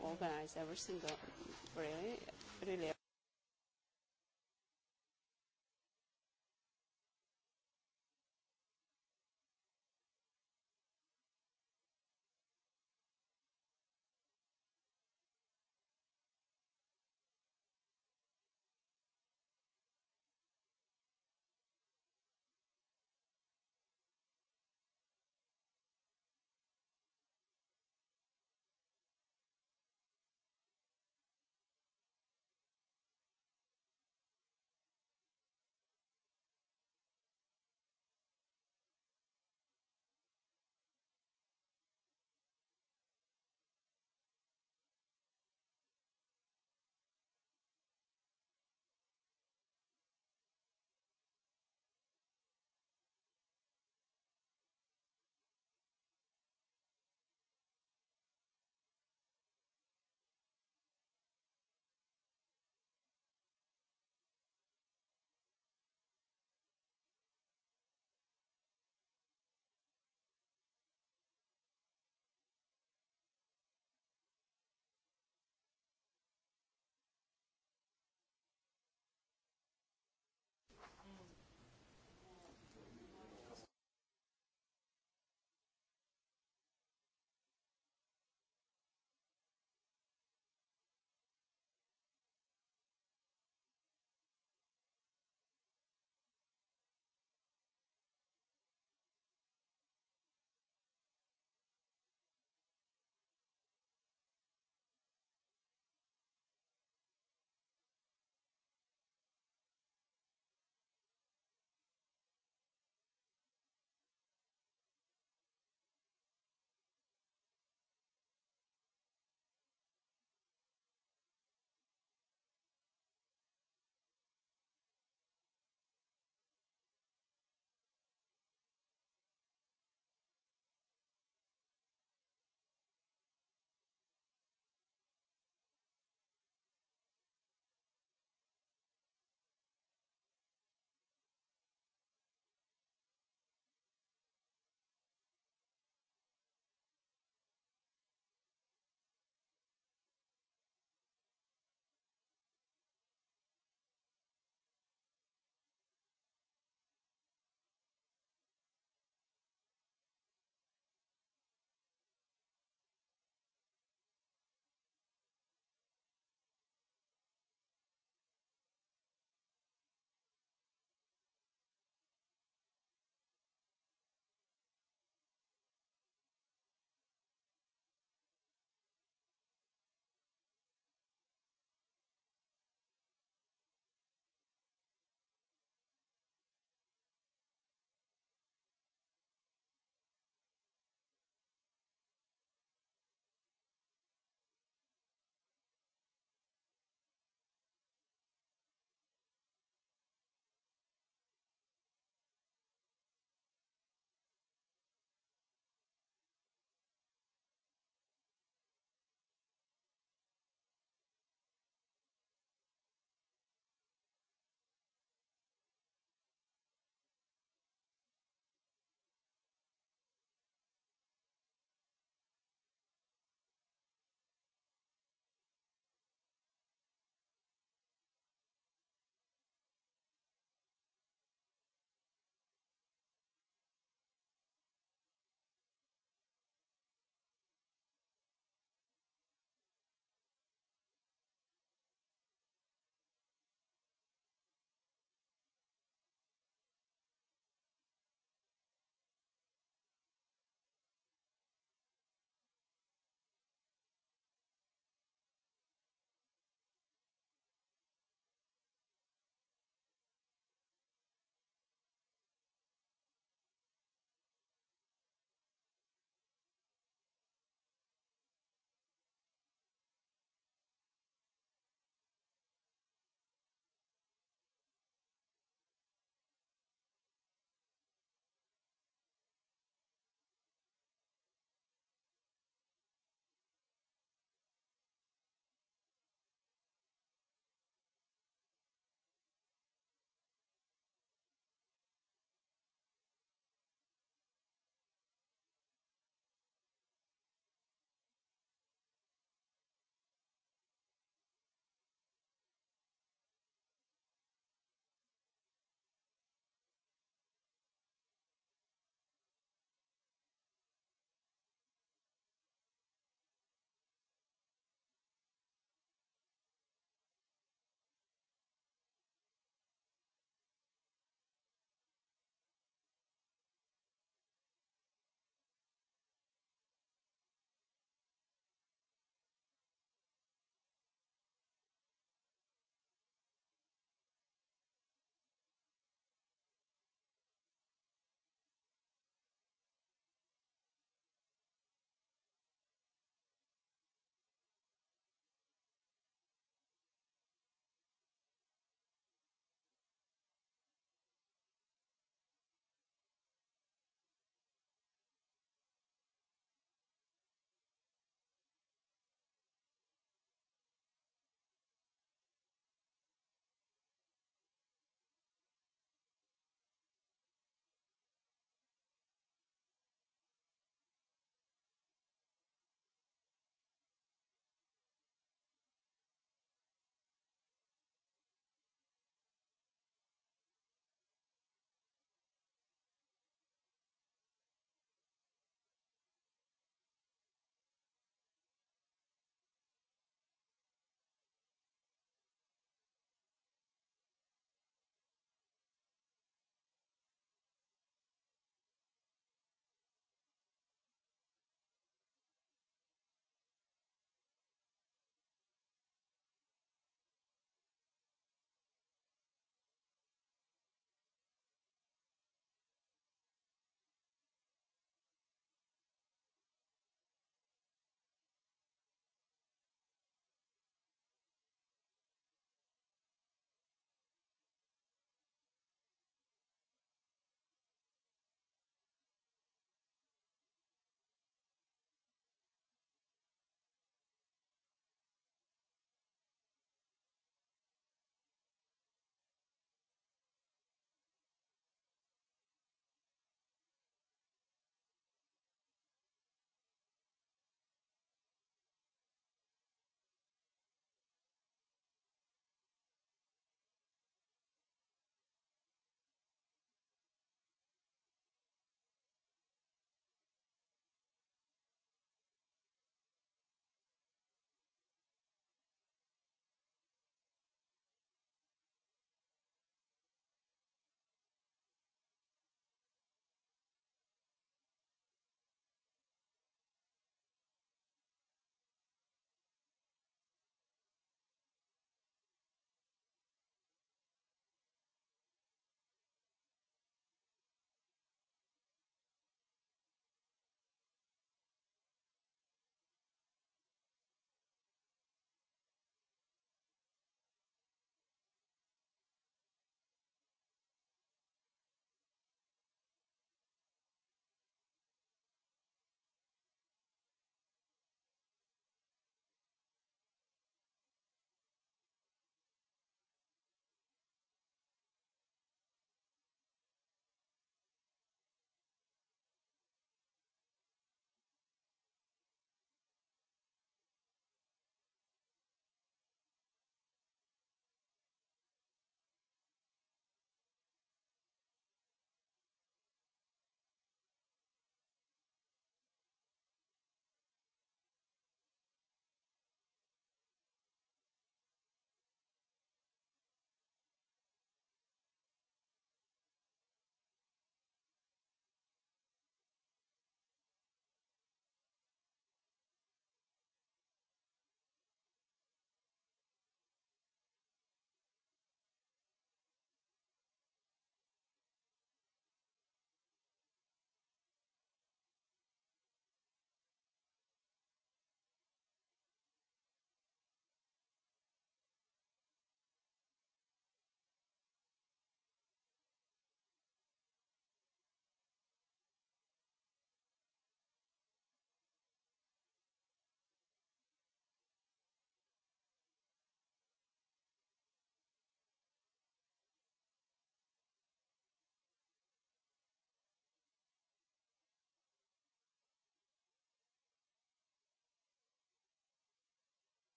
who every single, really, really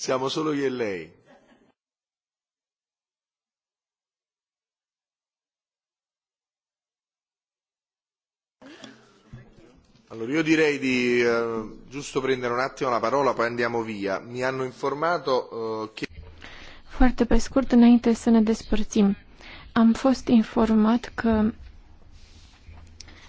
Siamo solo io e lei. Allora io direi di eh, giusto prendere un attimo la parola, poi andiamo via. Mi hanno informato eh, che... Foarte pe scurt, înainte să ne despărțim, am fost informat că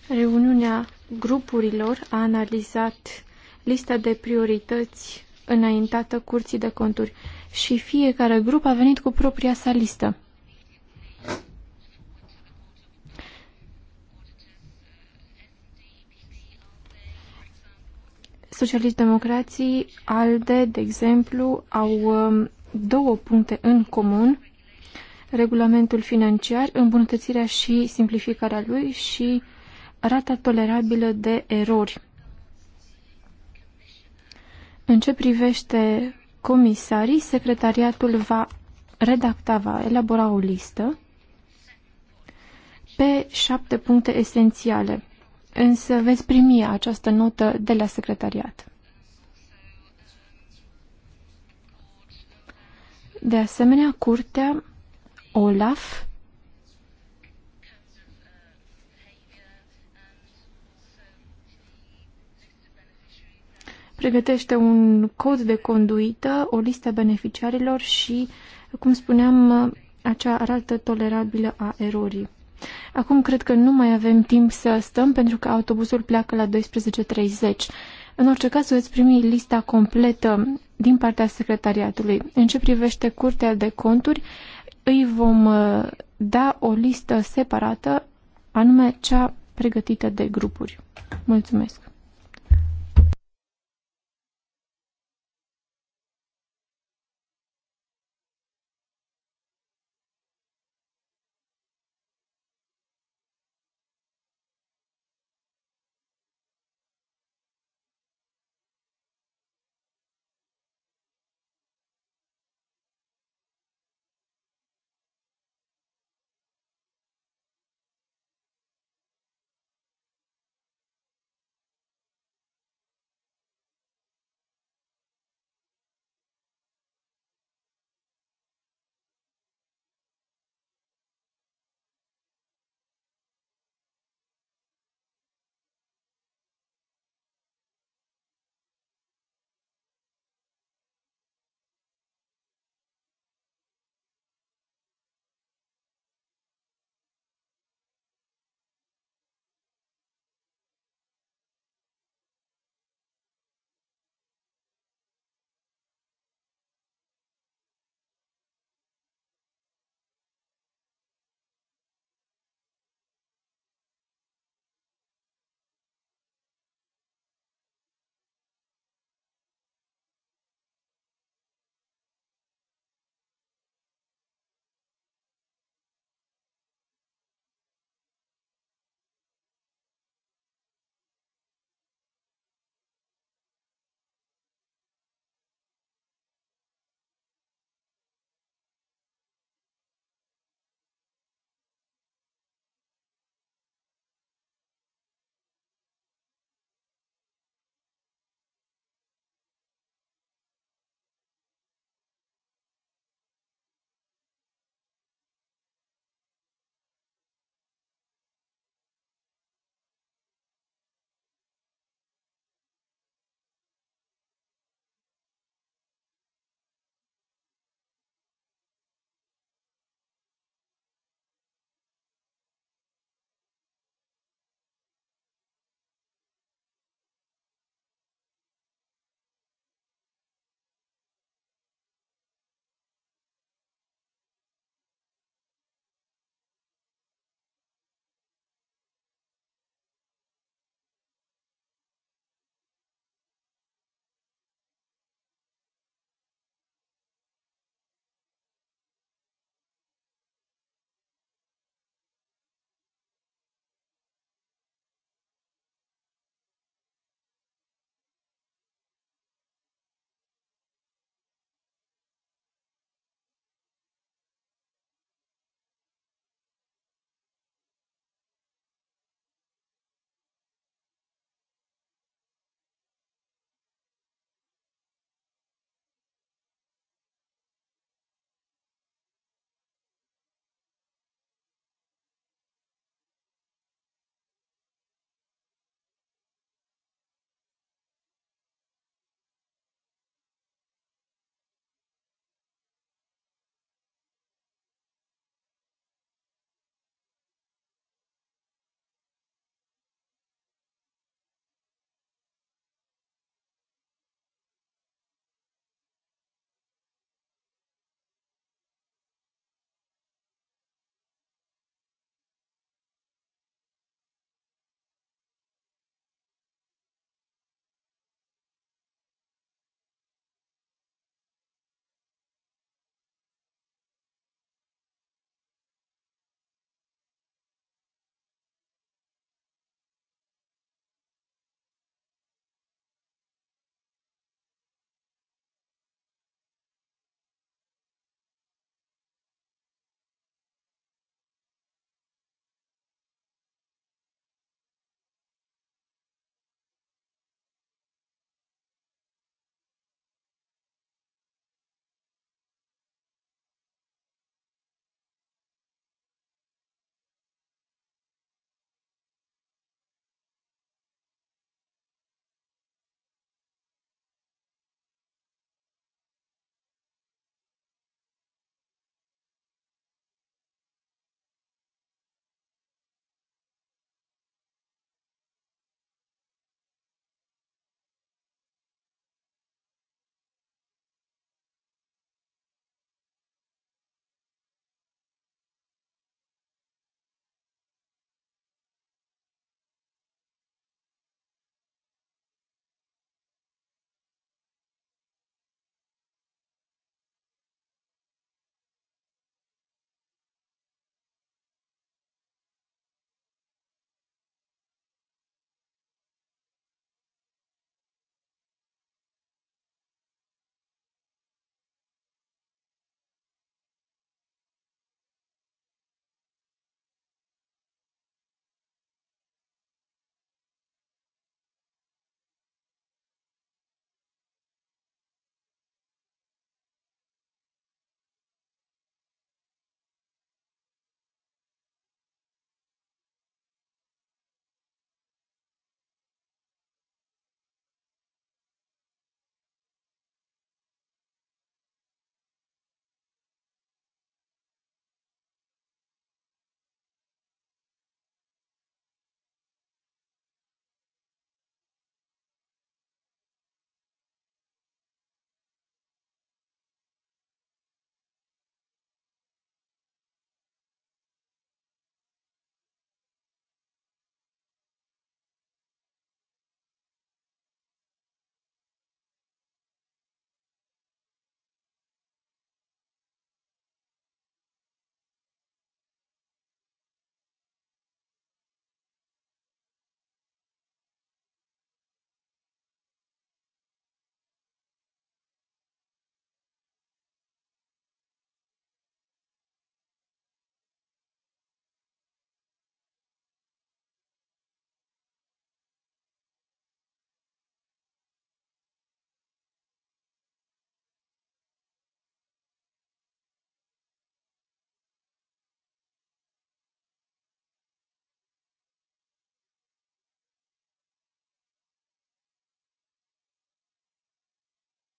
reuniunea grupurilor a analizat lista de priorități înaintată curții de conturi și fiecare grup a venit cu propria sa listă. Socialiști democrații, ALDE, de exemplu, au um, două puncte în comun, regulamentul financiar, îmbunătățirea și simplificarea lui și rata tolerabilă de erori în ce privește comisarii, secretariatul va redacta, va elabora o listă pe șapte puncte esențiale, însă veți primi această notă de la secretariat. De asemenea, curtea OLAF pregătește un cod de conduită, o listă a beneficiarilor și, cum spuneam, acea arată tolerabilă a erorii. Acum cred că nu mai avem timp să stăm pentru că autobuzul pleacă la 12.30. În orice caz veți primi lista completă din partea secretariatului. În ce privește Curtea de Conturi, îi vom uh, da o listă separată, anume cea pregătită de grupuri. Mulțumesc!